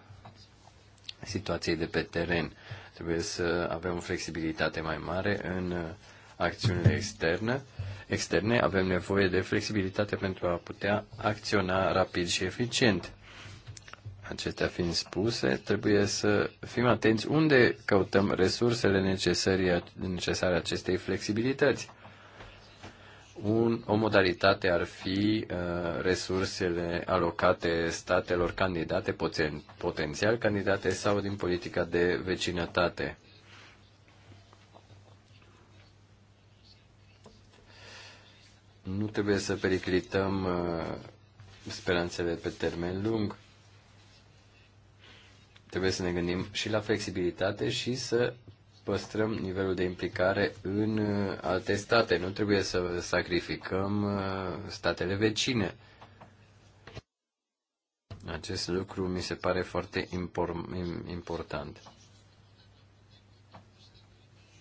situației de pe teren. Trebuie să avem o flexibilitate mai mare în uh, acțiunile externe externe, avem nevoie de flexibilitate pentru a putea acționa rapid și eficient. Acestea fiind spuse, trebuie să fim atenți unde căutăm resursele necesare, acestei flexibilități. Un, o modalitate ar fi uh, resursele alocate statelor candidate, poten, potențial candidate sau din politica de vecinătate. Nu trebuie să periclităm uh, speranțele pe termen lung. Trebuie să ne gândim și la flexibilitate și să păstrăm nivelul de implicare în uh, alte state. Nu trebuie să sacrificăm uh, statele vecine. Acest lucru mi se pare foarte important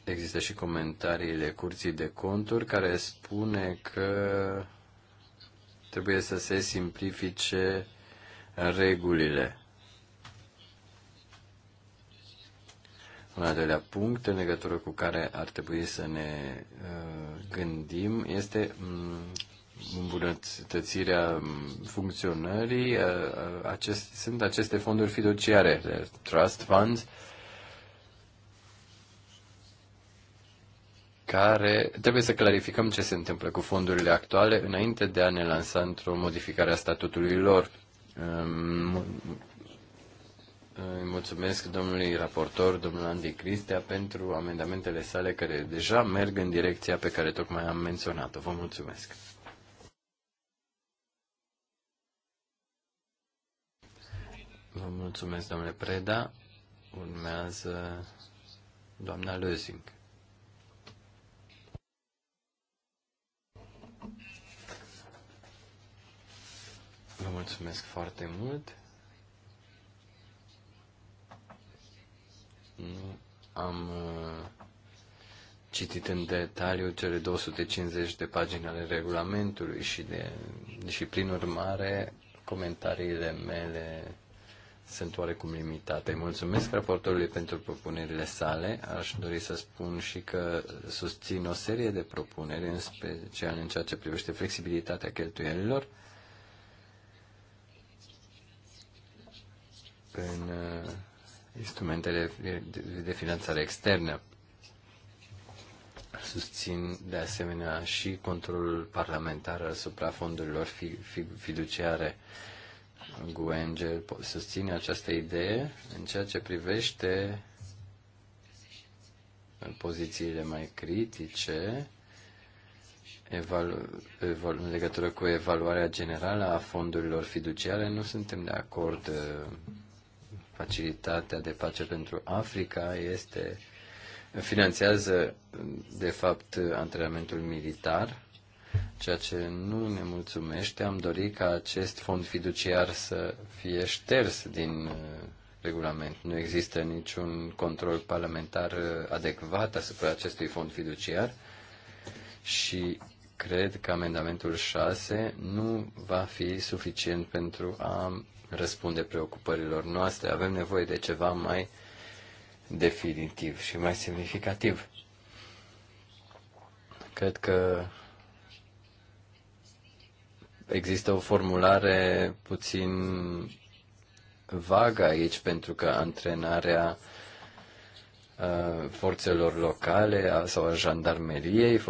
există și comentariile Curții de Conturi care spune că trebuie să se simplifice regulile. Un al doilea punct în legătură cu care ar trebui să ne uh, gândim este mm, îmbunătățirea funcționării. Uh, uh, acest, sunt aceste fonduri fiduciare, trust funds, care trebuie să clarificăm ce se întâmplă cu fondurile actuale înainte de a ne lansa într-o modificare a statutului lor. Îi mulțumesc domnului raportor, domnul Andy Cristea, pentru amendamentele sale care deja merg în direcția pe care tocmai am menționat-o. Vă mulțumesc! Vă mulțumesc, domnule Preda. Urmează doamna Lözing. Vă mulțumesc foarte mult. Nu am uh, citit în detaliu cele 250 de pagini ale regulamentului și, de, și prin urmare comentariile mele sunt oarecum limitate. Mulțumesc raportorului pentru propunerile sale. Aș dori să spun și că susțin o serie de propuneri, în special în ceea ce privește flexibilitatea cheltuielilor. în uh, instrumentele de finanțare externă. Susțin de asemenea și controlul parlamentar asupra fondurilor fiduciare. Guengel susține această idee în ceea ce privește pozițiile mai critice evalu- evalu- în legătură cu evaluarea generală a fondurilor fiduciare. Nu suntem de acord uh, Facilitatea de pace pentru Africa este finanțează, de fapt, antrenamentul militar, ceea ce nu ne mulțumește. Am dorit ca acest fond fiduciar să fie șters din uh, regulament. Nu există niciun control parlamentar uh, adecvat asupra acestui fond fiduciar și cred că amendamentul 6 nu va fi suficient pentru a răspunde preocupărilor noastre. Avem nevoie de ceva mai definitiv și mai semnificativ. Cred că există o formulare puțin vagă aici, pentru că antrenarea forțelor locale sau a jandarmeriei,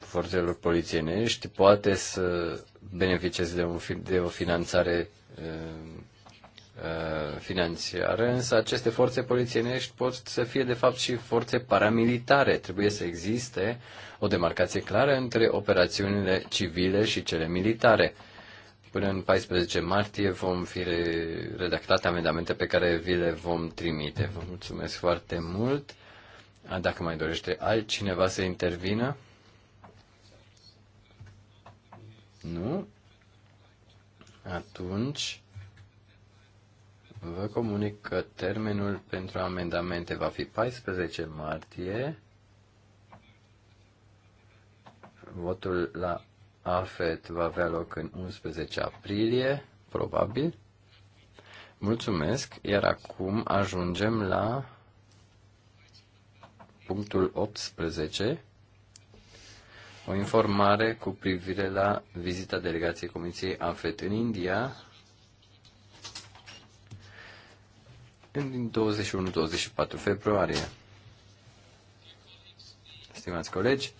forțelor polițienești, poate să beneficieze de, un, de o finanțare uh, uh, financiară, însă aceste forțe polițienești pot să fie de fapt și forțe paramilitare. Trebuie să existe o demarcație clară între operațiunile civile și cele militare. Până în 14 martie vom fi redactate amendamente pe care vi le vom trimite. Vă mulțumesc foarte mult. Dacă mai dorește altcineva să intervină. Nu? Atunci vă comunic că termenul pentru amendamente va fi 14 martie. Votul la AFET va avea loc în 11 aprilie, probabil. Mulțumesc, iar acum ajungem la punctul 18, o informare cu privire la vizita delegației Comisiei AFET în India în 21-24 februarie. Stimați colegi,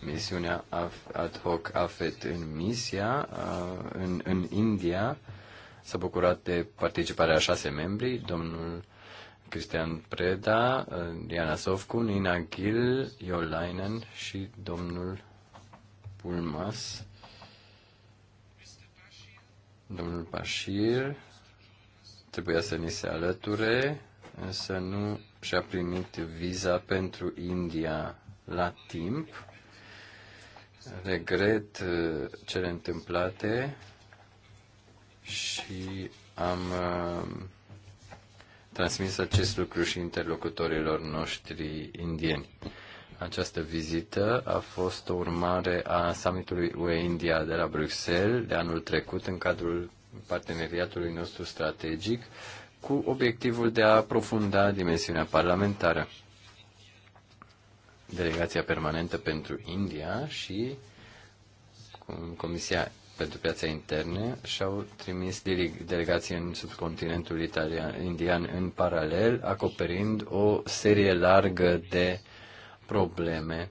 misiunea ad hoc AFET în Misia, în, în India, s-a bucurat de participarea a șase membri, domnul Cristian Preda, eh, Diana Sovcu, Nina Gil, Iolainen și domnul Pulmas, domnul Pașir, trebuia să ni se alăture, însă nu și-a primit viza pentru India la timp. Regret eh, cele întâmplate și am eh, transmis acest lucru și interlocutorilor noștri indieni. Această vizită a fost o urmare a summitului UE-India de la Bruxelles de anul trecut în cadrul parteneriatului nostru strategic cu obiectivul de a aprofunda dimensiunea parlamentară. Delegația permanentă pentru India și Comisia pentru piața interne și au trimis delegații în subcontinentul italian, indian în paralel, acoperind o serie largă de probleme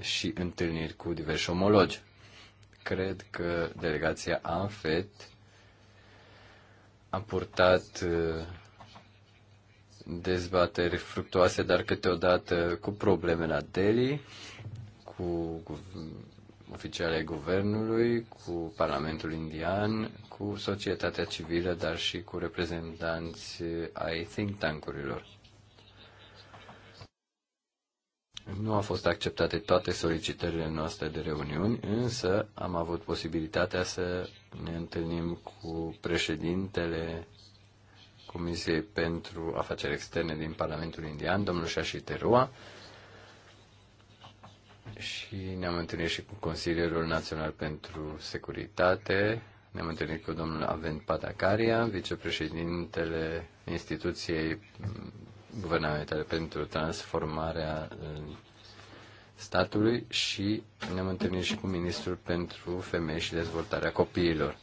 și întâlniri cu diversi omologi. Cred că delegația ANFET a purtat uh, dezbateri fructuoase, dar câteodată cu probleme la Delhi, cu oficiale ai guvernului, cu Parlamentul Indian, cu societatea civilă, dar și cu reprezentanți ai think tank-urilor. Nu au fost acceptate toate solicitările noastre de reuniuni, însă am avut posibilitatea să ne întâlnim cu președintele Comisiei pentru Afaceri Externe din Parlamentul Indian, domnul Shashi Terua, și ne-am întâlnit și cu Consilierul Național pentru Securitate, ne-am întâlnit cu domnul Avent Patacaria, vicepreședintele instituției guvernamentale pentru transformarea statului și ne-am întâlnit și cu ministrul pentru femei și dezvoltarea copiilor.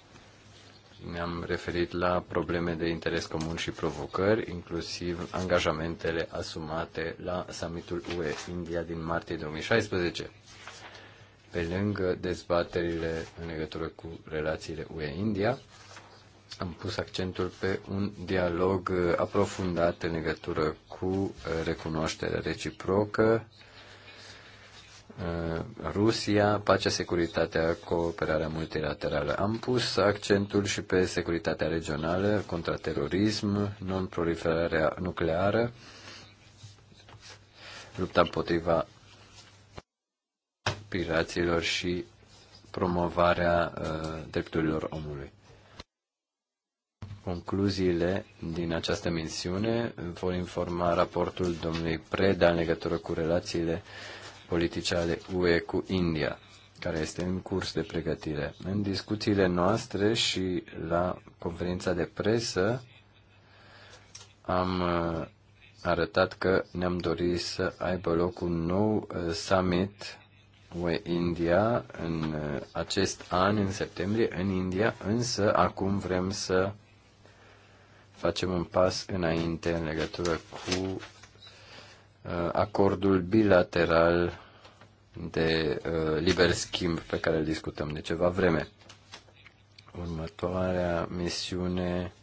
Ne-am referit la probleme de interes comun și provocări, inclusiv angajamentele asumate la summitul UE-India din martie 2016. Pe lângă dezbaterile în legătură cu relațiile UE-India, am pus accentul pe un dialog aprofundat în legătură cu eh, recunoașterea reciprocă, Uh, Rusia, pacea, securitatea, cooperarea multilaterală. Am pus accentul și pe securitatea regională, contraterorism, non-proliferarea nucleară, lupta împotriva piraților și promovarea uh, drepturilor omului. Concluziile din această misiune vor informa raportul domnului Preda în legătură cu relațiile uh, politice ale UE cu India, care este în curs de pregătire. În discuțiile noastre și la conferința de presă am uh, arătat că ne-am dorit să aibă loc un nou uh, summit UE India în uh, acest an, în septembrie, în India, însă acum vrem să facem un pas înainte în legătură cu acordul bilateral de uh, liber schimb pe care îl discutăm de ceva vreme. Următoarea misiune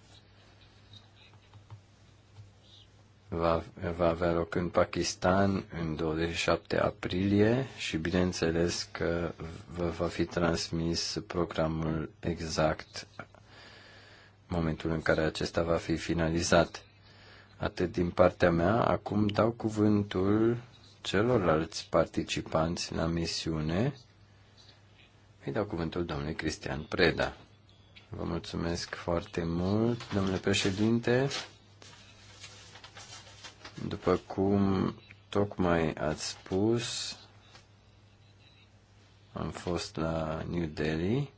va, va avea loc în Pakistan în 27 aprilie și bineînțeles că vă va fi transmis programul exact momentul în care acesta va fi finalizat. Atât din partea mea, acum dau cuvântul celorlalți participanți la misiune. Îi dau cuvântul domnului Cristian Preda. Vă mulțumesc foarte mult, domnule președinte. După cum tocmai ați spus, am fost la New Delhi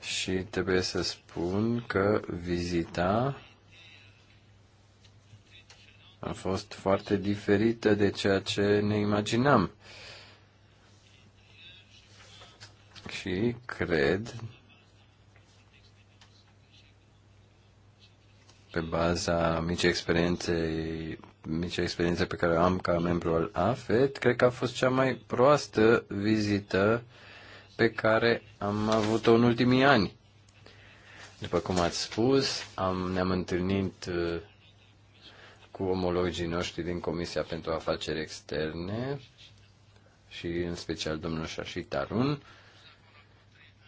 și trebuie să spun că vizita a fost foarte diferită de ceea ce ne imaginam. Și cred, pe baza micii experiențe, mici experiențe pe care o am ca membru al AFET, cred că a fost cea mai proastă vizită uh, pe care am avut-o în ultimii ani. După cum ați spus, am, ne-am întâlnit uh, cu omologii noștri din Comisia pentru Afaceri Externe și în special domnul Șașit Tarun.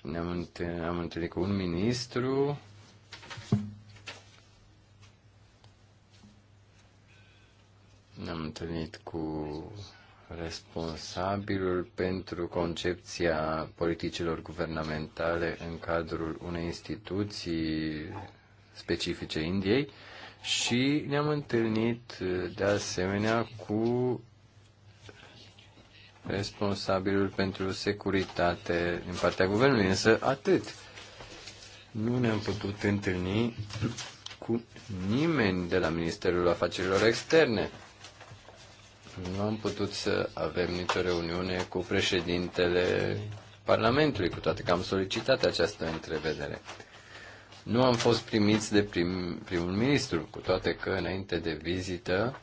Ne-am întâlnit, am întâlnit cu un ministru ne-am întâlnit cu responsabilul pentru concepția politicilor guvernamentale în cadrul unei instituții specifice Indiei și ne-am întâlnit de asemenea cu responsabilul pentru securitate din partea guvernului, însă atât. Nu ne-am putut întâlni cu nimeni de la Ministerul Afacerilor Externe nu am putut să avem nicio reuniune cu președintele Parlamentului, cu toate că am solicitat această întrevedere. Nu am fost primiți de prim, primul ministru, cu toate că înainte de vizită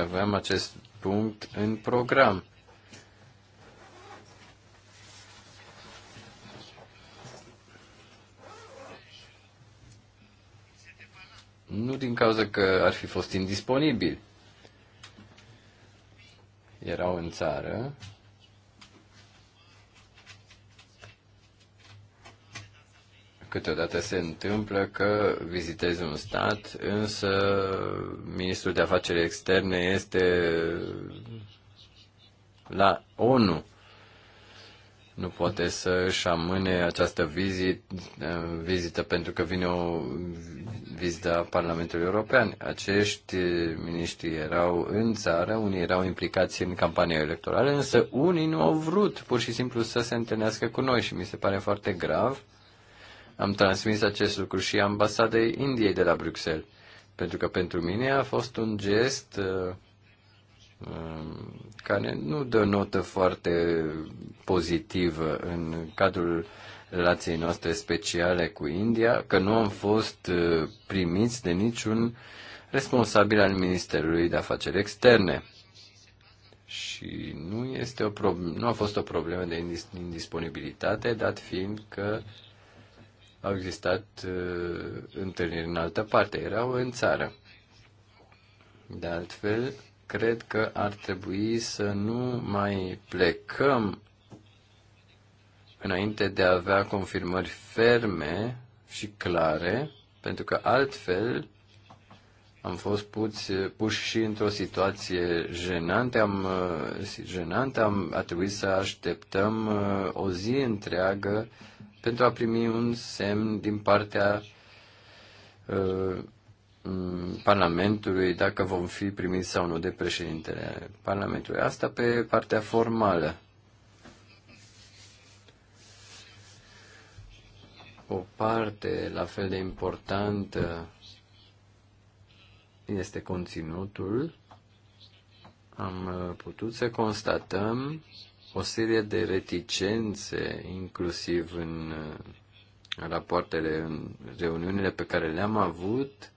aveam acest punct în program. Nu din cauza că ar fi fost indisponibil. Erau în țară. Câteodată se întâmplă că vizitezi un stat, însă ministrul de afaceri externe este la ONU nu poate să își amâne această vizit, vizită pentru că vine o vizită a Parlamentului European. Acești miniștri erau în țară, unii erau implicați în campania electorală, însă unii nu au vrut pur și simplu să se întâlnească cu noi și mi se pare foarte grav. Am transmis acest lucru și ambasadei Indiei de la Bruxelles, pentru că pentru mine a fost un gest uh, Um, care nu dă notă foarte pozitivă în cadrul relației noastre speciale cu India, că nu am fost uh, primiți de niciun responsabil al Ministerului de Afaceri Externe. Și nu, este o problemă, nu a fost o problemă de indisponibilitate, dat fiind că au existat uh, întâlniri în altă parte, erau în țară. De altfel, cred că ar trebui să nu mai plecăm înainte de a avea confirmări ferme și clare, pentru că altfel am fost puți, puși și într-o situație jenantă, am, jenantă, am, a trebuit să așteptăm uh, o zi întreagă pentru a primi un semn din partea uh, Mm, Parlamentului dacă vom fi primiți sau nu de președintele Parlamentului. Asta pe partea formală. O parte la fel de importantă este conținutul. Am putut să constatăm o serie de reticențe, inclusiv în uh, rapoartele, în reuniunile pe care le-am avut,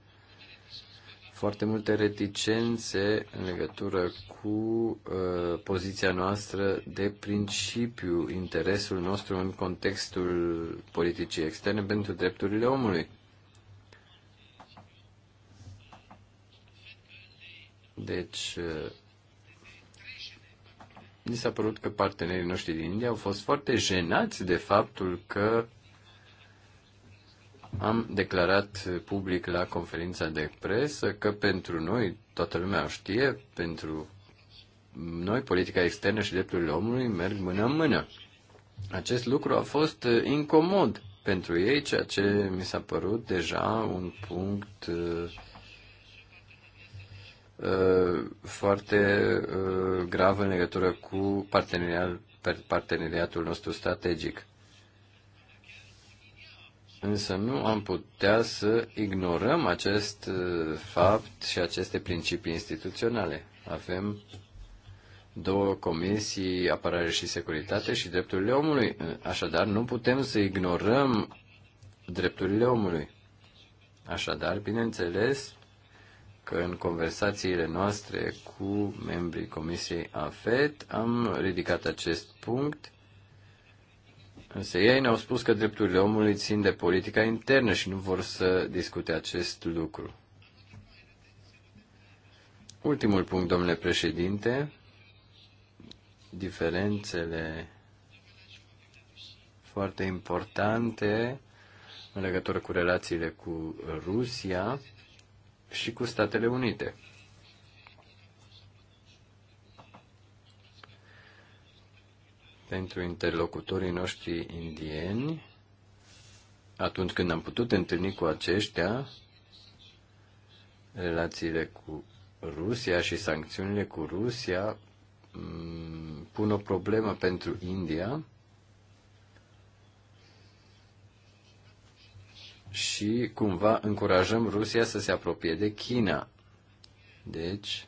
foarte multe reticențe în legătură cu uh, poziția noastră de principiu, interesul nostru în contextul politicii externe pentru drepturile omului. Deci, uh, mi s-a părut că partenerii noștri din India au fost foarte jenați de faptul că am declarat public la conferința de presă că pentru noi, toată lumea știe, pentru noi politica externă și drepturile omului merg mână în mână. Acest lucru a fost uh, incomod pentru ei, ceea ce mi s-a părut deja un punct uh, uh, foarte uh, grav în legătură cu parteneriatul nostru strategic. Însă nu am putea să ignorăm acest uh, fapt și aceste principii instituționale. Avem două comisii, apărare și securitate și drepturile omului. Așadar, nu putem să ignorăm drepturile omului. Așadar, bineînțeles că în conversațiile noastre cu membrii Comisiei AFET am ridicat acest punct Însă ei ne-au spus că drepturile omului țin de politica internă și nu vor să discute acest lucru. Ultimul punct, domnule președinte, diferențele foarte importante în legătură cu relațiile cu Rusia și cu Statele Unite. pentru interlocutorii noștri indieni, atunci când am putut întâlni cu aceștia, relațiile cu Rusia și sancțiunile cu Rusia mm, pun o problemă pentru India și cumva încurajăm Rusia să se apropie de China. Deci,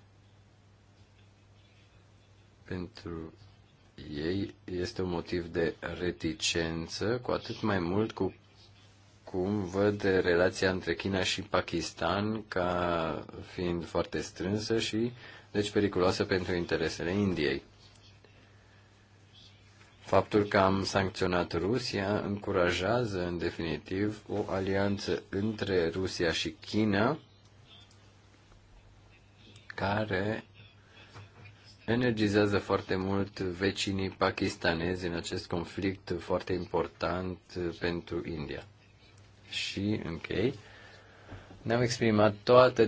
pentru ei este un motiv de reticență, cu atât mai mult cu cum văd relația între China și Pakistan ca fiind foarte strânsă și deci periculoasă pentru interesele Indiei. Faptul că am sancționat Rusia încurajează, în definitiv, o alianță între Rusia și China, care energizează foarte mult vecinii pakistanezi în acest conflict foarte important pentru India. Și închei. Ne-am exprimat toată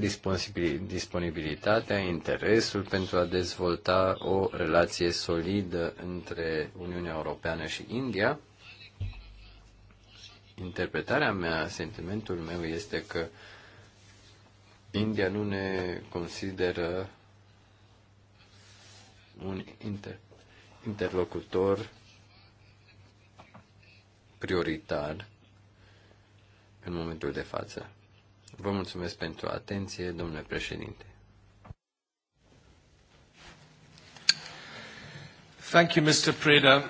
disponibilitatea, interesul pentru a dezvolta o relație solidă între Uniunea Europeană și India. Interpretarea mea, sentimentul meu este că India nu ne consideră un inter, interlocutor prioritar în momentul de față. Vă mulțumesc pentru atenție, domnule președinte. Thank you, Mr. Preda.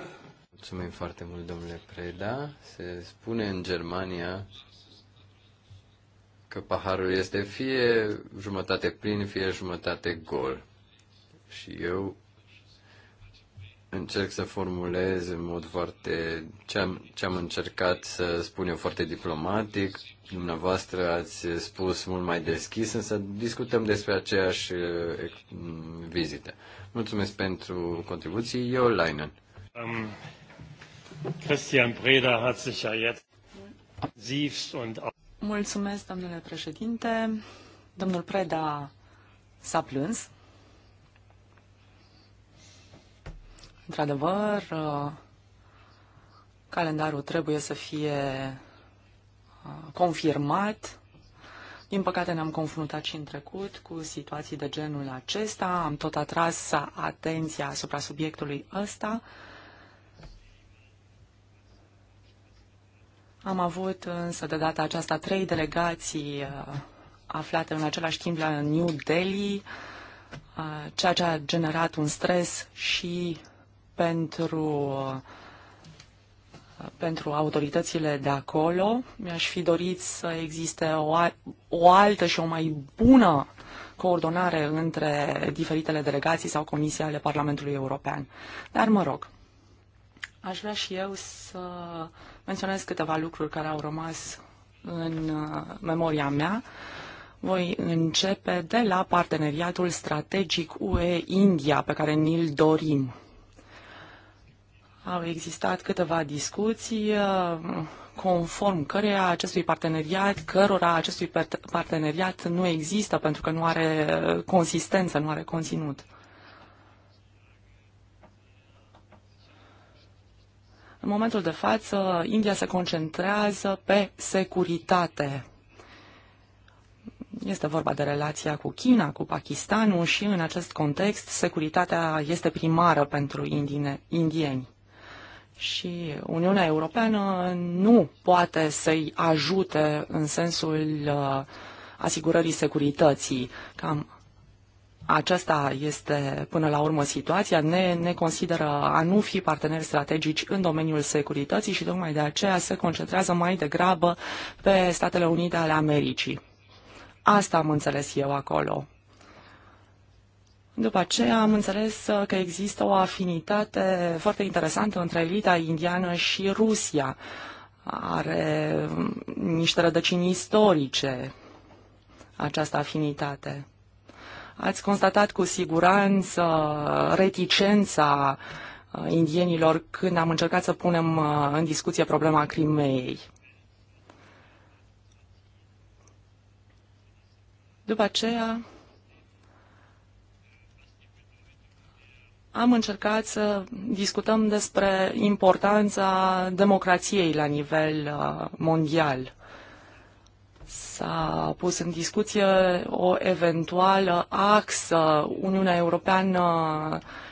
Mulțumim foarte mult, domnule Preda. Se spune în Germania că paharul este fie jumătate plin, fie jumătate gol. Și eu încerc să formulez în mod foarte. ce am, ce am încercat să spun eu foarte diplomatic. Dumneavoastră ați spus mult mai deschis, însă discutăm despre aceeași uh, mm, vizită. Mulțumesc pentru contribuții. Eu, Leinen. Um, Christian Preda hat sich ja jetzt und Mulțumesc, domnule președinte. Domnul Preda s-a plâns Într-adevăr, uh, calendarul trebuie să fie uh, confirmat. Din păcate ne-am confruntat și în trecut cu situații de genul acesta. Am tot atras atenția asupra subiectului ăsta. Am avut însă de data aceasta trei delegații uh, aflate în același timp la New Delhi, ceea ce a generat un stres și pentru, pentru autoritățile de acolo. Mi-aș fi dorit să existe o, o altă și o mai bună coordonare între diferitele delegații sau comisii ale Parlamentului European. Dar mă rog, aș vrea și eu să menționez câteva lucruri care au rămas în uh, memoria mea. Voi începe de la parteneriatul strategic UE-India pe care ni-l dorim. Au existat câteva discuții uh, conform căreia acestui parteneriat, cărora acestui parteneriat nu există pentru că nu are consistență, nu are conținut. În momentul de față, India se concentrează pe securitate. Este vorba de relația cu China, cu Pakistanul și în acest context securitatea este primară pentru indine, indieni și Uniunea Europeană nu poate să-i ajute în sensul uh, asigurării securității. Cam aceasta este până la urmă situația. Ne, ne consideră a nu fi parteneri strategici în domeniul securității și tocmai de aceea se concentrează mai degrabă pe Statele Unite ale Americii. Asta am înțeles eu acolo. După aceea am înțeles uh, că există o afinitate foarte interesantă între elita indiană și Rusia. Are um, niște rădăcini istorice această afinitate. Ați constatat cu siguranță reticența uh, indienilor când am încercat să punem uh, în discuție problema Crimeei. După aceea, am încercat să discutăm despre importanța democrației la nivel uh, mondial. S-a pus în discuție o eventuală axă Uniunea Europeană,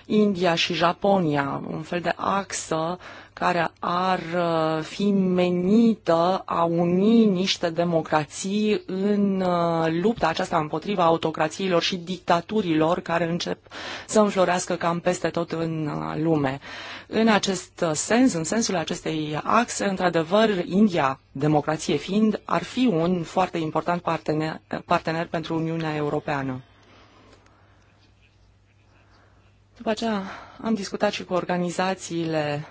India și Japonia, un fel de axă uh, care ar uh, fi menită a uni niște democrații în uh, lupta aceasta împotriva autocrațiilor și dictaturilor care încep să înflorească cam peste tot în uh, lume. În acest sens, în sensul acestei axe, într-adevăr, India, democrație fiind, ar fi un foarte important partener, partener pentru Uniunea Europeană. După aceea am discutat și cu organizațiile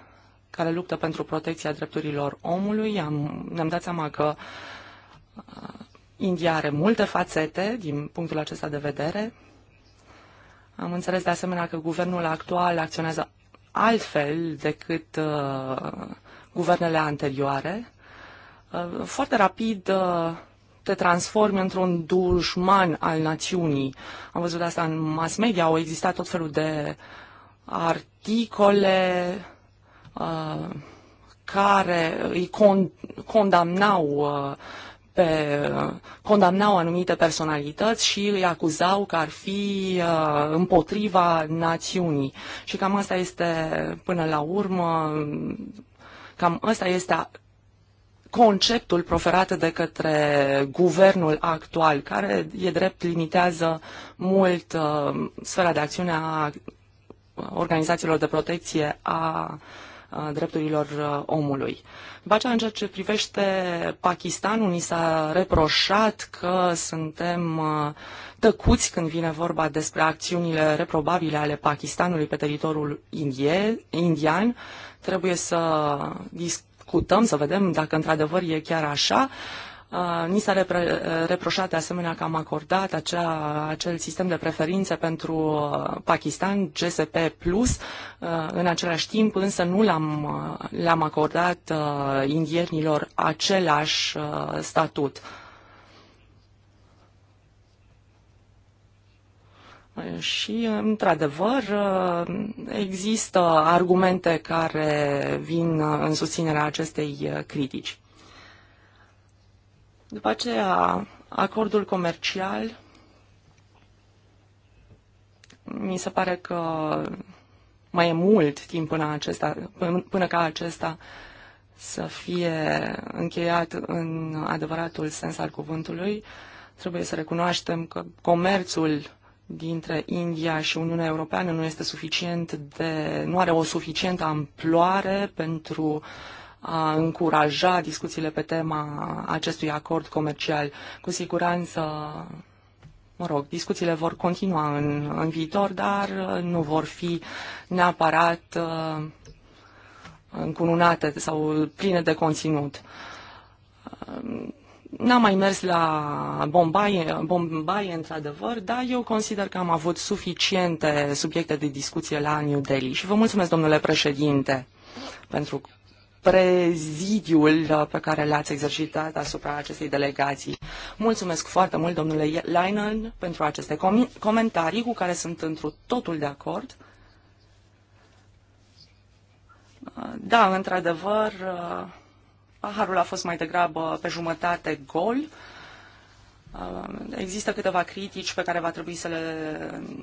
care luptă pentru protecția drepturilor omului. Am, ne-am dat seama că uh, India are multe fațete din punctul acesta de vedere. Am înțeles de asemenea că guvernul actual acționează altfel decât uh, guvernele anterioare. Uh, foarte rapid uh, te transformi într-un dușman al națiunii. Am văzut asta în mass media, au existat tot felul de articole care îi con- condamnau uh, pe, uh, condamnau anumite personalități și îi acuzau că ar fi uh, împotriva națiunii. Și cam asta este, până la urmă, cam asta este conceptul proferat de către guvernul actual, care, e drept, limitează mult uh, sfera de acțiune a organizațiilor de protecție a uh, drepturilor uh, omului. După aceea, în ceea ce privește Pakistanul, ni s-a reproșat că suntem uh, tăcuți când vine vorba despre acțiunile reprobabile ale Pakistanului pe teritoriul indie, indian. Trebuie să discutăm, să vedem dacă într-adevăr e chiar așa. Uh, Ni s-a repre, reproșat de asemenea că am acordat acea, acel sistem de preferințe pentru uh, Pakistan, GSP+, uh, în același timp însă nu l-am, uh, l-am acordat indienilor același statut. Și, într-adevăr, există argumente care vin în susținerea acestei critici. După aceea, acordul comercial, mi se pare că mai e mult timp până, acesta, până ca acesta să fie încheiat în adevăratul sens al cuvântului. Trebuie să recunoaștem că comerțul dintre India și Uniunea Europeană nu este suficient de, nu are o suficientă amploare pentru uh, a încuraja discuțiile pe tema acestui acord comercial. Cu siguranță, mă rog, discuțiile vor continua în, în viitor, dar nu vor fi neapărat uh, încununate sau pline de conținut. Uh, n-am mai mers la Bombay, Bombay într-adevăr, dar eu consider că am avut suficiente subiecte de discuție la New Delhi. Și vă mulțumesc, domnule președinte, pentru prezidiul uh, pe care l-ați exercitat asupra acestei delegații. Mulțumesc foarte mult, domnule Leinen, pentru aceste com comentarii cu care sunt întru totul de acord. Uh, da, într-adevăr, uh, paharul a fost mai degrabă pe jumătate gol Um, există câteva critici pe care va trebui să le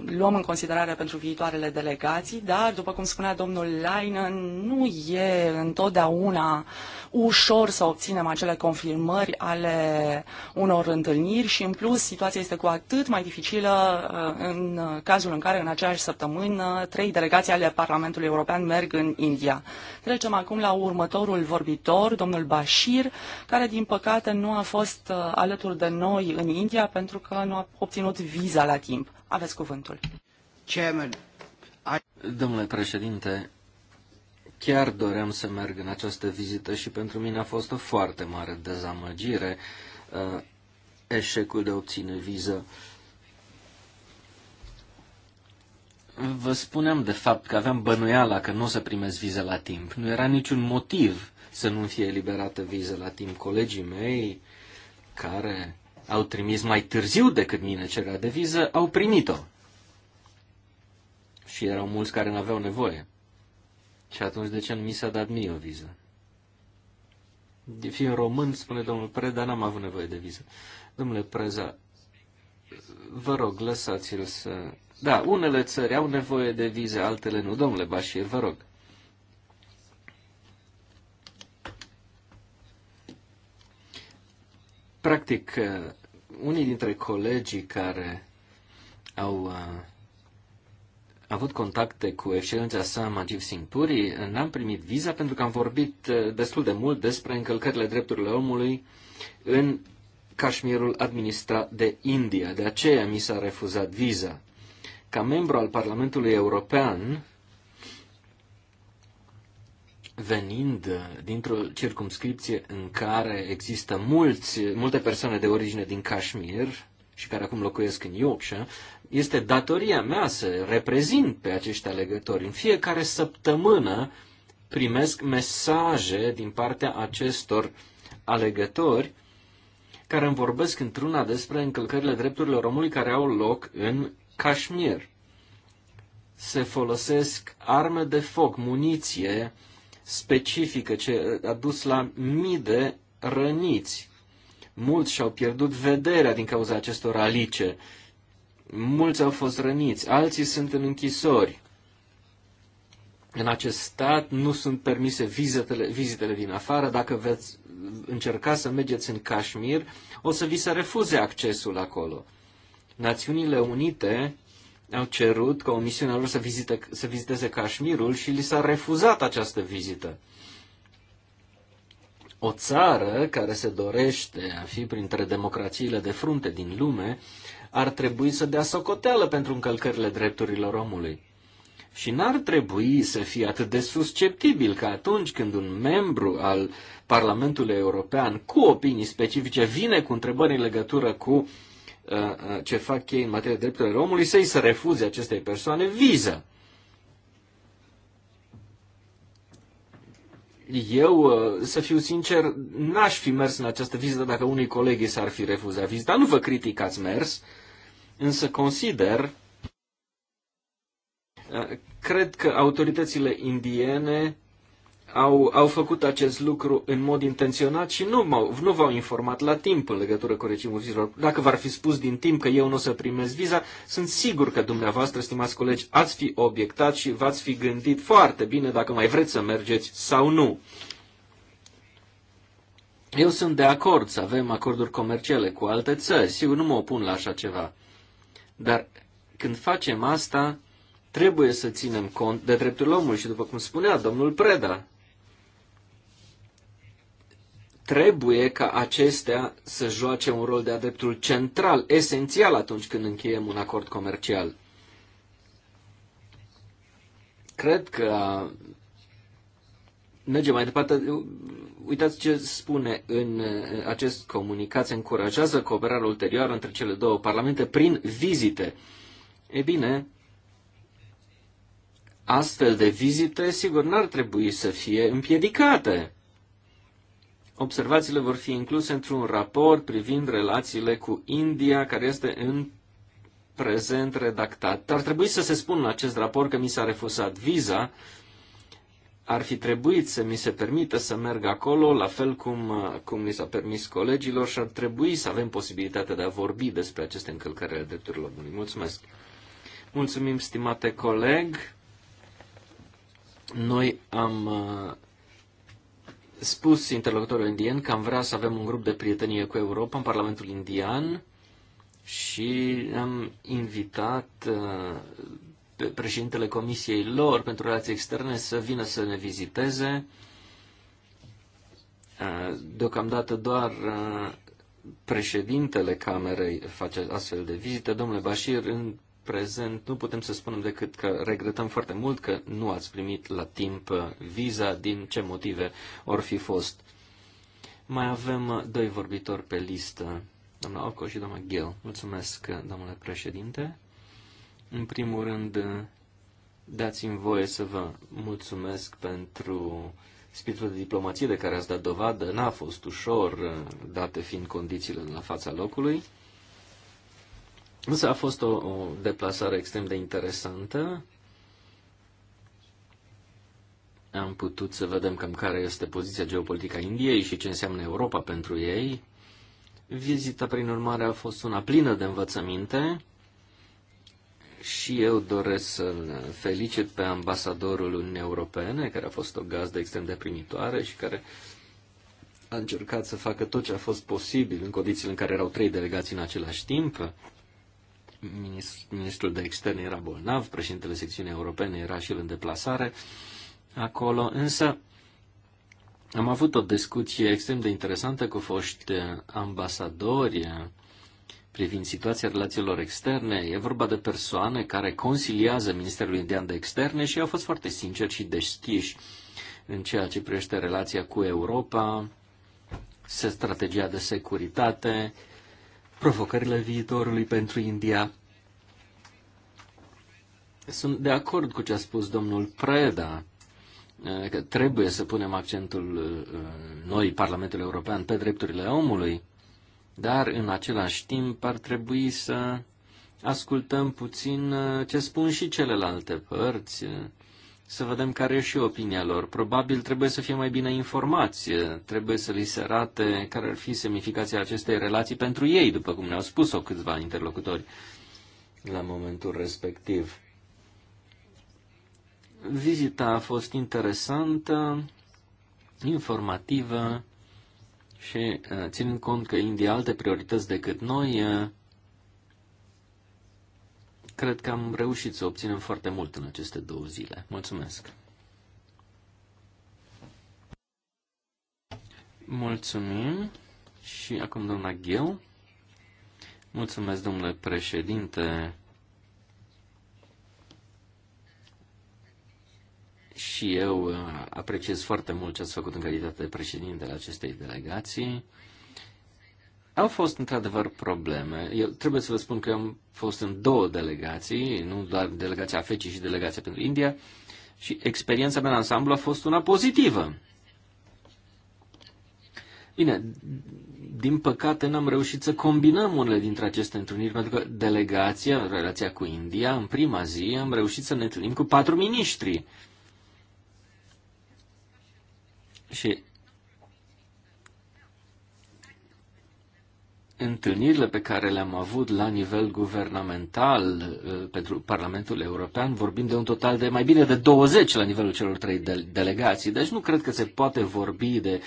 luăm în considerare pentru viitoarele delegații, dar, după cum spunea domnul Leinen, nu e întotdeauna ușor să obținem acele confirmări ale unor întâlniri și, în plus, situația este cu atât mai dificilă uh, în cazul în care, în aceeași săptămână, trei delegații ale Parlamentului European merg în India. Trecem acum la următorul vorbitor, domnul Bashir, care, din păcate, nu a fost uh, alături de noi în India pentru că nu a obținut viza la timp. Aveți cuvântul. Chairman, I... Domnule președinte, chiar doream să merg în această vizită și pentru mine a fost o foarte mare dezamăgire uh, eșecul de obține viză. Vă spuneam de fapt că aveam bănuiala că nu o să primesc viză la timp. Nu era niciun motiv să nu fie eliberată viză la timp. Colegii mei care au trimis mai târziu decât mine cererea de viză, au primit-o. Și erau mulți care nu aveau nevoie. Și atunci de ce nu mi s-a dat mie o viză? De fiind român, spune domnul Preda, n-am avut nevoie de viză. Domnule Preza, vă rog, lăsați-l să... Da, unele țări au nevoie de vize, altele nu. Domnule Bașir, vă rog. Practic, unii dintre colegii care au uh, avut contacte cu excelența sa Majiv Singh uh, n-am primit viza pentru că am vorbit uh, destul de mult despre încălcările drepturilor omului în Cașmirul administrat de India. De aceea mi s-a refuzat viza. Ca membru al Parlamentului European, venind dintr-o circumscripție în care există mulți, multe persoane de origine din Kashmir și care acum locuiesc în Yorkshire, este datoria mea să reprezint pe acești alegători. În fiecare săptămână primesc mesaje din partea acestor alegători care îmi vorbesc într-una despre încălcările drepturilor omului care au loc în Kashmir. Se folosesc arme de foc, muniție, specifică ce a dus la mii de răniți. Mulți și-au pierdut vederea din cauza acestor alice. Mulți au fost răniți, alții sunt în închisori. În acest stat nu sunt permise vizitele, vizitele din afară. Dacă veți încerca să mergeți în Kashmir, o să vi se refuze accesul acolo. Națiunile Unite au cerut ca o misiune lor să, vizite, să viziteze Cașmirul și li s-a refuzat această vizită. O țară care se dorește a fi printre democrațiile de frunte din lume ar trebui să dea socoteală pentru încălcările drepturilor omului. Și n-ar trebui să fie atât de susceptibil că atunci când un membru al Parlamentului European cu opinii specifice vine cu întrebări în legătură cu Uh, uh, ce fac ei în materie de drepturile omului, să-i să refuze acestei persoane viză. Eu, uh, să fiu sincer, n-aș fi mers în această vizită dacă unii colegi s-ar fi refuzat vizita. Nu vă critic ați mers, însă consider, cred că autoritățile indiene au, au făcut acest lucru în mod intenționat și nu, m-au, nu v-au informat la timp în legătură cu regimul vizelor. Dacă v-ar fi spus din timp că eu nu o să primesc viza, sunt sigur că dumneavoastră, stimați colegi, ați fi obiectat și v-ați fi gândit foarte bine dacă mai vreți să mergeți sau nu. Eu sunt de acord să avem acorduri comerciale cu alte țări, sigur nu mă opun la așa ceva. Dar când facem asta, trebuie să ținem cont de dreptul omului și, după cum spunea domnul Preda, trebuie ca acestea să joace un rol de-a dreptul central, esențial atunci când încheiem un acord comercial. Cred că mergem mai departe. Uitați ce spune în uh, acest comunicat. Se încurajează cooperarea ulterioară între cele două parlamente prin vizite. E bine, astfel de vizite, sigur, n-ar trebui să fie împiedicate. Observațiile vor fi incluse într-un raport privind relațiile cu India, care este în prezent redactat. Ar trebui să se spună în acest raport că mi s-a refuzat viza. Ar fi trebuit să mi se permită să merg acolo, la fel cum, cum mi s-a permis colegilor și ar trebui să avem posibilitatea de a vorbi despre aceste încălcări ale drepturilor omului. Mulțumesc! Mulțumim, stimate coleg! Noi am spus interlocutorul indian că am vrea să avem un grup de prietenie cu Europa în Parlamentul indian și am invitat uh, pe președintele Comisiei lor pentru relații externe să vină să ne viziteze. Uh, deocamdată doar uh, președintele Camerei face astfel de vizite. Domnule Bashir, în prezent nu putem să spunem decât că regretăm foarte mult că nu ați primit la timp uh, viza, din ce motive or fi fost. Mai avem uh, doi vorbitori pe listă, doamna Oco și doamna Gheu. Mulțumesc, uh, domnule președinte. În primul rând, dați-mi voie să vă mulțumesc pentru spiritul de diplomație de care ați dat dovadă. N-a fost ușor, date fiind condițiile de la fața locului. Însă a fost o, o deplasare extrem de interesantă. Am putut să vedem cam care este poziția geopolitică a Indiei și ce înseamnă Europa pentru ei. Vizita, prin urmare, a fost una plină de învățăminte și eu doresc să felicit pe ambasadorul Uniunii Europene, care a fost o gazdă extrem de primitoare și care a încercat să facă tot ce a fost posibil în condițiile în care erau trei delegații în același timp ministrul de externe era bolnav, președintele secțiunii europene era și el în deplasare acolo, însă am avut o discuție extrem de interesantă cu foști ambasadori privind situația relațiilor externe. E vorba de persoane care consiliază Ministerul Indian de Externe și au fost foarte sinceri și deschiși în ceea ce privește relația cu Europa, strategia de securitate, provocările viitorului pentru India. Sunt de acord cu ce a spus domnul Preda, eh, că trebuie să punem accentul eh, noi, Parlamentul European, pe drepturile omului, dar în același timp ar trebui să ascultăm puțin eh, ce spun și celelalte părți, să vedem care e și opinia lor. Probabil trebuie să fie mai bine informați, trebuie să li se arate care ar fi semnificația acestei relații pentru ei, după cum ne-au spus-o câțiva interlocutori la momentul respectiv. Vizita a fost interesantă, informativă și, uh, ținând cont că India alte priorități decât noi, uh, Cred că am reușit să obținem foarte mult în aceste două zile. Mulțumesc! Mulțumim și acum doamna Gheu. Mulțumesc, domnule președinte. Și eu uh, apreciez foarte mult ce ați făcut în calitate de președinte al acestei delegații. Au fost într-adevăr probleme. Eu trebuie să vă spun că am fost în două delegații, nu doar delegația Fecii și delegația pentru India, și experiența mea în ansamblu a fost una pozitivă. Bine, din păcate n-am reușit să combinăm unele dintre aceste întâlniri, pentru că delegația, în relația cu India, în prima zi am reușit să ne întâlnim cu patru miniștri. Și întâlnirile pe care le-am avut la nivel guvernamental uh, pentru Parlamentul European, vorbim de un total de mai bine de 20 la nivelul celor trei delegații. Deci nu cred că se poate vorbi de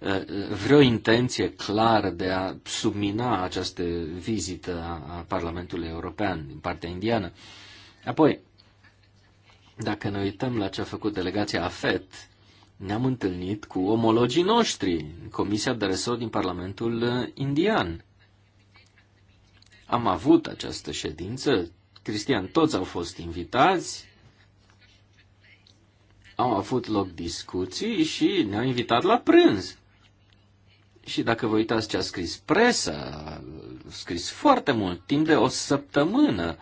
uh, uh, vreo intenție clară de a submina această vizită a Parlamentului European din partea indiană. Apoi, dacă ne uităm la ce a făcut delegația AFET, ne-am întâlnit cu omologii noștri, Comisia de Resort din Parlamentul Indian. Am avut această ședință, Cristian, toți au fost invitați, au avut loc discuții și ne-au invitat la prânz. Și dacă vă uitați ce a scris presa, a scris foarte mult, timp de o săptămână.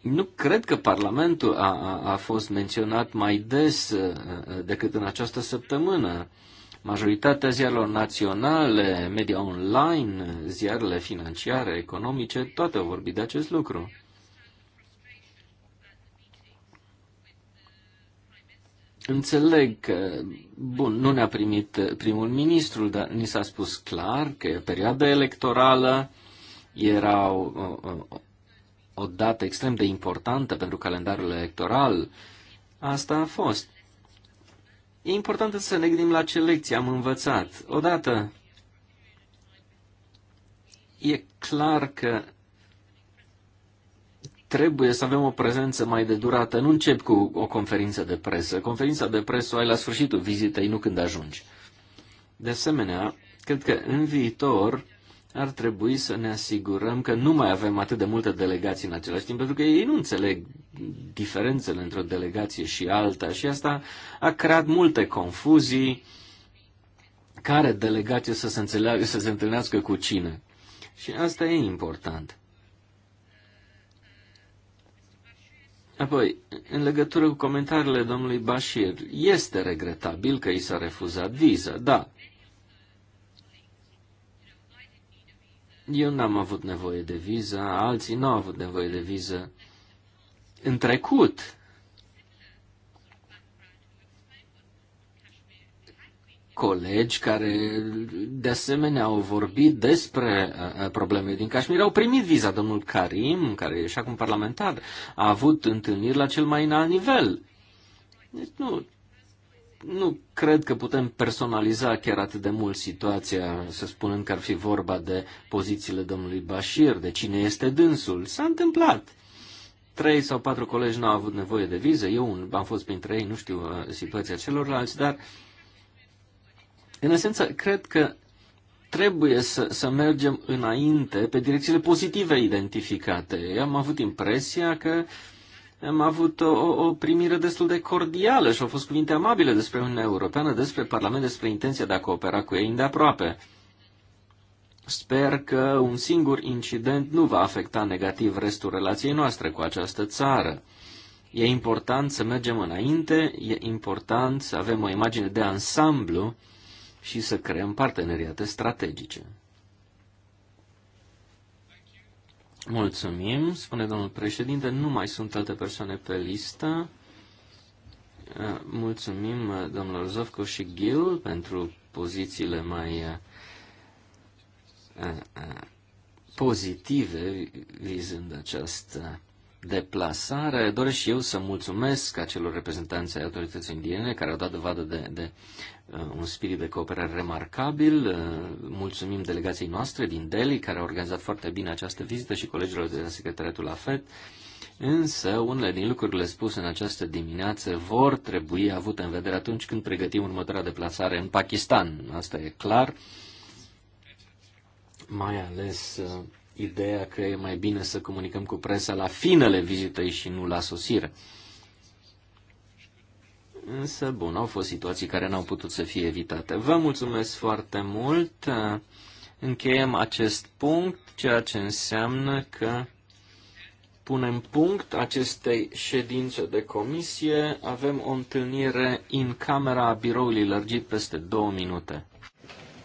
Nu cred că Parlamentul a, a, a fost menționat mai des uh, uh, decât în această săptămână. Majoritatea ziarelor naționale, media online, ziarele financiare, economice, toate au vorbit de acest lucru. Înțeleg că, bun, nu ne-a primit eh, primul ministru, dar ni s-a spus clar că e perioada electorală, era o, o, o dată extrem de importantă pentru calendarul electoral. Asta a fost. E important să ne gândim la ce lecții am învățat. Odată, e clar că trebuie să avem o prezență mai de durată. Nu încep cu o conferință de presă. Conferința de presă o ai la sfârșitul vizitei, nu când ajungi. De asemenea, cred că în viitor ar trebui să ne asigurăm că nu mai avem atât de multe delegații în același timp, pentru că ei nu înțeleg diferențele între o delegație și alta și asta a creat multe confuzii care delegație să se, înțeleagă, să se întâlnească cu cine. Și asta e important. Apoi, în legătură cu comentariile domnului Bashir, este regretabil că i s-a refuzat viza, da. Eu n-am avut nevoie de viză, alții n-au avut nevoie de viză în trecut. Colegi care de asemenea au vorbit despre uh, uh, probleme din Cașmir au primit viza. Domnul Karim, care e și acum parlamentar, a avut întâlniri la cel mai înalt nivel. Deci nu, nu cred că putem personaliza chiar atât de mult situația, să spunem că ar fi vorba de pozițiile domnului Bashir, de cine este dânsul. S-a întâmplat trei sau patru colegi n-au avut nevoie de vize, eu am fost printre ei, nu știu uh, situația celorlalți, dar în esență cred că trebuie să, să mergem înainte pe direcțiile pozitive identificate. Eu am avut impresia că am avut o, o primire destul de cordială și au fost cuvinte amabile despre Uniunea Europeană, despre Parlament, despre intenția de a coopera cu ei îndeaproape. aproape. Sper că un singur incident nu va afecta negativ restul relației noastre cu această țară. E important să mergem înainte, e important să avem o imagine de ansamblu și să creăm parteneriate strategice. Mulțumim, spune domnul președinte, nu mai sunt alte persoane pe listă. Mulțumim domnilor Zovco și Gil pentru pozițiile mai pozitive vizând această deplasare. Doresc și eu să mulțumesc acelor reprezentanți ai autorității indiene care au dat dovadă de, de uh, un spirit de cooperare remarcabil. Uh, mulțumim delegației noastre din Delhi care au organizat foarte bine această vizită și colegilor de la Secretariatul AFET. Însă, unele din lucrurile spuse în această dimineață vor trebui avute în vedere atunci când pregătim următoarea deplasare în Pakistan. Asta e clar. Uh, mai ales uh, ideea că e mai bine să comunicăm cu presa la finele vizitei și nu la sosire. Însă, bun, au fost situații care n-au putut să fie evitate. Vă mulțumesc foarte mult. Uh, încheiem acest punct, ceea ce înseamnă că punem punct acestei ședințe de comisie. Avem o întâlnire în camera biroului lărgit peste două minute.